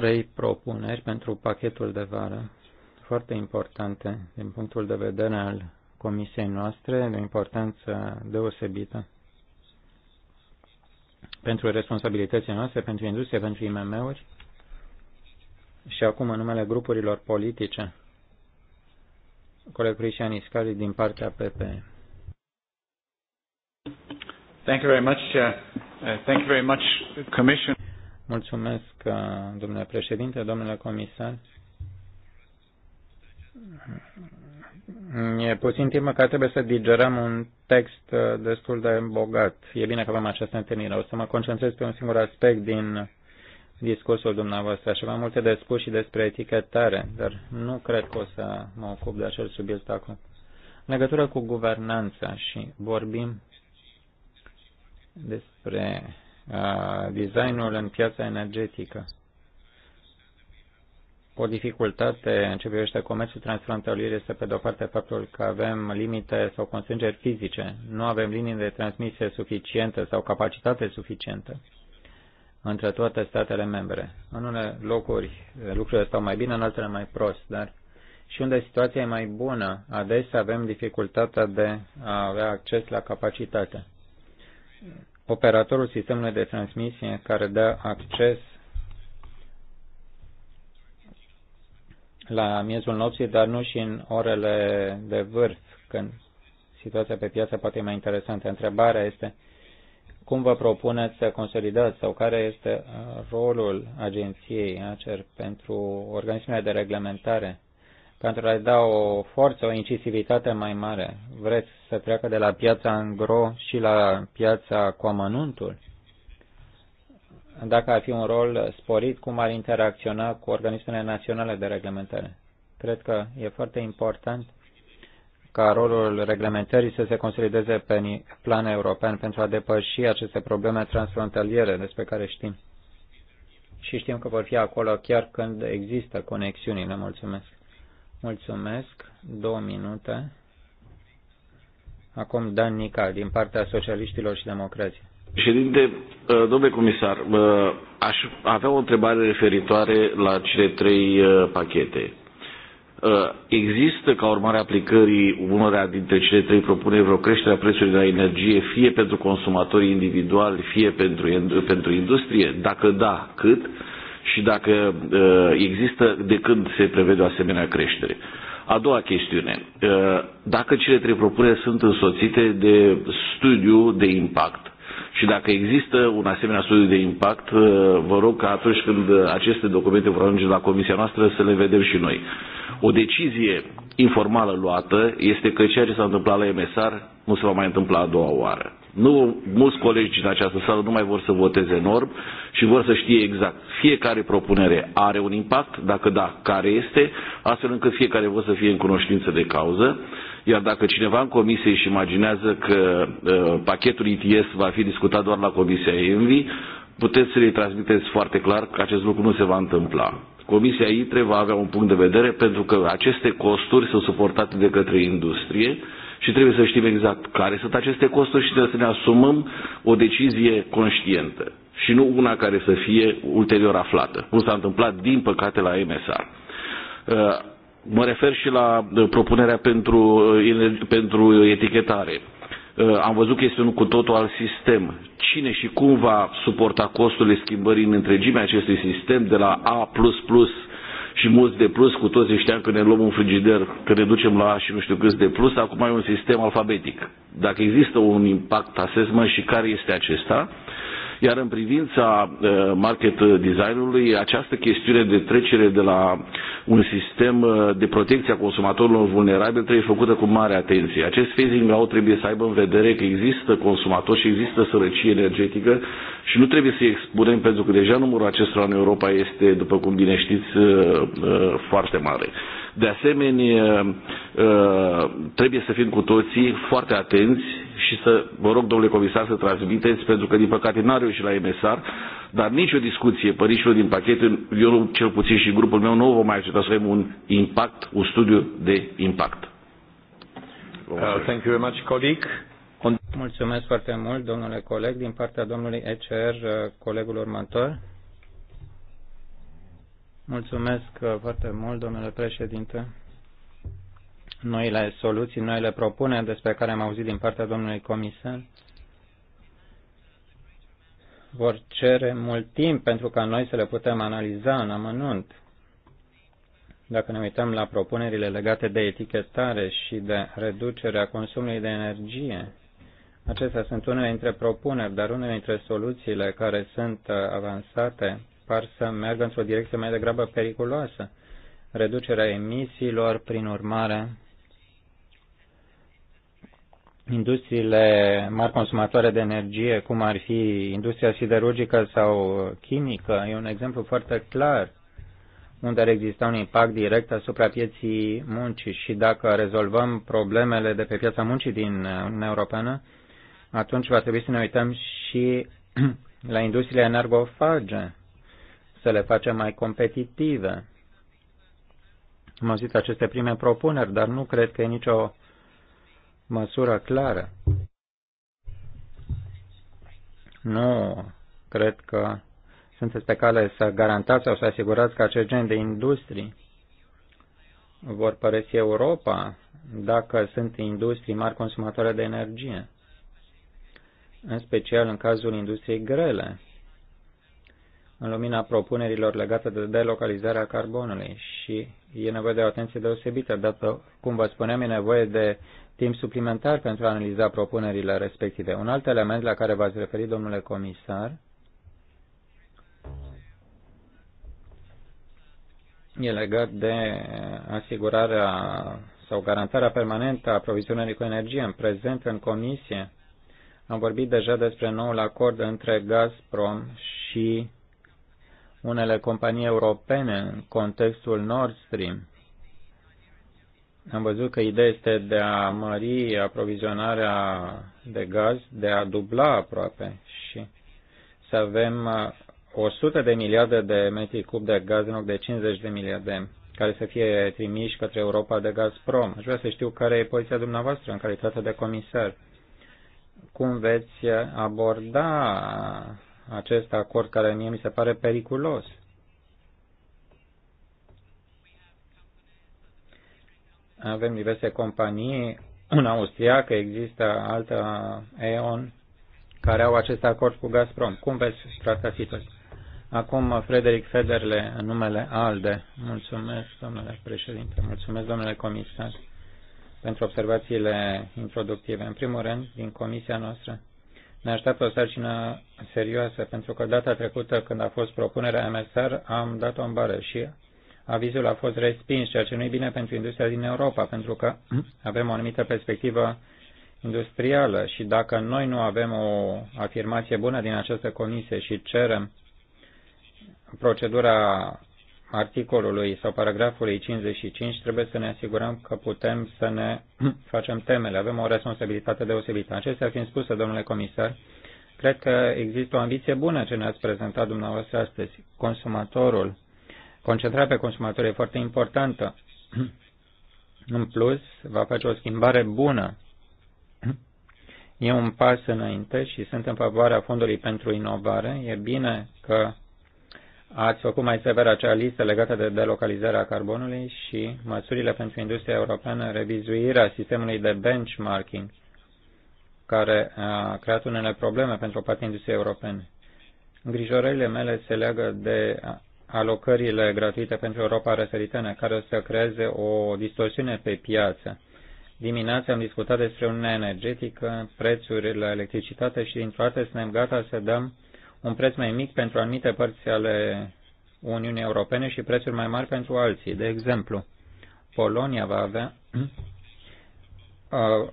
trei propuneri pentru pachetul de vară, foarte importante din punctul de vedere al comisiei noastre, de o importanță deosebită pentru responsabilitățile noastre, pentru industrie, pentru IMM-uri și acum în numele grupurilor politice, coleg Cristian Iscari din partea PPE. Thank you very much. Uh, uh, thank you very much, Commission. Mulțumesc, uh, domnule președinte, domnule comisar. E puțin timp că trebuie să digerăm un text uh, destul de bogat. E bine că avem această întâlnire. O să mă concentrez pe un singur aspect din discursul dumneavoastră. Așa mai multe de spus și despre etichetare, dar nu cred că o să mă ocup de acel subiect acum. În legătură cu guvernanța și vorbim despre designul în piața energetică. O dificultate în ce privește comerțul transfrontalier este, pe de-o parte, faptul că avem limite sau constrângeri fizice. Nu avem linii de transmisie suficiente sau capacitate suficientă între toate statele membre. În unele locuri eh, lucrurile stau mai bine, în altele mai prost, dar și unde situația e mai bună, adesea avem dificultatea de a avea acces la capacitate operatorul sistemului de transmisie care dă acces la miezul nopții, dar nu și în orele de vârf, când situația pe piață poate e mai interesantă. Întrebarea este cum vă propuneți să consolidați sau care este rolul agenției ACER pentru organismele de reglementare pentru a-i da o forță, o incisivitate mai mare. Vreți să treacă de la piața în gro și la piața cu amănuntul? Dacă ar fi un rol sporit, cum ar interacționa cu organismele naționale de reglementare? Cred că e foarte important ca rolul reglementării să se consolideze pe plan european pentru a depăși aceste probleme transfrontaliere despre care știm. Și știm că vor fi acolo chiar când există conexiunile. Mulțumesc. Mulțumesc. Două minute. Acum Dan Nica, din partea socialiștilor și democrații. Președinte, uh, domnule comisar, uh, aș avea o întrebare referitoare la cele trei uh, pachete. Există, ca urmare a aplicării unora dintre cele trei propuneri, vreo creștere a prețurilor la energie, fie pentru consumatorii individuali, fie pentru, pentru industrie? Dacă da, cât? și dacă uh, există, de când se prevede o asemenea creștere. A doua chestiune, uh, dacă cele trei propuneri sunt însoțite de studiu de impact, și dacă există un asemenea studiu de impact, uh, vă rog că atunci când aceste documente vor ajunge la comisia noastră să le vedem și noi. O decizie informală luată este că ceea ce s-a întâmplat la MSR nu se va mai întâmpla a doua oară. Nu, mulți colegi din această sală nu mai vor să voteze norm și vor să știe exact. Fiecare propunere are un impact, dacă da, care este, astfel încât fiecare vor să fie în cunoștință de cauză. Iar dacă cineva în comisie își imaginează că uh, pachetul ITS va fi discutat doar la comisia ENVI, puteți să le transmiteți foarte clar că acest lucru nu se va întâmpla. Comisia ITRE va avea un punct de vedere pentru că aceste costuri sunt suportate de către industrie, și trebuie să știm exact care sunt aceste costuri și trebuie să ne asumăm o decizie conștientă și nu una care să fie ulterior aflată. Nu s-a întâmplat, din păcate, la MSA. Uh, mă refer și la uh, propunerea pentru, uh, pentru etichetare. Am văzut că este un cu totul alt sistem. Cine și cum va suporta costurile schimbării în întregime acestui sistem de la A++ și mulți de plus, cu toți știam că ne luăm un frigider, că ne ducem la și nu știu câți de plus, acum e un sistem alfabetic. Dacă există un impact asesmă și care este acesta, uh, iar în privința uh, market design-ului, această chestiune de trecere de la un sistem uh, de protecție a consumatorilor vulnerabil trebuie făcută cu mare atenție. Acest phasing out trebuie să aibă în vedere că există consumatori și există sărăcie energetică și nu trebuie să-i expunem pentru că deja numărul acestora în Europa este, după cum bine știți, uh, foarte mare. De asemenea, ă, trebuie să fim cu toții foarte atenți și să vă rog, domnule comisar, să transmiteți, pentru că, din păcate, n-a reușit la MSR, dar nicio discuție, părinților din pachet, eu cel puțin și grupul meu nu vom mai accepta să avem un impact, un studiu de impact. Uh, thank you very much, colleague. Mulțumesc foarte mult, domnule coleg. Din partea domnului ECR, uh, colegul următor. Mulțumesc uh, foarte mult, domnule președinte. Noile soluții, noile propuneri despre care am auzit din partea domnului comisar vor cere mult timp pentru ca noi să le putem analiza în amănunt. Dacă ne uităm la propunerile legate de etichetare și de reducerea consumului de energie, acestea sunt unele dintre propuneri, dar unele dintre soluțiile care sunt uh, avansate par să meargă într-o direcție mai degrabă periculoasă. Reducerea emisiilor, prin urmare, industriile mari consumatoare de energie, cum ar fi industria siderurgică sau chimică, e un exemplu foarte clar unde ar exista un impact direct asupra pieții muncii și dacă rezolvăm problemele de pe piața muncii din Uniunea Europeană, atunci va trebui să ne uităm și la industriile energofage, să le facem mai competitive. Am auzit aceste prime propuneri, dar nu cred că e nicio măsură clară. Nu cred că sunteți pe cale să garantați sau să asigurați că acest gen de industrii vor părăsi Europa dacă sunt industrii mari consumatoare de energie, în special în cazul industriei grele, în lumina propunerilor legate de delocalizarea carbonului și e nevoie de o atenție deosebită, dată, cum vă spuneam, e nevoie de timp suplimentar pentru a analiza propunerile respective. Un alt element la care v-ați referit, domnule comisar, e legat de asigurarea sau garantarea permanentă a provizionării cu energie. În prezent, în comisie, am vorbit deja despre noul acord între Gazprom și unele companii europene în contextul Nord Stream. Am văzut că ideea este de a mări aprovizionarea de gaz, de a dubla aproape și să avem 100 uh, de miliarde de metri cub de gaz în loc de 50 de miliarde care să fie trimiși către Europa de Gazprom. Aș vrea să știu care e poziția dumneavoastră în calitate de comisar. Cum veți aborda acest acord care mie mi se pare periculos. Avem diverse companii, în austriacă există alta E.ON, care au acest acord cu Gazprom. Cum veți trata situația? Acum, Frederic Federle, în numele ALDE. Mulțumesc, domnule președinte, mulțumesc, domnule comisar, pentru observațiile introductive. În primul rând, din comisia noastră, ne așteaptă o sarcină serioasă, pentru că data trecută, când a fost propunerea MSR, am dat-o în bară și avizul a fost respins, ceea ce nu e bine pentru industria din Europa, pentru că avem o anumită perspectivă industrială și dacă noi nu avem o afirmație bună din această comisie și cerem procedura articolului sau paragrafului 55, trebuie să ne asigurăm că putem să ne facem temele. Avem o responsabilitate deosebită. Acestea fiind spuse, domnule comisar, cred că există o ambiție bună ce ne-ați prezentat dumneavoastră astăzi. Consumatorul, concentrarea pe consumator e foarte importantă. În plus, va face o schimbare bună. E un pas înainte și sunt în favoarea Fondului pentru Inovare. E bine că ați făcut mai sever acea listă legată de delocalizarea carbonului și măsurile pentru industria europeană, revizuirea sistemului de benchmarking, care a creat unele probleme pentru o parte industriei europene. Îngrijorările mele se leagă de alocările gratuite pentru Europa referitene, care o să creeze o distorsiune pe piață. Dimineața am discutat despre uniunea energetică, prețurile la electricitate și dintr-o dată suntem gata să dăm un preț mai mic pentru anumite părți ale Uniunii Europene și prețuri mai mari pentru alții. De exemplu, Polonia va avea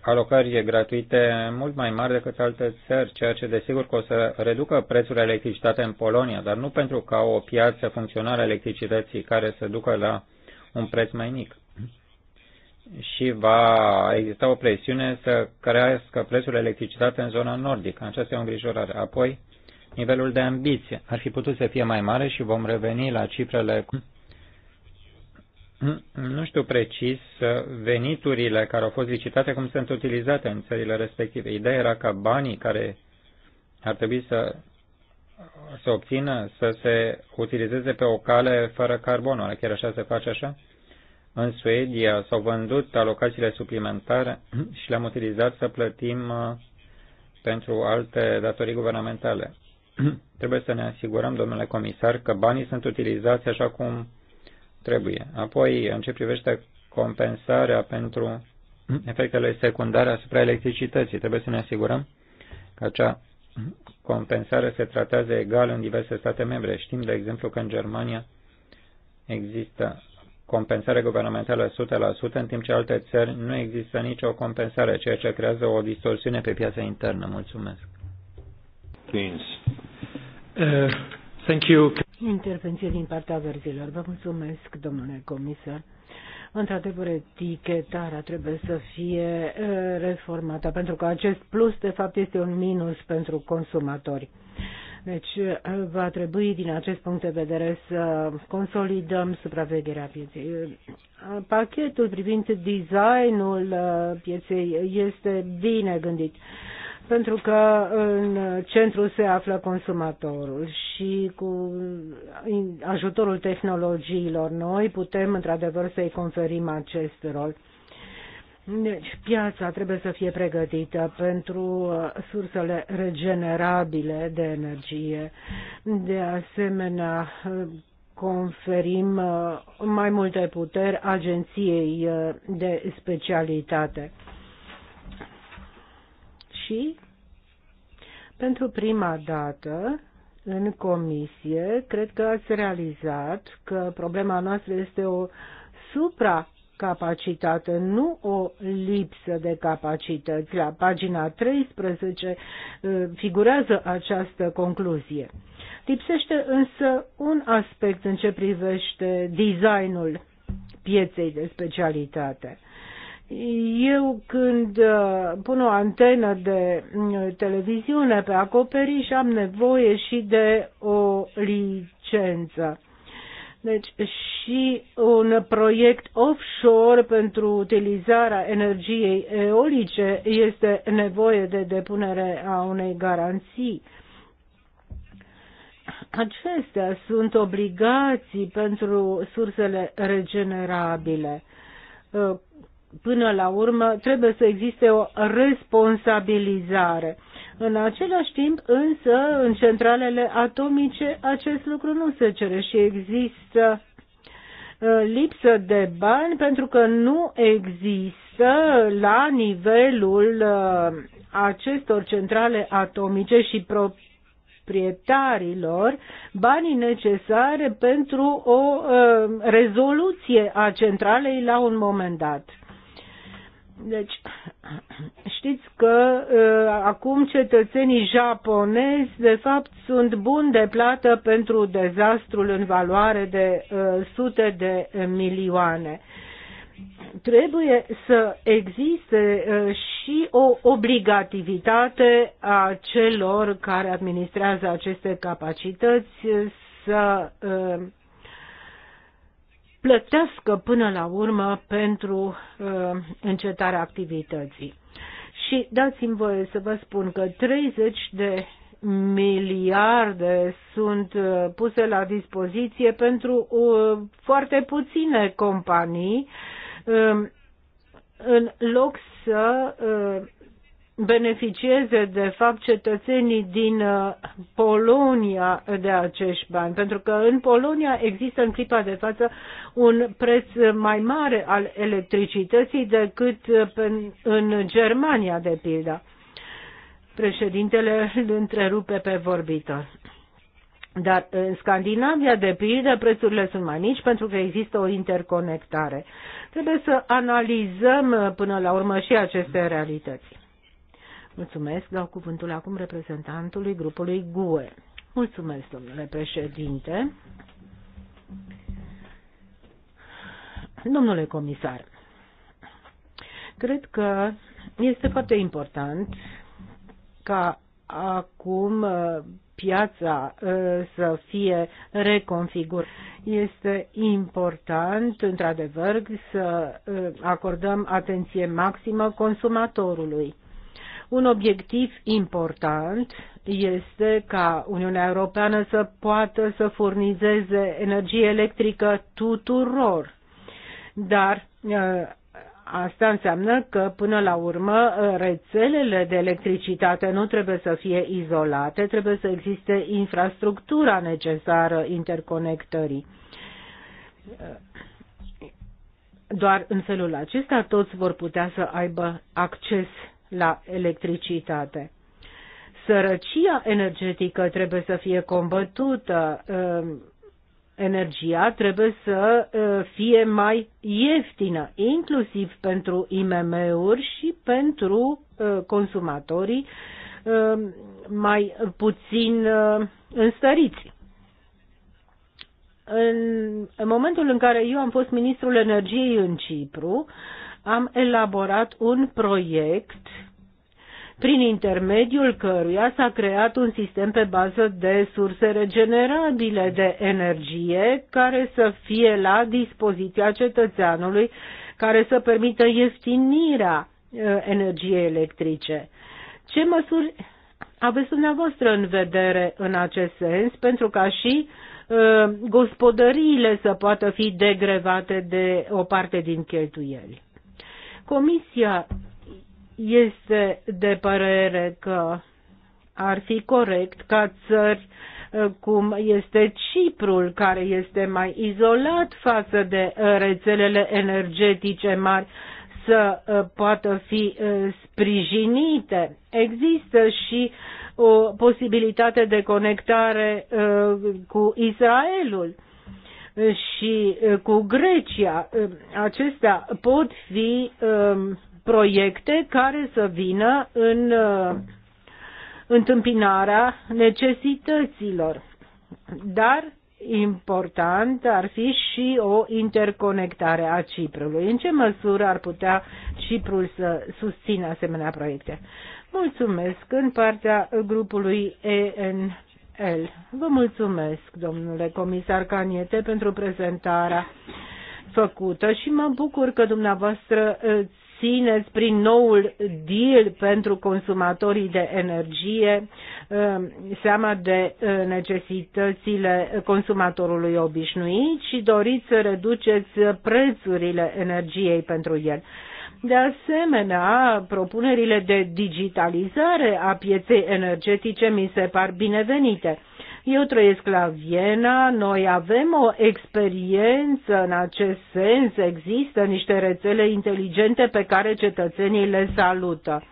alocări gratuite mult mai mari decât alte țări, ceea ce desigur că o să reducă prețul electricitate în Polonia, dar nu pentru ca o piață funcțională a electricității care să ducă la un preț mai mic. Și va exista o presiune să crească prețul electricitate în zona nordică. Aceasta e o îngrijorare. Apoi, nivelul de ambiție. Ar fi putut să fie mai mare și vom reveni la cifrele. Nu știu precis uh, veniturile care au fost licitate, cum sunt utilizate în țările respective. Ideea era ca banii care ar trebui să se obțină să se utilizeze pe o cale fără carbon. Oare chiar așa se face așa? În Suedia s-au vândut alocațiile suplimentare și le-am utilizat să plătim uh, pentru alte datorii guvernamentale. Trebuie să ne asigurăm, domnule comisar, că banii sunt utilizați așa cum trebuie. Apoi, în ce privește compensarea pentru efectele secundare asupra electricității, trebuie să ne asigurăm că acea compensare se tratează egal în diverse state membre. Știm, de exemplu, că în Germania există compensare guvernamentală 100%, în timp ce alte țări nu există nicio compensare, ceea ce creează o distorsiune pe piața internă. Mulțumesc. Queens. Uh, thank you. Intervenție din partea verzilor. Vă mulțumesc, domnule comisar. Într-adevăr, etichetarea trebuie să fie uh, reformată, pentru că acest plus, de fapt, este un minus pentru consumatori. Deci, uh, va trebui, din acest punct de vedere, să consolidăm supravegherea pieței. Uh, pachetul privind designul pieței este bine gândit pentru că în centru se află consumatorul și cu ajutorul tehnologiilor noi putem într-adevăr să-i conferim acest rol. Deci, piața trebuie să fie pregătită pentru sursele regenerabile de energie. De asemenea, conferim mai multe puteri agenției de specialitate și pentru prima dată în comisie, cred că ați realizat că problema noastră este o supracapacitate, nu o lipsă de capacități. La pagina 13 uh, figurează această concluzie. Lipsește însă un aspect în ce privește designul pieței de specialitate. Eu când uh, pun o antenă de mm, televiziune pe acoperiș am nevoie și de o licență. Deci și un proiect offshore pentru utilizarea energiei eolice este nevoie de depunere a unei garanții. Acestea sunt obligații pentru sursele regenerabile uh, până la urmă trebuie să existe o responsabilizare. În același timp, însă, în centralele atomice acest lucru nu se cere și există uh, lipsă de bani pentru că nu există la nivelul uh, acestor centrale atomice și proprietarilor banii necesare pentru o uh, rezoluție a centralei la un moment dat. Deci, știți că uh, acum cetățenii japonezi, de fapt, sunt buni de plată pentru dezastrul în valoare de uh, sute de milioane. Trebuie să existe uh, și o obligativitate a celor care administrează aceste capacități să. Uh, plătească până la urmă pentru uh, încetarea activității. Și dați-mi voie să vă spun că 30 de miliarde sunt uh, puse la dispoziție pentru uh, foarte puține companii uh, în loc să uh, beneficieze de fapt cetățenii din uh, Polonia de acești bani, pentru că în Polonia există în clipa de față un preț mai mare al electricității decât uh, în Germania, de pildă. Președintele îl întrerupe pe vorbitor. Dar în Scandinavia, de pildă, prețurile sunt mai mici pentru că există o interconectare. Trebuie să analizăm uh, până la urmă și aceste realități. Mulțumesc, dau cuvântul acum reprezentantului grupului GUE. Mulțumesc, domnule președinte. Domnule comisar, cred că este foarte important ca acum uh, piața uh, să fie reconfigurată. Este important, într-adevăr, să uh, acordăm atenție maximă consumatorului. Un obiectiv important este ca Uniunea Europeană să poată să furnizeze energie electrică tuturor. Dar uh, Asta înseamnă că, până la urmă, rețelele de electricitate nu trebuie să fie izolate, trebuie să existe infrastructura necesară interconectării. Doar în felul acesta toți vor putea să aibă acces la electricitate. Sărăcia energetică trebuie să fie combătută, um, energia trebuie să uh, fie mai ieftină, inclusiv pentru IMM-uri și pentru uh, consumatorii um, mai puțin uh, înstăriți. În momentul în care eu am fost ministrul energiei în Cipru, am elaborat un proiect prin intermediul căruia s-a creat un sistem pe bază de surse regenerabile de energie care să fie la dispoziția cetățeanului, care să permită ieftinirea uh, energiei electrice. Ce măsuri aveți dumneavoastră în vedere în acest sens pentru ca și uh, gospodăriile să poată fi degrevate de o parte din cheltuieli? Comisia este de părere că ar fi corect ca țări uh, cum este Ciprul, care este mai izolat față de uh, rețelele energetice mari, să uh, poată fi sprijinite. Există și o posibilitate de conectare cu Israelul și eh, cu Grecia. Eh, acestea pot fi eh, proiecte care să vină în întâmpinarea necesităților. Dar important ar fi și o interconectare a Ciprului. În ce măsură ar putea Ciprul să susțină asemenea proiecte? Mulțumesc în partea grupului EN el Vă mulțumesc, domnule comisar Caniete, pentru prezentarea făcută și mă bucur că dumneavoastră uh, țineți prin noul deal pentru consumatorii de energie uh, seama de uh, necesitățile consumatorului obișnuit și doriți să reduceți prețurile energiei pentru el. De asemenea, propunerile de digitalizare a pieței energetice mi se par binevenite. Eu trăiesc la Viena, noi avem o experiență în acest sens, există niște rețele inteligente pe care cetățenii le salută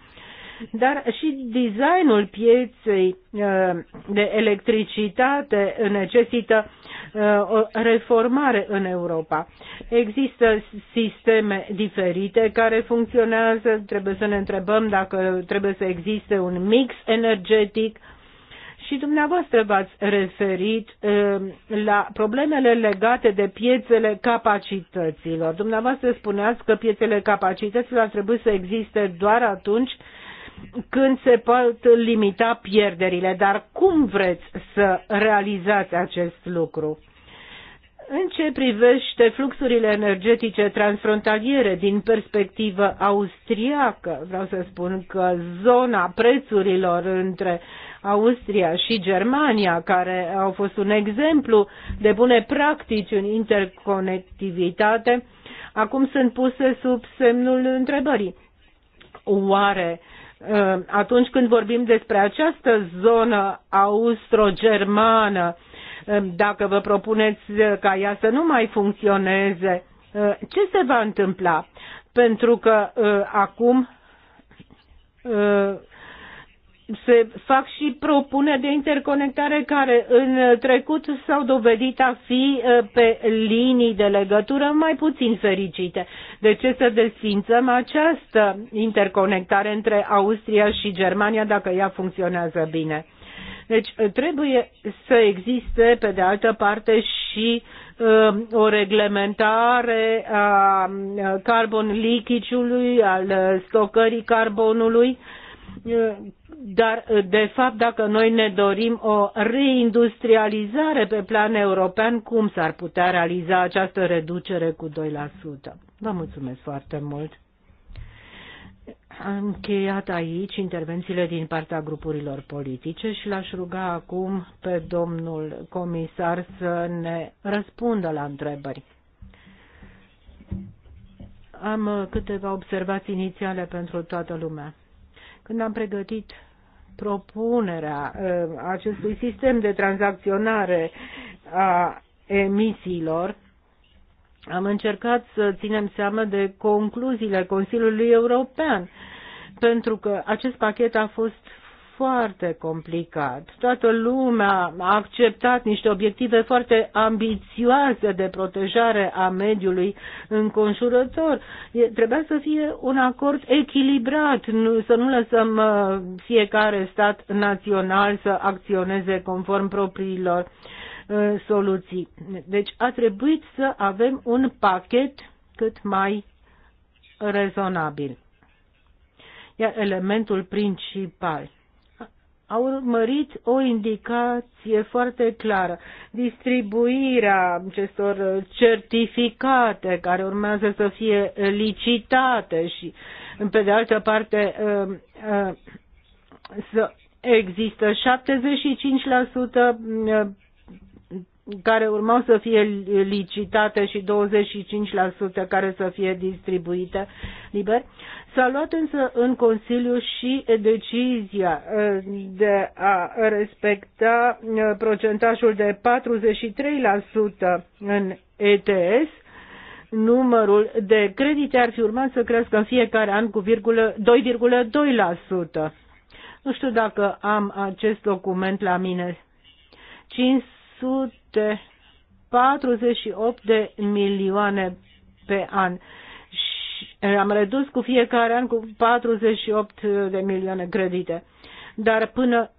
dar și designul pieței uh, de electricitate necesită uh, o reformare în Europa. Există sisteme diferite care funcționează, trebuie să ne întrebăm dacă trebuie să existe un mix energetic, și dumneavoastră v-ați referit uh, la problemele legate de piețele capacităților. Dumneavoastră spuneați că piețele capacităților ar trebui să existe doar atunci când se pot limita pierderile, dar cum vreți să realizați acest lucru? În ce privește fluxurile energetice transfrontaliere din perspectivă austriacă, vreau să spun că zona prețurilor între Austria și Germania, care au fost un exemplu de bune practici în interconectivitate, acum sunt puse sub semnul întrebării. Oare uh, Uh, atunci când vorbim despre această zonă austro-germană, uh, dacă vă propuneți ca ea să nu mai funcționeze, uh, ce se va întâmpla? Pentru că acum se fac și propuneri de interconectare care în trecut s-au dovedit a fi pe linii de legătură mai puțin fericite. De ce să desfințăm această interconectare între Austria și Germania dacă ea funcționează bine? Deci trebuie să existe, pe de altă parte, și uh, o reglementare a carbon leakage-ului, al stocării carbonului, uh, dar, de fapt, dacă noi ne dorim o reindustrializare pe plan european, cum s-ar putea realiza această reducere cu 2%? Vă mulțumesc foarte mult! Am încheiat aici intervențiile din partea grupurilor politice și l-aș ruga acum pe domnul comisar să ne răspundă la întrebări. Am câteva observații inițiale pentru toată lumea. Când am pregătit propunerea uh, acestui sistem de tranzacționare a emisiilor, am încercat să ținem seama de concluziile Consiliului European, pentru că acest pachet a fost foarte complicat. Toată lumea a acceptat niște obiective foarte ambițioase de protejare a mediului înconjurător. E, trebuia să fie un acord echilibrat, nu, să nu lăsăm uh, fiecare stat național să acționeze conform propriilor uh, soluții. Deci a trebuit să avem un pachet cât mai rezonabil iar elementul principal a urmărit o indicație foarte clară. Distribuirea acestor certificate care urmează să fie licitate și, pe de altă parte, um, um, să există 75% care urmau să fie licitate și 25% care să fie distribuite liber. S-a luat însă în Consiliu și decizia uh, de a respecta uh, procentajul de 43% în ETS. Numărul de credite ar fi urmat să crească în fiecare an cu 2,2%. Nu știu dacă am acest document la mine. 500 48 de milioane pe an. Și am redus cu fiecare an cu 48 de milioane credite. Dar până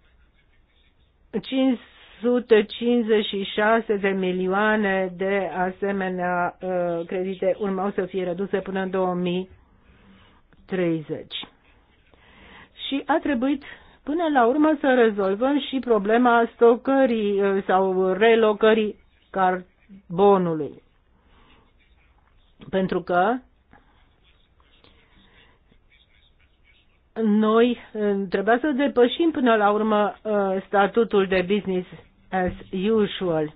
556 de milioane de asemenea uh, credite urmau să fie reduse până în 2030. Și a trebuit până la urmă să rezolvăm și problema stocării uh, sau relocării carbonului. Pentru că noi uh, trebuia să depășim până la urmă uh, statutul de business as usual.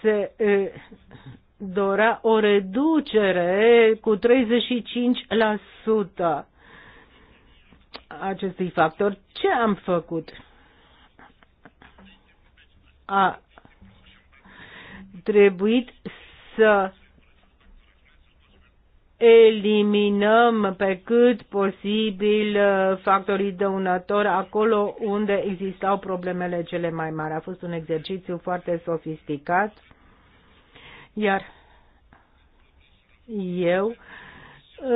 Se dorea o reducere cu 35% acestui factor. Ce am făcut? A trebuit să eliminăm pe cât posibil uh, factorii dăunători acolo unde existau problemele cele mai mari. A fost un exercițiu foarte sofisticat iar eu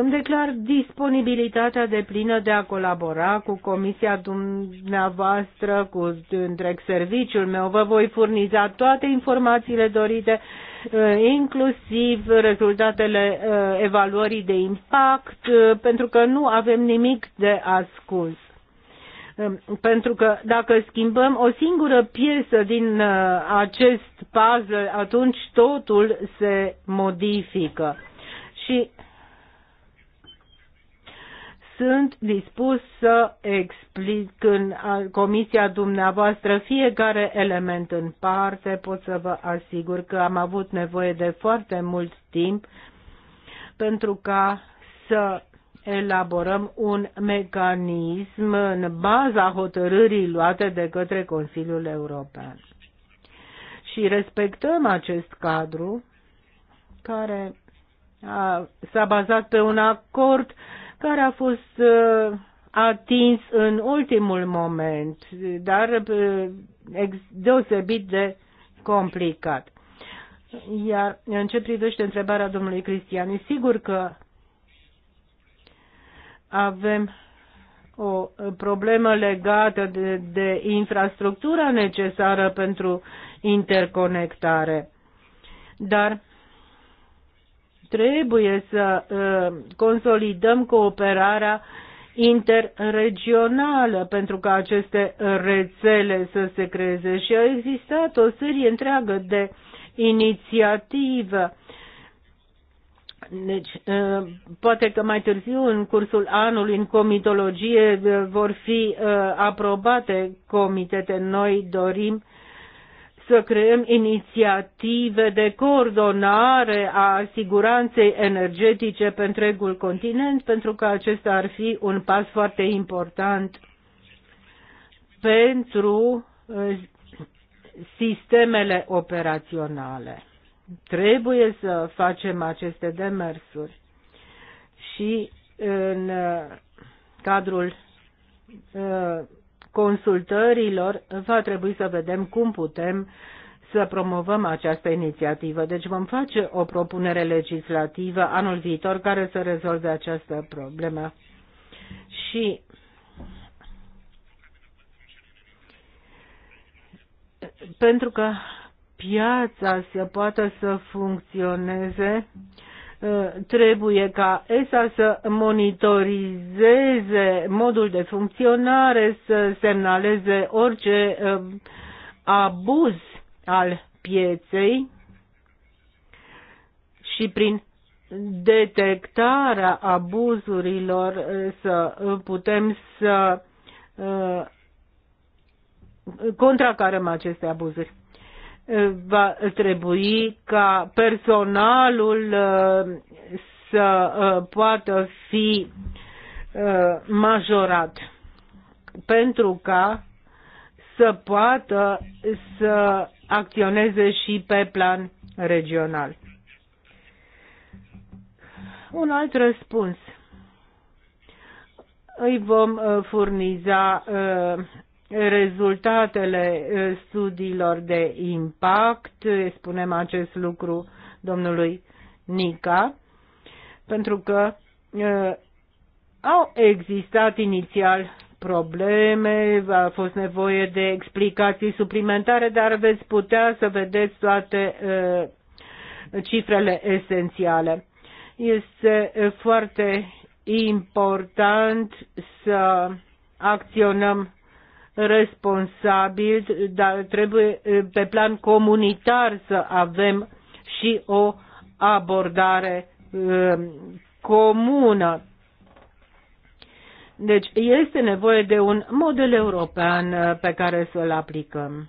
îmi declar disponibilitatea de plină de a colabora cu comisia dumneavoastră, cu întreg serviciul meu. Vă voi furniza toate informațiile dorite, eh, inclusiv rezultatele eh, evaluării de impact, eh, pentru că nu avem nimic de ascuns. Um, pentru că dacă schimbăm o singură piesă din uh, acest puzzle, atunci totul se modifică. Și sunt dispus să explic în comisia dumneavoastră fiecare element în parte. Pot să vă asigur că am avut nevoie de foarte mult timp pentru ca să elaborăm un mecanism în baza hotărârii luate de către Consiliul European. Și respectăm acest cadru care s-a bazat pe un acord care a fost uh, atins în ultimul moment, dar uh, deosebit de complicat. Iar în ce privește întrebarea domnului Cristian, sigur că avem o problemă legată de, de infrastructura necesară pentru interconectare. Dar trebuie să uh, consolidăm cooperarea interregională pentru ca aceste rețele să se creeze și a existat o serie întreagă de inițiativă deci, ă, poate că mai târziu, în cursul anului, în comitologie, ă, vor fi ă, aprobate comitete. Noi dorim să creăm inițiative de coordonare a siguranței energetice pe întregul continent, pentru că acesta ar fi un pas foarte important pentru sistemele operaționale. Trebuie să facem aceste demersuri și în uh, cadrul uh, consultărilor va trebui să vedem cum putem să promovăm această inițiativă. Deci vom face o propunere legislativă anul viitor care să rezolve această problemă. Și pentru că piața să poată să funcționeze, ă, trebuie ca ESA să monitorizeze modul de funcționare, să semnaleze orice ă, abuz al pieței și prin detectarea abuzurilor ă, să putem să contracarăm aceste abuzuri. Eh, va trebui ca personalul eh, să eh, poată fi majorat pentru ca să poată să acționeze și pe plan regional. Un alt răspuns îi vom furniza rezultatele eh, studiilor de impact, eh, spunem acest lucru domnului Nica, pentru că eh, au existat inițial probleme, a fost nevoie de explicații suplimentare, dar veți putea să vedeți toate cifrele esențiale. Este foarte important să acționăm responsabili, dar trebuie pe plan comunitar să avem și o abordare comună. Deci este nevoie de un model european pe care să-l aplicăm.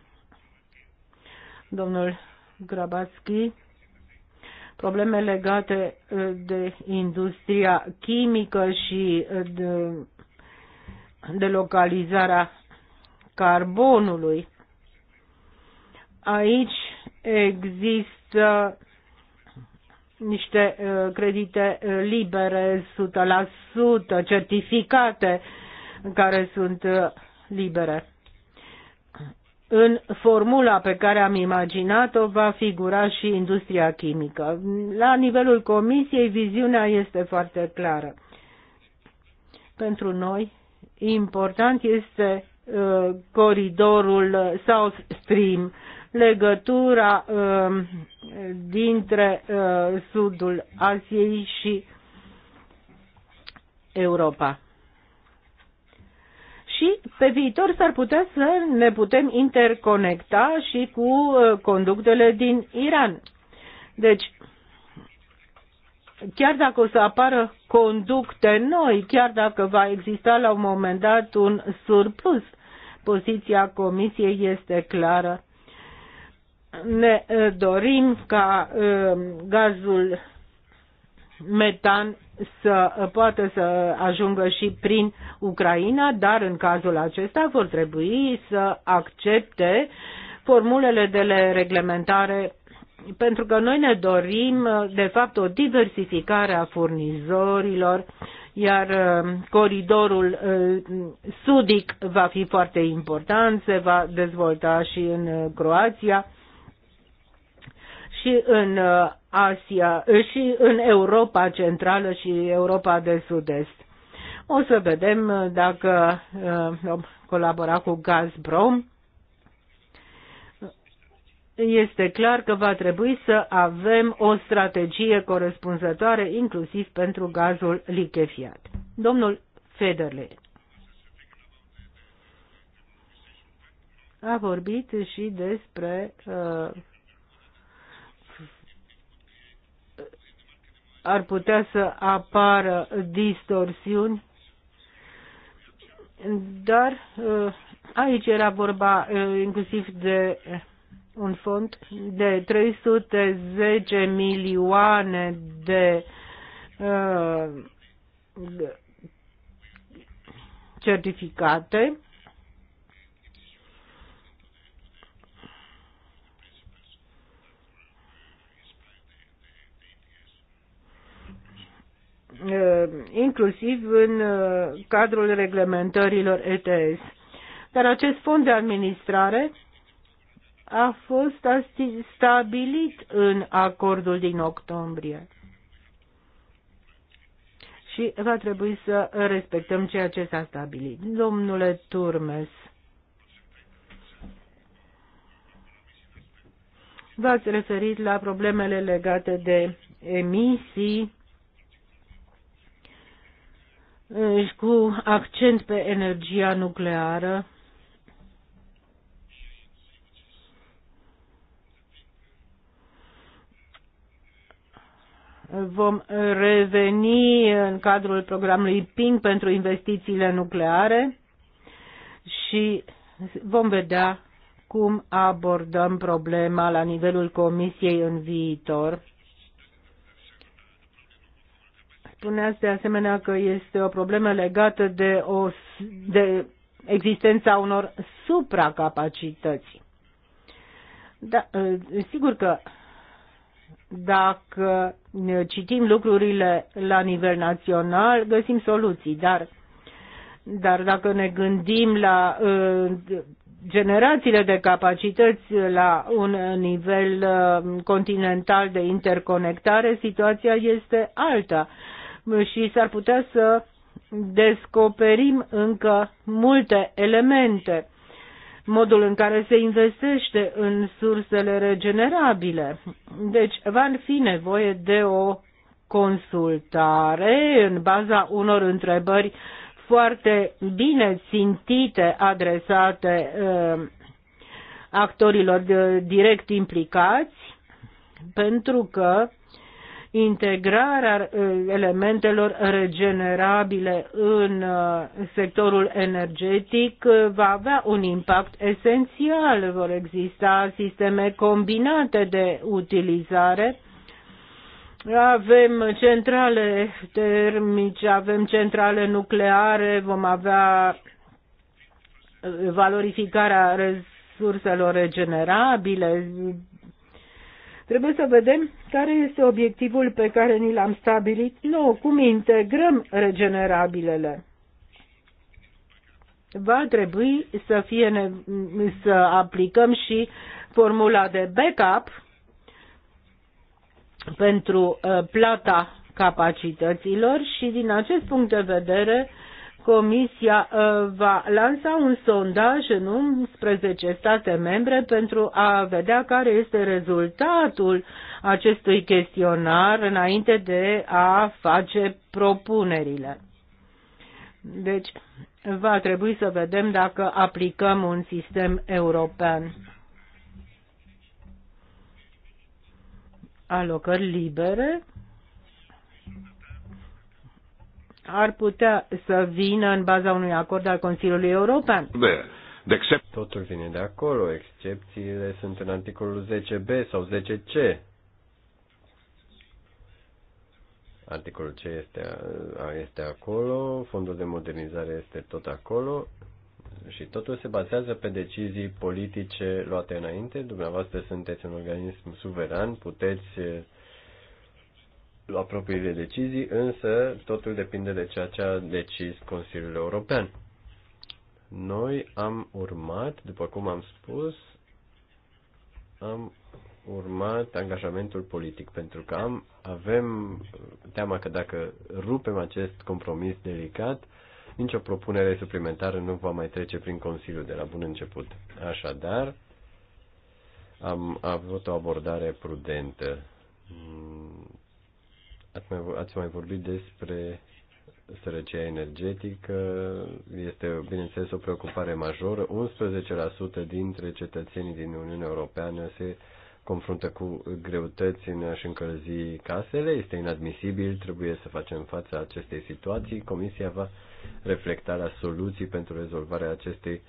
Domnul Grabatski, probleme legate de industria chimică și de, de localizarea carbonului. Aici există niște uh, credite uh, libere 100%, certificate care sunt uh, libere. În formula pe care am imaginat-o va figura și industria chimică. La nivelul comisiei, viziunea este foarte clară. Pentru noi, important este coridorul South Stream, legătura um, dintre uh, sudul Asiei și Europa. Și pe viitor s-ar putea să ne putem interconecta și cu uh, conductele din Iran. Deci, chiar dacă o să apară conducte noi, chiar dacă va exista la un moment dat un surplus, Poziția Comisiei este clară. Ne eh, dorim ca eh, gazul metan să poată să ajungă și prin Ucraina, dar în cazul acesta vor trebui să accepte formulele de reglementare pentru că noi ne dorim, de fapt, o diversificare a furnizorilor iar uh, coridorul uh, sudic va fi foarte important, se va dezvolta și în uh, Croația și în Asia și în Europa Centrală și Europa de Sud-Est. O să vedem dacă vom colabora cu Gazprom este clar că va trebui să avem o strategie corespunzătoare inclusiv pentru gazul lichefiat. Domnul Federle a vorbit și despre uh, ar putea să apară distorsiuni, dar uh, aici era vorba uh, inclusiv de uh, un fond de 310 milioane de uh, certificate uh, inclusiv în uh, cadrul reglementărilor ETS. Dar acest fond de administrare a fost stabilit în acordul din octombrie. Și va trebui să respectăm ceea ce s-a stabilit. Domnule Turmes, v-ați referit la problemele legate de emisii cu accent pe energia nucleară vom reveni în cadrul programului PING pentru investițiile nucleare și vom vedea cum abordăm problema la nivelul Comisiei în viitor. Spuneați de asemenea că este o problemă legată de, o, de existența unor supracapacități. Da, sigur că dacă citim lucrurile la nivel național, găsim soluții, dar, dar dacă ne gândim la uh, generațiile de capacități la un nivel uh, continental de interconectare, situația este alta și s-ar putea să descoperim încă multe elemente modul în care se investește în sursele regenerabile. Deci va fi nevoie de o consultare în baza unor întrebări foarte bine țintite adresate uh, actorilor uh, direct implicați, pentru că integrarea uh, elementelor regenerabile în uh, sectorul energetic uh, va avea un impact esențial. Vor exista sisteme combinate de utilizare. Avem centrale termice, avem centrale nucleare, vom avea valorificarea resurselor regenerabile, Trebuie să vedem care este obiectivul pe care ni l-am stabilit nu cum integrăm regenerabilele. Va trebui să, fie să aplicăm și formula de backup pentru uh, plata capacităților și din acest punct de vedere Comisia uh, va lansa un sondaj în 11 state membre pentru a vedea care este rezultatul acestui chestionar înainte de a face propunerile. Deci, va trebui să vedem dacă aplicăm un sistem european. Alocări libere ar putea să vină în baza unui acord al Consiliului European. De, de Totul vine de acolo, excepțiile sunt în articolul 10b sau 10c. Articolul C este, este acolo, fondul de modernizare este tot acolo și totul se bazează pe decizii politice luate înainte. Dumneavoastră sunteți un organism suveran, puteți la propriile decizii, însă totul depinde de ceea ce a decis Consiliul European. Noi am urmat, după cum am spus, am urmat angajamentul politic, pentru că am, avem teama că dacă rupem acest compromis delicat, nicio propunere suplimentară nu va mai trece prin Consiliu de la bun început. Așadar, am avut o abordare prudentă. Ați mai, ați mai vorbit despre sărăcia energetică. Este, bineînțeles, o preocupare majoră. 11% dintre cetățenii din Uniunea Europeană se confruntă cu greutăți în a-și încălzi casele. Este inadmisibil, trebuie să facem față acestei situații. Comisia va reflecta la soluții pentru rezolvarea acestei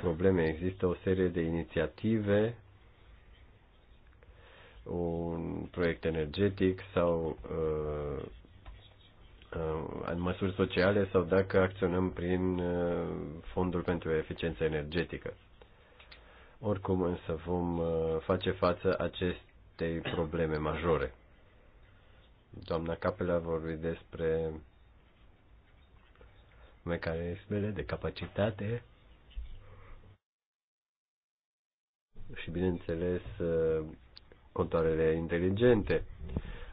probleme. Există o serie de inițiative un proiect energetic sau uh, uh, măsuri sociale sau dacă acționăm prin uh, fondul pentru eficiență energetică. Oricum însă vom uh, face față acestei probleme majore. Doamna Capela a vorbit despre mecanismele de capacitate și bineînțeles uh, contoarele inteligente.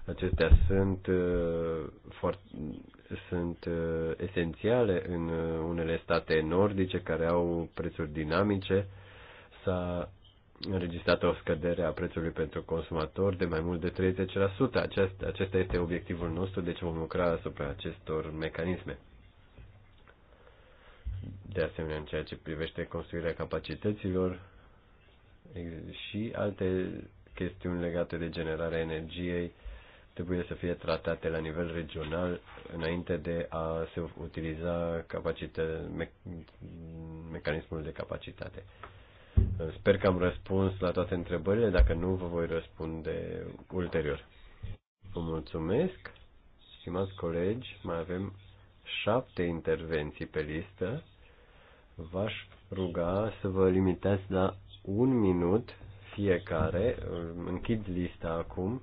Acestea sunt, uh, sunt uh, esențiale în uh, unele state nordice care au prețuri dinamice. S-a înregistrat o scădere a prețului pentru consumator de mai mult de 30%. acest acesta este obiectivul nostru, deci vom lucra asupra acestor mecanisme. De asemenea, în ceea ce privește construirea capacităților și alte chestiuni legate de generarea energiei trebuie să fie tratate la nivel regional înainte de a se utiliza capacită, me, mecanismul de capacitate. Sper că am răspuns la toate întrebările, dacă nu vă voi răspunde ulterior. Vă mulțumesc, stimați colegi, mai avem șapte intervenții pe listă. V-aș ruga să vă limitați la un minut fiecare. Închid lista acum.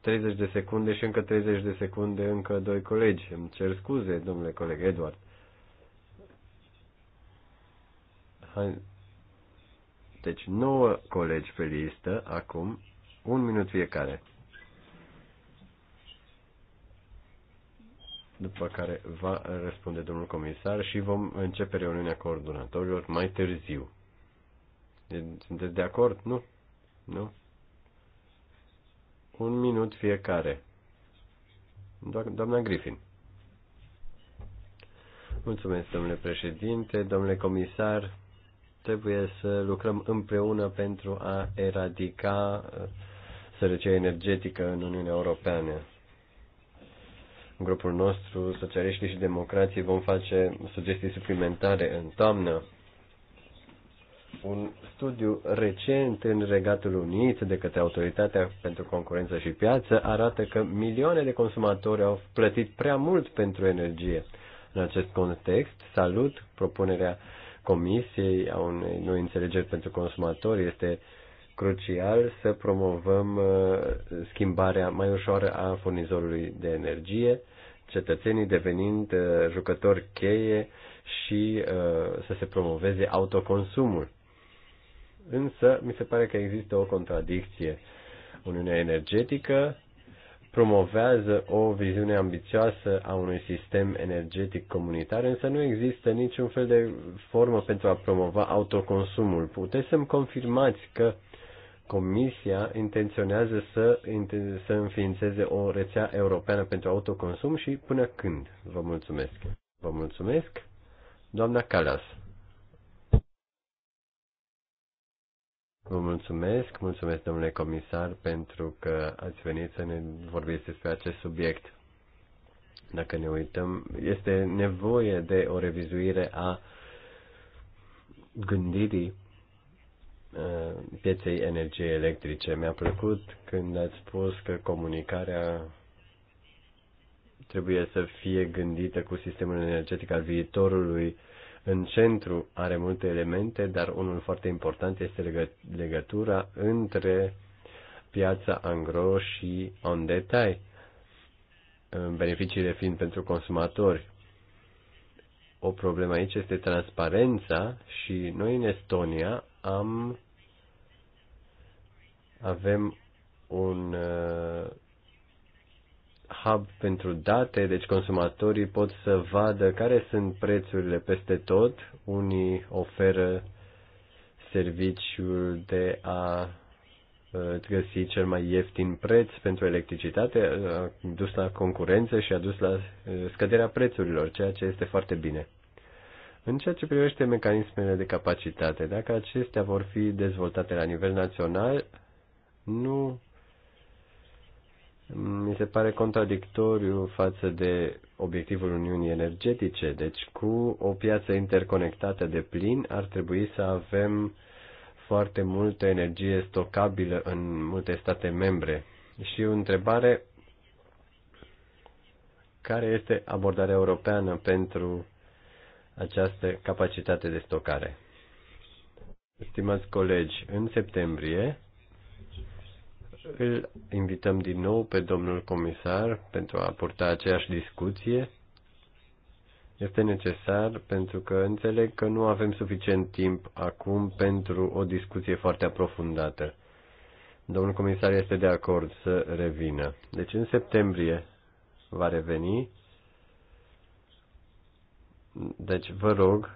30 de secunde și încă 30 de secunde, încă doi colegi. Îmi cer scuze, domnule coleg Eduard. Hai. Deci 9 colegi pe listă acum, un minut fiecare. după care va răspunde domnul comisar și vom începe reuniunea coordonatorilor mai târziu. Sunteți de acord? Nu? Nu? Un minut fiecare. Doamna Griffin. Mulțumesc, domnule președinte, domnule comisar. Trebuie să lucrăm împreună pentru a eradica uh, sărăcia energetică în Uniunea Europeană grupul nostru, socialiștii și democrații, vom face sugestii suplimentare în toamnă. Un studiu recent în Regatul Unit de către Autoritatea pentru Concurență și Piață arată că milioane de consumatori au plătit prea mult pentru energie. În acest context, salut propunerea Comisiei a unei noi înțelegeri pentru consumatori. Este crucial să promovăm uh, schimbarea mai ușoară a furnizorului de energie cetățenii devenind uh, jucători cheie și uh, să se promoveze autoconsumul. Însă, mi se pare că există o contradicție. Uniunea energetică promovează o viziune ambițioasă a unui sistem energetic comunitar, însă nu există niciun fel de formă pentru a promova autoconsumul. Puteți să-mi confirmați că uh, Comisia intenționează să, să înființeze o rețea europeană pentru autoconsum și până când? Vă mulțumesc. Vă mulțumesc. Doamna Calas. Vă mulțumesc, mulțumesc domnule comisar pentru că ați venit să ne vorbiți despre acest subiect. Dacă ne uităm, este nevoie de o revizuire a gândirii Uh, pieței energiei electrice. Mi-a plăcut când ați spus că comunicarea trebuie să fie gândită cu sistemul energetic al viitorului în centru are multe elemente, dar unul foarte important este legă, legătura între piața angro și on detail, uh, beneficiile fiind pentru consumatori. O problemă aici este transparența și noi în Estonia am avem un uh, hub pentru date, deci consumatorii pot să vadă care sunt prețurile peste tot. Unii oferă serviciul de a uh, găsi cel mai ieftin preț pentru electricitate, a uh, dus la concurență și a dus la uh, scăderea prețurilor, ceea ce este foarte bine. În ceea ce privește mecanismele de capacitate, dacă acestea vor fi dezvoltate la nivel național, nu mi se pare contradictoriu față de obiectivul Uniunii Energetice. Deci, cu o piață interconectată de plin, ar trebui să avem foarte multă energie stocabilă în multe state membre. Și o întrebare, care este abordarea europeană pentru această capacitate de stocare? Stimați colegi, în septembrie îl invităm din nou pe domnul comisar pentru a purta aceeași discuție. Este necesar pentru că înțeleg că nu avem suficient timp acum pentru o discuție foarte aprofundată. Domnul comisar este de acord să revină. Deci în septembrie va reveni. Deci vă rog,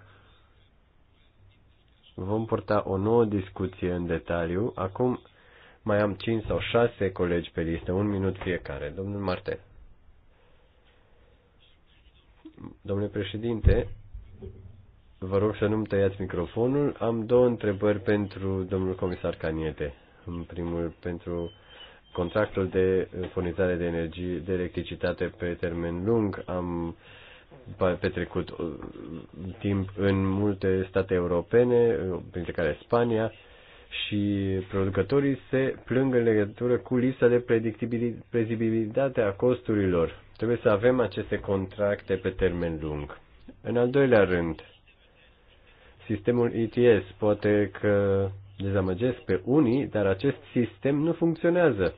vom purta o nouă discuție în detaliu. Acum mai am 5 sau 6 colegi pe listă, un minut fiecare. Domnul Martel. Domnule președinte, vă rog să nu-mi tăiați microfonul. Am două întrebări pentru domnul comisar Caniete. În primul, pentru contractul de furnizare de energie, de electricitate pe termen lung. Am petrecut uh, timp în multe state europene, uh, printre care Spania și producătorii se plâng în legătură cu lipsa de predictibilitate a costurilor. Trebuie să avem aceste contracte pe termen lung. În al doilea rând, sistemul ETS poate că dezamăgesc pe unii, dar acest sistem nu funcționează.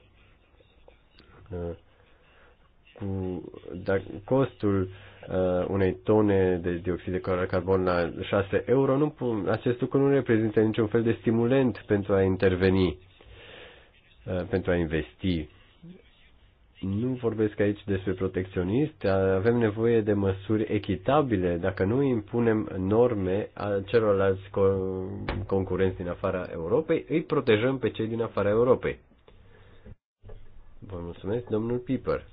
Uh, cu, dacă costul Uh, unei tone de dioxid de carbon la 6 euro, nu, acest lucru nu reprezintă niciun fel de stimulent pentru a interveni, uh, pentru a investi. Nu vorbesc aici despre protecționist, avem nevoie de măsuri echitabile dacă nu impunem norme a celorlalți concurenți din afara Europei, îi protejăm pe cei din afara Europei. Vă mulțumesc, domnul Piper.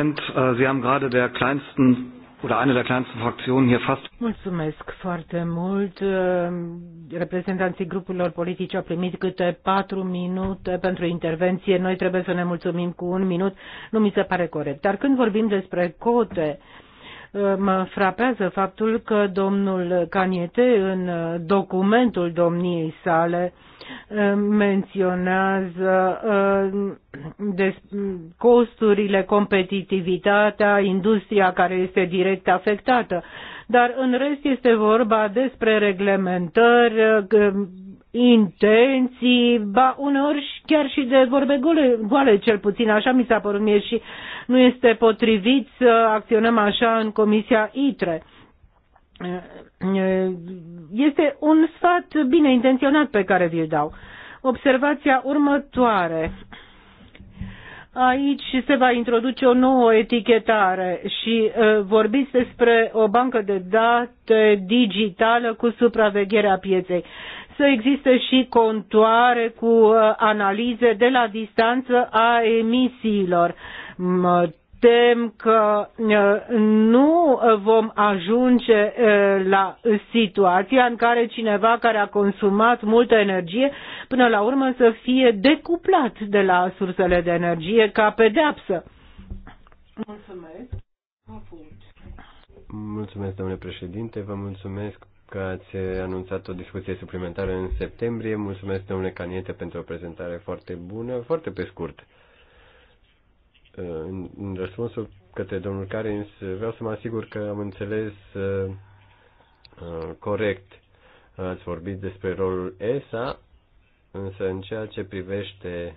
Präsident, äh, Sie haben gerade der kleinsten oder eine der kleinsten Fraktionen hier fast. Mulțumesc foarte mult. Äh, reprezentanții grupurilor politice au primit câte patru minute pentru intervenție. Noi trebuie să ne mulțumim cu un minut. Nu mi se pare corect. Dar când vorbim despre cote, Mă frapează faptul că domnul Caniete în documentul domniei sale menționează uh, costurile, competitivitatea, industria care este direct afectată. Dar în rest este vorba despre reglementări, uh, intenții, ba uneori chiar și de vorbe goale, goale cel puțin, așa mi s-a părut mie și nu este potrivit să acționăm așa în Comisia ITRE. Este un sfat bine intenționat pe care vi-l dau. Observația următoare. Aici se va introduce o nouă etichetare și uh, vorbiți despre o bancă de date digitală cu supravegherea pieței. Uh, să existe și contoare cu uh, analize de la distanță a emisiilor. Mă tem că uh, nu vom ajunge uh, la situația în care cineva care a consumat multă energie până la urmă să fie decuplat de la sursele de energie ca pedeapsă. Mulțumesc. Mulțumesc, domnule președinte, vă mulțumesc că ați anunțat o discuție suplimentară în septembrie. Mulțumesc, domnule Caniete, pentru o prezentare foarte bună, foarte pe scurt. În răspunsul către domnul Carins, vreau să mă asigur că am înțeles uh, corect. Ați vorbit despre rolul ESA, însă în ceea ce privește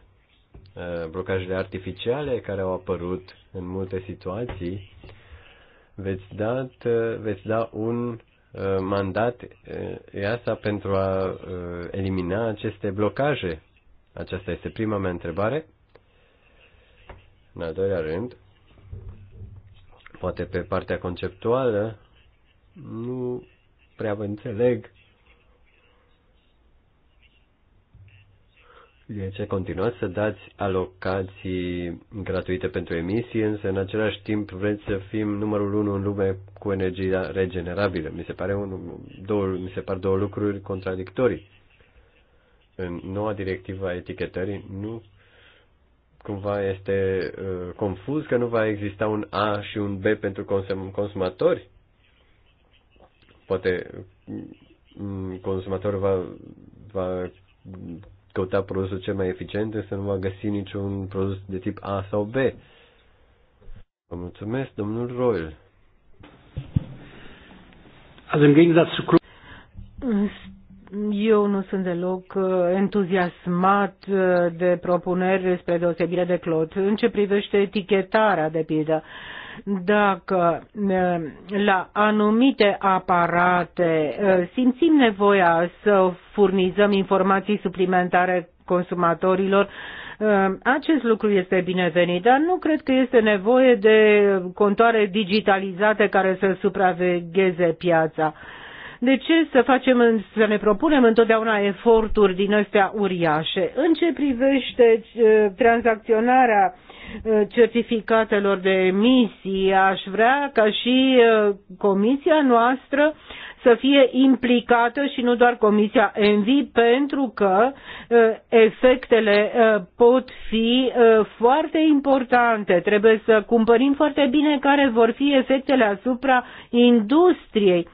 uh, blocajele artificiale care au apărut în multe situații, veți, dat, uh, veți da un Uh, mandat uh, EASA pentru a uh, elimina aceste blocaje? Aceasta este prima mea întrebare. În al doilea rând, poate pe partea conceptuală, nu prea vă înțeleg de deci, ce continuați să dați alocații gratuite pentru emisii, însă în același timp vreți să fim numărul unu în lume cu energie regenerabilă. Mi se, pare un, două, mi se par două lucruri contradictorii. În noua directivă a etichetării nu cumva este uh, confuz că nu va exista un A și un B pentru consum- consumatori? Poate mm, consumatorul va, va căuta produsul cel mai eficient, însă nu va găsi niciun produs de tip A sau B. Vă mulțumesc, domnul Royal. Eu nu sunt deloc uh, entuziasmat uh, de propuneri spre deosebire de Clot. În ce privește etichetarea de pildă, dacă la anumite aparate simțim nevoia să furnizăm informații suplimentare consumatorilor, acest lucru este binevenit, dar nu cred că este nevoie de contoare digitalizate care să supravegheze piața. De ce să facem, să ne propunem întotdeauna eforturi din astea uriașe? În ce privește tranzacționarea uh, certificatelor de emisii. Aș vrea ca și uh, comisia noastră să fie implicată și nu doar comisia ENVI, pentru că uh, efectele uh, pot fi foarte importante. Trebuie să cumpărim foarte bine care vor fi efectele asupra industriei.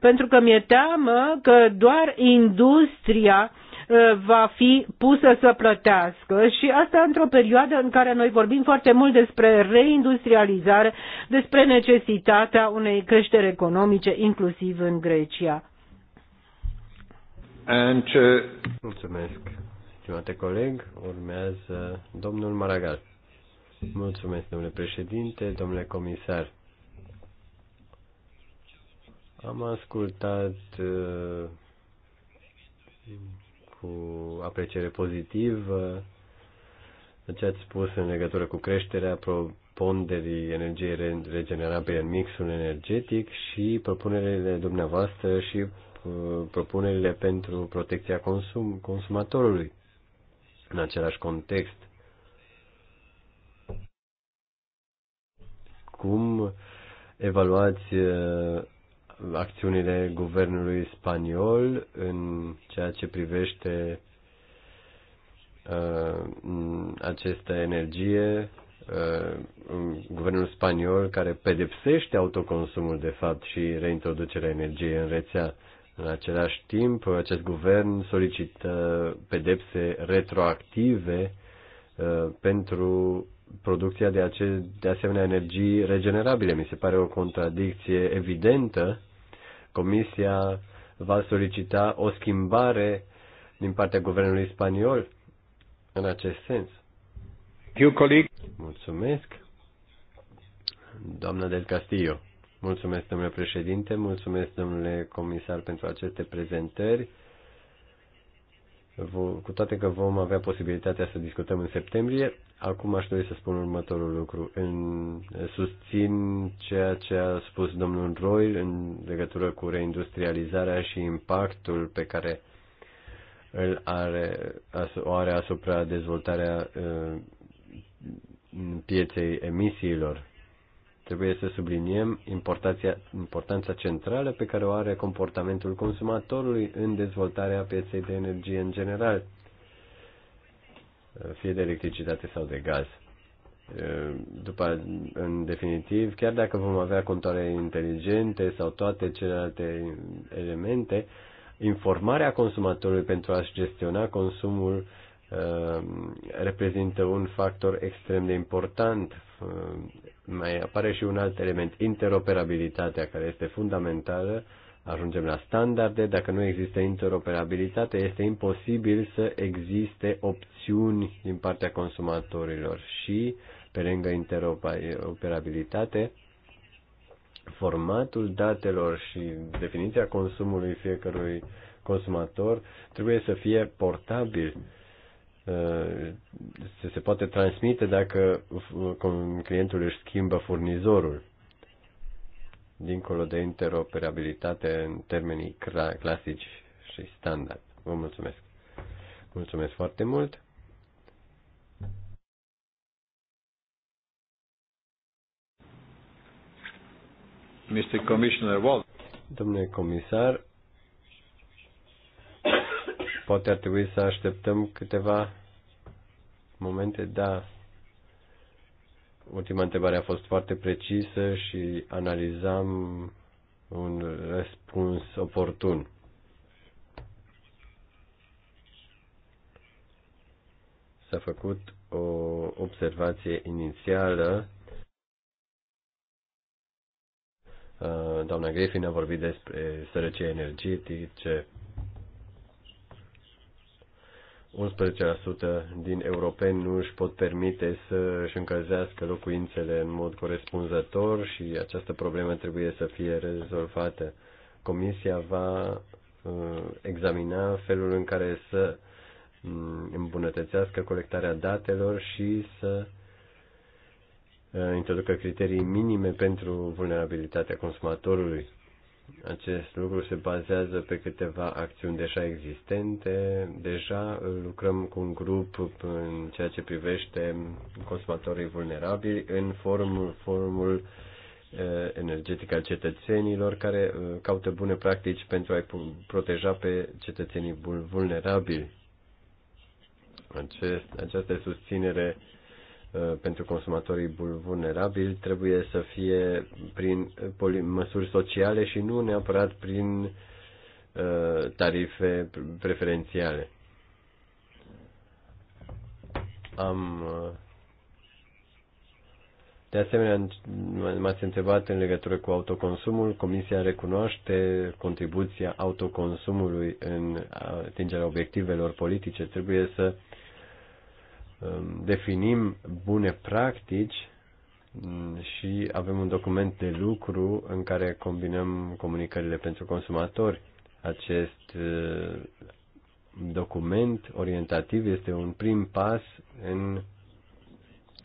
Pentru că mi-e teamă că doar industria Uh, va fi pusă să plătească și asta într-o perioadă în care noi vorbim foarte mult despre reindustrializare, despre necesitatea unei creșteri economice, inclusiv în Grecia. And, uh... Mulțumesc, stimate coleg. Urmează domnul Maragal. Mulțumesc, domnule președinte, domnule comisar. Am ascultat uh, cu apreciere pozitivă ce deci ați spus în legătură cu creșterea ponderii energiei regenerabile în mixul energetic și propunerile dumneavoastră și uh, propunerile pentru protecția consum, consumatorului în același context. Cum evaluați uh, acțiunile guvernului spaniol în ceea ce privește uh, această energie, uh, guvernul spaniol care pedepsește autoconsumul de fapt și reintroducerea energiei în rețea. În același timp, acest guvern solicită pedepse retroactive uh, pentru producția de, ace- de asemenea energii regenerabile. Mi se pare o contradicție evidentă. Comisia va solicita o schimbare din partea guvernului spaniol în acest sens. Mulțumesc. Doamna del Castillo. Mulțumesc, domnule președinte, mulțumesc, domnule comisar, pentru aceste prezentări cu toate că vom avea posibilitatea să discutăm în septembrie, acum aș dori să spun următorul lucru. În, susțin ceea ce a spus domnul Roy în legătură cu reindustrializarea și impactul pe care îl are, o are asupra dezvoltarea uh, pieței emisiilor. Trebuie să subliniem importanța centrală pe care o are comportamentul consumatorului în dezvoltarea pieței de energie în general, fie de electricitate sau de gaz. După, în definitiv, chiar dacă vom avea contoare inteligente sau toate celelalte elemente, informarea consumatorului pentru a-și gestiona consumul Uh, reprezintă un factor extrem de important. Uh, mai apare și un alt element, interoperabilitatea, care este fundamentală. Ajungem la standarde. Dacă nu există interoperabilitate, este imposibil să existe opțiuni din partea consumatorilor și, pe lângă interoperabilitate, formatul datelor și definiția consumului fiecărui consumator trebuie să fie portabil Uh, se, se poate transmite dacă uh, clientul își schimbă furnizorul. Dincolo de interoperabilitate în termenii clasici și standard. Vă mulțumesc. Mulțumesc foarte mult. Mr. Commissioner Walt. Domnule comisar, Poate ar trebui să așteptăm câteva momente, da. Ultima întrebare a fost foarte precisă și analizam un răspuns oportun. S-a făcut o observație inițială. Uh, doamna Griffin a vorbit despre sărăcie energetice, 11% din europeni nu își pot permite să își încălzească locuințele în mod corespunzător și această problemă trebuie să fie rezolvată. Comisia va uh, examina felul în care să mm, îmbunătățească colectarea datelor și să uh, introducă criterii minime pentru vulnerabilitatea consumatorului. Acest lucru se bazează pe câteva acțiuni deja existente. Deja lucrăm cu un grup în ceea ce privește consumatorii vulnerabili în formul formul eh, energetic al cetățenilor care eh, caută bune practici pentru a-i proteja pe cetățenii vulnerabili. Acest, această susținere Uh, pentru consumatorii vulnerabili trebuie să fie prin uh, măsuri sociale și nu neapărat prin uh, tarife preferențiale. Am de asemenea, m-ați întrebat în legătură cu autoconsumul. Comisia recunoaște contribuția autoconsumului în atingerea obiectivelor politice. Trebuie să uh, definim bune practici și avem un document de lucru în care combinăm comunicările pentru consumatori. Acest uh, document orientativ este un prim pas în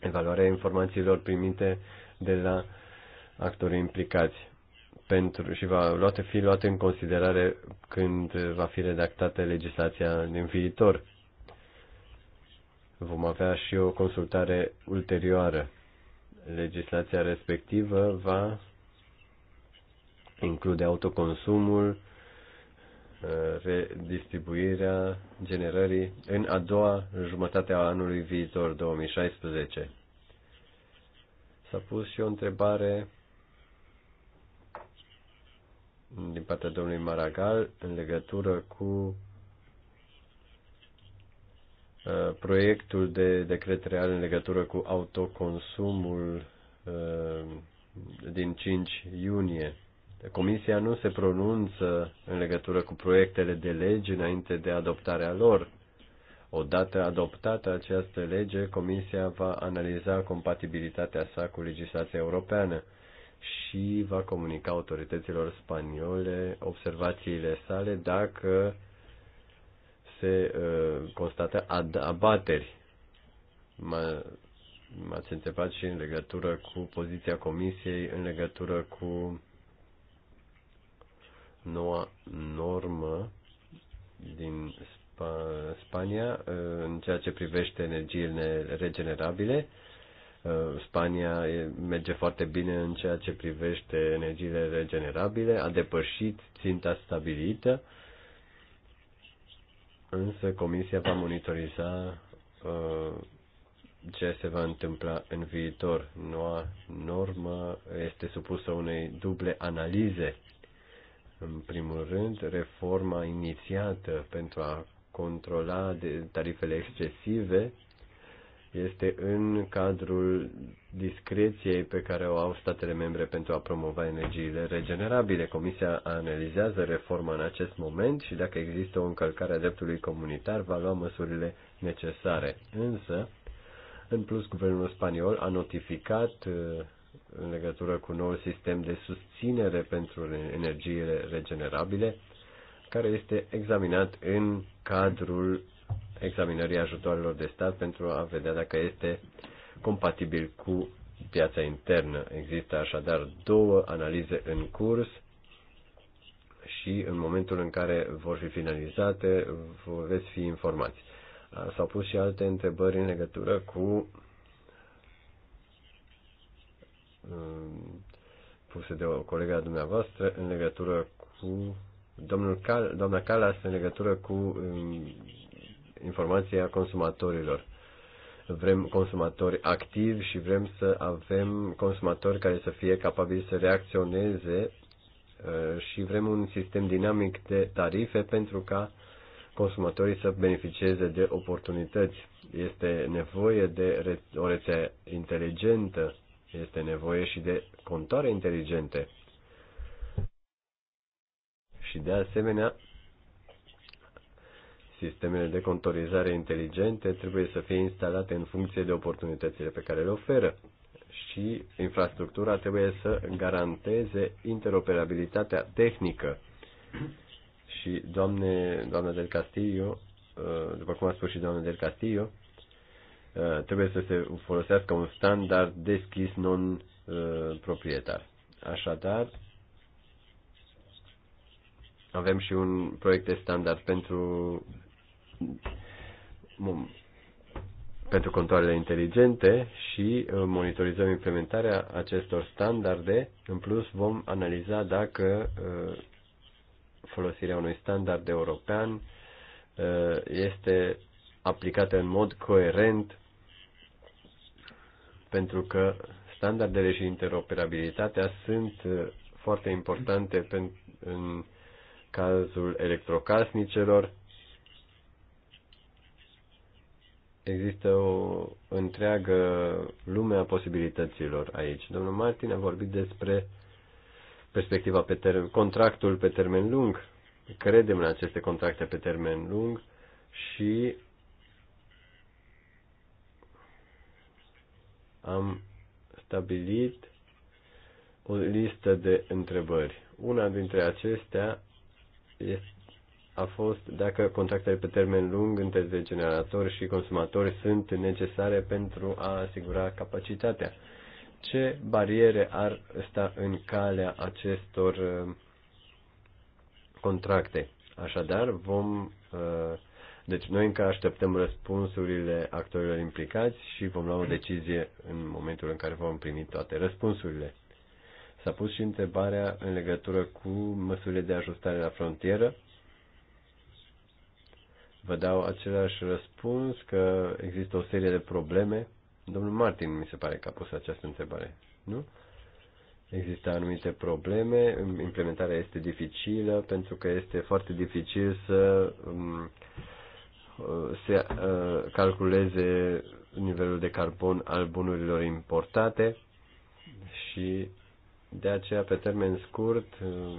evaluarea informațiilor primite de la actorii implicați pentru și va luate, fi luată în considerare când va fi redactată legislația din viitor. Vom avea și o consultare ulterioară. Legislația respectivă va include autoconsumul, redistribuirea generării în a doua jumătate a anului viitor, 2016. S-a pus și o întrebare din partea domnului Maragal în legătură cu Uh, proiectul de decret real în legătură cu autoconsumul uh, din 5 iunie. Comisia nu se pronunță în legătură cu proiectele de lege înainte de adoptarea lor. Odată adoptată această lege, Comisia va analiza compatibilitatea sa cu legislația europeană și va comunica autorităților spaniole observațiile sale dacă uh, se uh, constată abateri. M-ați întrebat și în legătură cu poziția Comisiei, în legătură cu noua normă din Sp- Spania uh, în ceea ce privește energiile regenerabile. Uh, Spania merge foarte bine în ceea ce privește energiile regenerabile, a depășit ținta stabilită însă Comisia va monitoriza uh, ce se va întâmpla în viitor. Noua normă este supusă unei duble analize. În primul rând, reforma inițiată pentru a controla de tarifele excesive este în cadrul discreției pe care o au statele membre pentru a promova energiile regenerabile. Comisia analizează reforma în acest moment și dacă există o încălcare a dreptului comunitar, va lua măsurile necesare. Însă, în plus, guvernul spaniol a notificat uh, în legătură cu noul sistem de susținere pentru energiile regenerabile, care este examinat în cadrul examinării ajutoarelor de stat pentru a vedea dacă este compatibil cu piața internă. Există așadar două analize în curs și în momentul în care vor fi finalizate veți fi informați. S-au pus și alte întrebări în legătură cu um, puse de o a dumneavoastră în legătură cu domnul Cal, doamna Calas în legătură cu um, informația consumatorilor. Vrem consumatori activi și vrem să avem consumatori care să fie capabili să reacționeze uh, și vrem un sistem dinamic de tarife pentru ca consumatorii să beneficieze de oportunități. Este nevoie de o rețea inteligentă, este nevoie și de contoare inteligente. Și de asemenea, Sistemele de contorizare inteligente trebuie să fie instalate în funcție de oportunitățile pe care le oferă și infrastructura trebuie să garanteze interoperabilitatea tehnică. Și doamne, doamna del Castillo, uh, după cum a spus și doamna del Castillo, uh, trebuie să se folosească un standard deschis non-proprietar. Uh, Așadar, avem și un proiect de standard pentru pentru contoarele inteligente și uh, monitorizăm implementarea acestor standarde. În plus, vom analiza dacă uh, folosirea unui standard european uh, este aplicată în mod coerent pentru că standardele și interoperabilitatea sunt foarte importante în cazul electrocasnicelor, există o întreagă lume a posibilităților aici. Domnul Martin a vorbit despre perspectiva pe ter- contractul pe termen lung. Credem în aceste contracte pe termen lung și am stabilit o listă de întrebări. Una dintre acestea este a fost dacă contractele pe termen lung între generatori și consumatori sunt necesare pentru a asigura capacitatea. Ce bariere ar sta în calea acestor uh, contracte? Așadar, vom. Uh, deci, noi încă așteptăm răspunsurile actorilor implicați și vom lua o decizie în momentul în care vom primi toate răspunsurile. S-a pus și întrebarea în legătură cu măsurile de ajustare la frontieră vă dau același răspuns că există o serie de probleme. Domnul Martin mi se pare că a pus această întrebare, nu? Există anumite probleme, implementarea este dificilă pentru că este foarte dificil să um, uh, se uh, calculeze nivelul de carbon al bunurilor importate și de aceea pe termen scurt uh,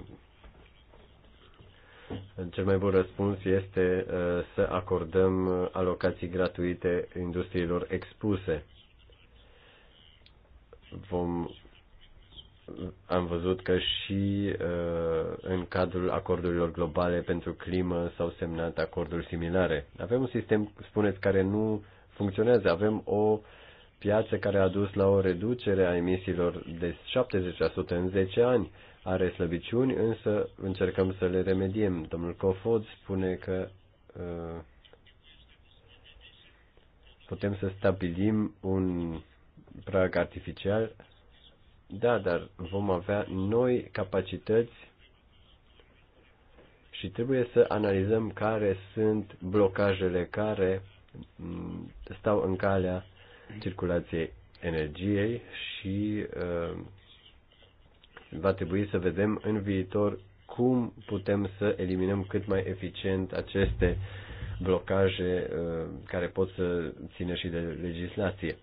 cel mai bun răspuns este uh, să acordăm alocații gratuite industriilor expuse. Vom, am văzut că și uh, în cadrul acordurilor globale pentru climă s-au semnat acorduri similare. Avem un sistem, spuneți, care nu funcționează. Avem o piață care a dus la o reducere a emisiilor de 70% în 10 ani are slăbiciuni, însă încercăm să le remediem. Domnul Cofod spune că uh, putem să stabilim un prag artificial. Da, dar vom avea noi capacități și trebuie să analizăm care sunt blocajele care mm, stau în calea circulației energiei și uh, va trebui să vedem în viitor cum putem să eliminăm cât mai eficient aceste blocaje uh, care pot să țină și de legislație.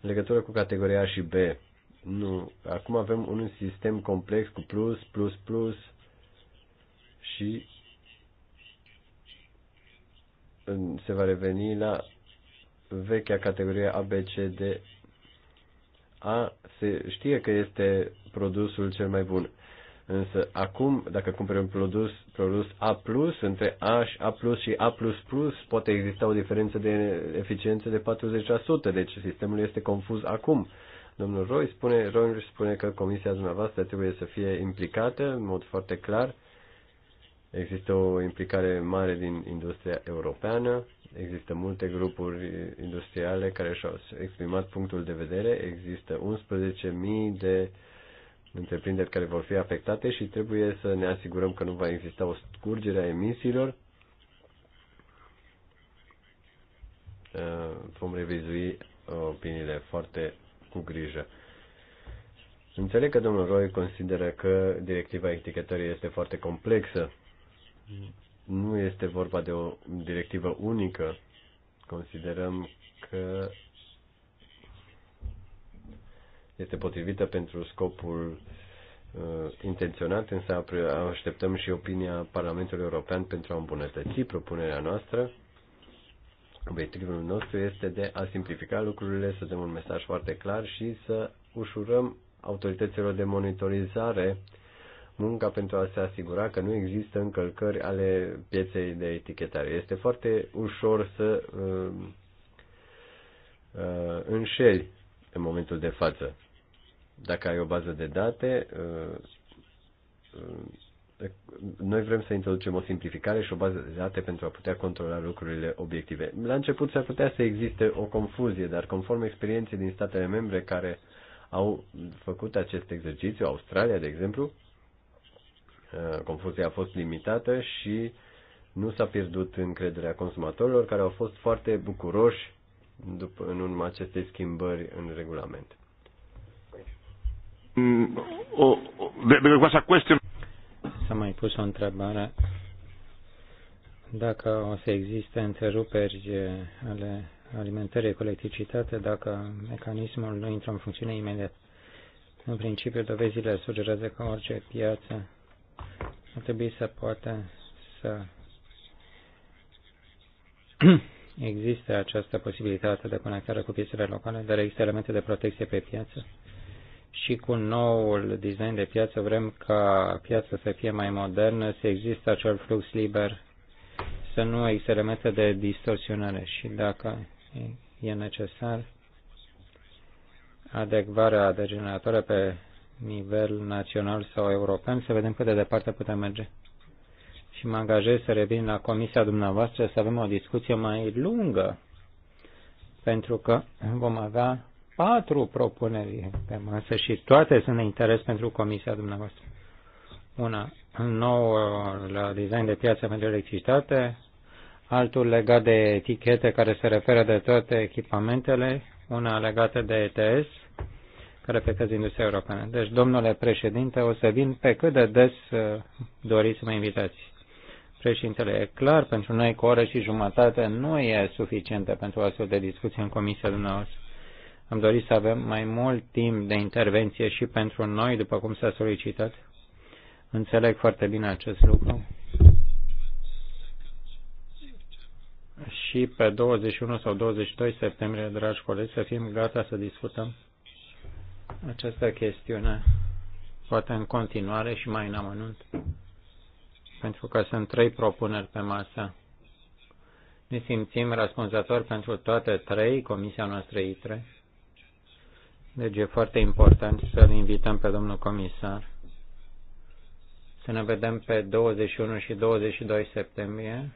În legătură cu categoria A și B, nu. Acum avem un sistem complex cu plus, plus, plus și se va reveni la vechea categorie ABCD a se știe că este produsul cel mai bun. Însă acum, dacă cumperi un produs, produs A+, între A și A+, și A++, poate exista o diferență de eficiență de 40%, deci sistemul este confuz acum. Domnul Roy spune, Roy spune că comisia dumneavoastră trebuie să fie implicată în mod foarte clar Există o implicare mare din industria europeană, există multe grupuri industriale care și-au exprimat punctul de vedere, există 11.000 de întreprinderi care vor fi afectate și trebuie să ne asigurăm că nu va exista o scurgere a emisiilor. Uh, vom revizui opiniile foarte cu grijă. Înțeleg că domnul Roy consideră că directiva etichetării este foarte complexă nu este vorba de o directivă unică. Considerăm că este potrivită pentru scopul uh, intenționat, însă așteptăm și opinia Parlamentului European pentru a îmbunătăți propunerea noastră. Obiectivul nostru este de a simplifica lucrurile, să dăm un mesaj foarte clar și să ușurăm autorităților de monitorizare uh, munca pentru a se asigura că nu există încălcări ale pieței de etichetare. Este foarte ușor să uh, uh, înșeli în momentul de față. Dacă ai o bază de date, uh, uh, noi vrem să introducem o simplificare și o bază de date pentru a putea controla lucrurile obiective. La început s-ar putea să existe o confuzie, dar conform experienței din statele membre care au făcut acest exercițiu, Australia, de exemplu, Uh, confuzia a fost limitată și nu s-a pierdut încrederea consumatorilor care au fost foarte bucuroși după, în urma acestei schimbări în regulament. Mm, s-a mai pus o întrebare dacă o să existe întreruperi ale alimentării cu electricitate, dacă mecanismul nu intră în funcțiune imediat. În principiu, dovezile sugerează că orice piață ar trebui să poată să există această posibilitate de conectare cu piețele locale, dar există elemente de protecție pe piață și cu noul design de piață vrem ca piața să fie mai modernă, să există acel flux liber, să nu există elemente de distorsionare și dacă e necesar, adecvarea de generatoare pe nivel național sau european, să vedem cât de departe putem merge. Și mă angajez să revin la comisia dumneavoastră să avem o discuție mai lungă, pentru că vom avea patru propuneri pe masă și toate sunt de interes pentru comisia dumneavoastră. Una, nouă la design de piață pentru electricitate, altul legat de etichete care se referă de toate echipamentele, una legată de ETS, care afectează industria europeană. Deci, domnule președinte, o să vin pe cât de des uh, doriți să mă invitați. Președintele, e clar, pentru noi cu oră și jumătate nu e suficientă pentru o astfel de discuție în comisia dumneavoastră. Am dorit să avem mai mult timp de intervenție și pentru noi, după cum s-a solicitat. Înțeleg foarte bine acest lucru. Și pe 21 sau 22 septembrie, dragi colegi, să fim gata să discutăm această chestiune, poate în continuare și mai în amănunt, pentru că sunt trei propuneri pe masă. Ne simțim răspunzători pentru toate trei, Comisia noastră ITRE. Deci e foarte important să-l invităm pe domnul comisar să ne vedem pe 21 și 22 septembrie,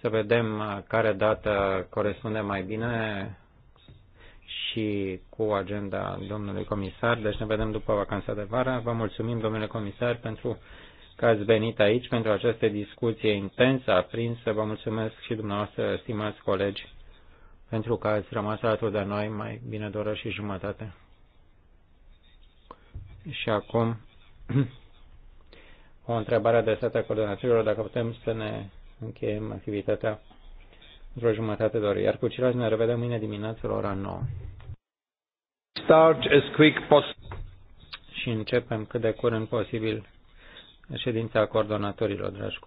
să vedem care dată corespunde mai bine și cu agenda domnului comisar, deci ne vedem după vacanța de vară. Vă mulțumim, domnule comisar, pentru că ați venit aici, pentru această discuție intensă, aprinsă. Vă mulțumesc și dumneavoastră, stimați colegi, pentru că ați rămas alături de noi mai bine doră și jumătate. Și acum o întrebare adresată coordonatorilor, dacă putem să ne încheiem activitatea într-o jumătate de oră, iar cu ceilalți ne revedem mâine dimineață la ora 9. Start as quick Și începem cât de curând posibil ședința coordonatorilor, dragi colegi.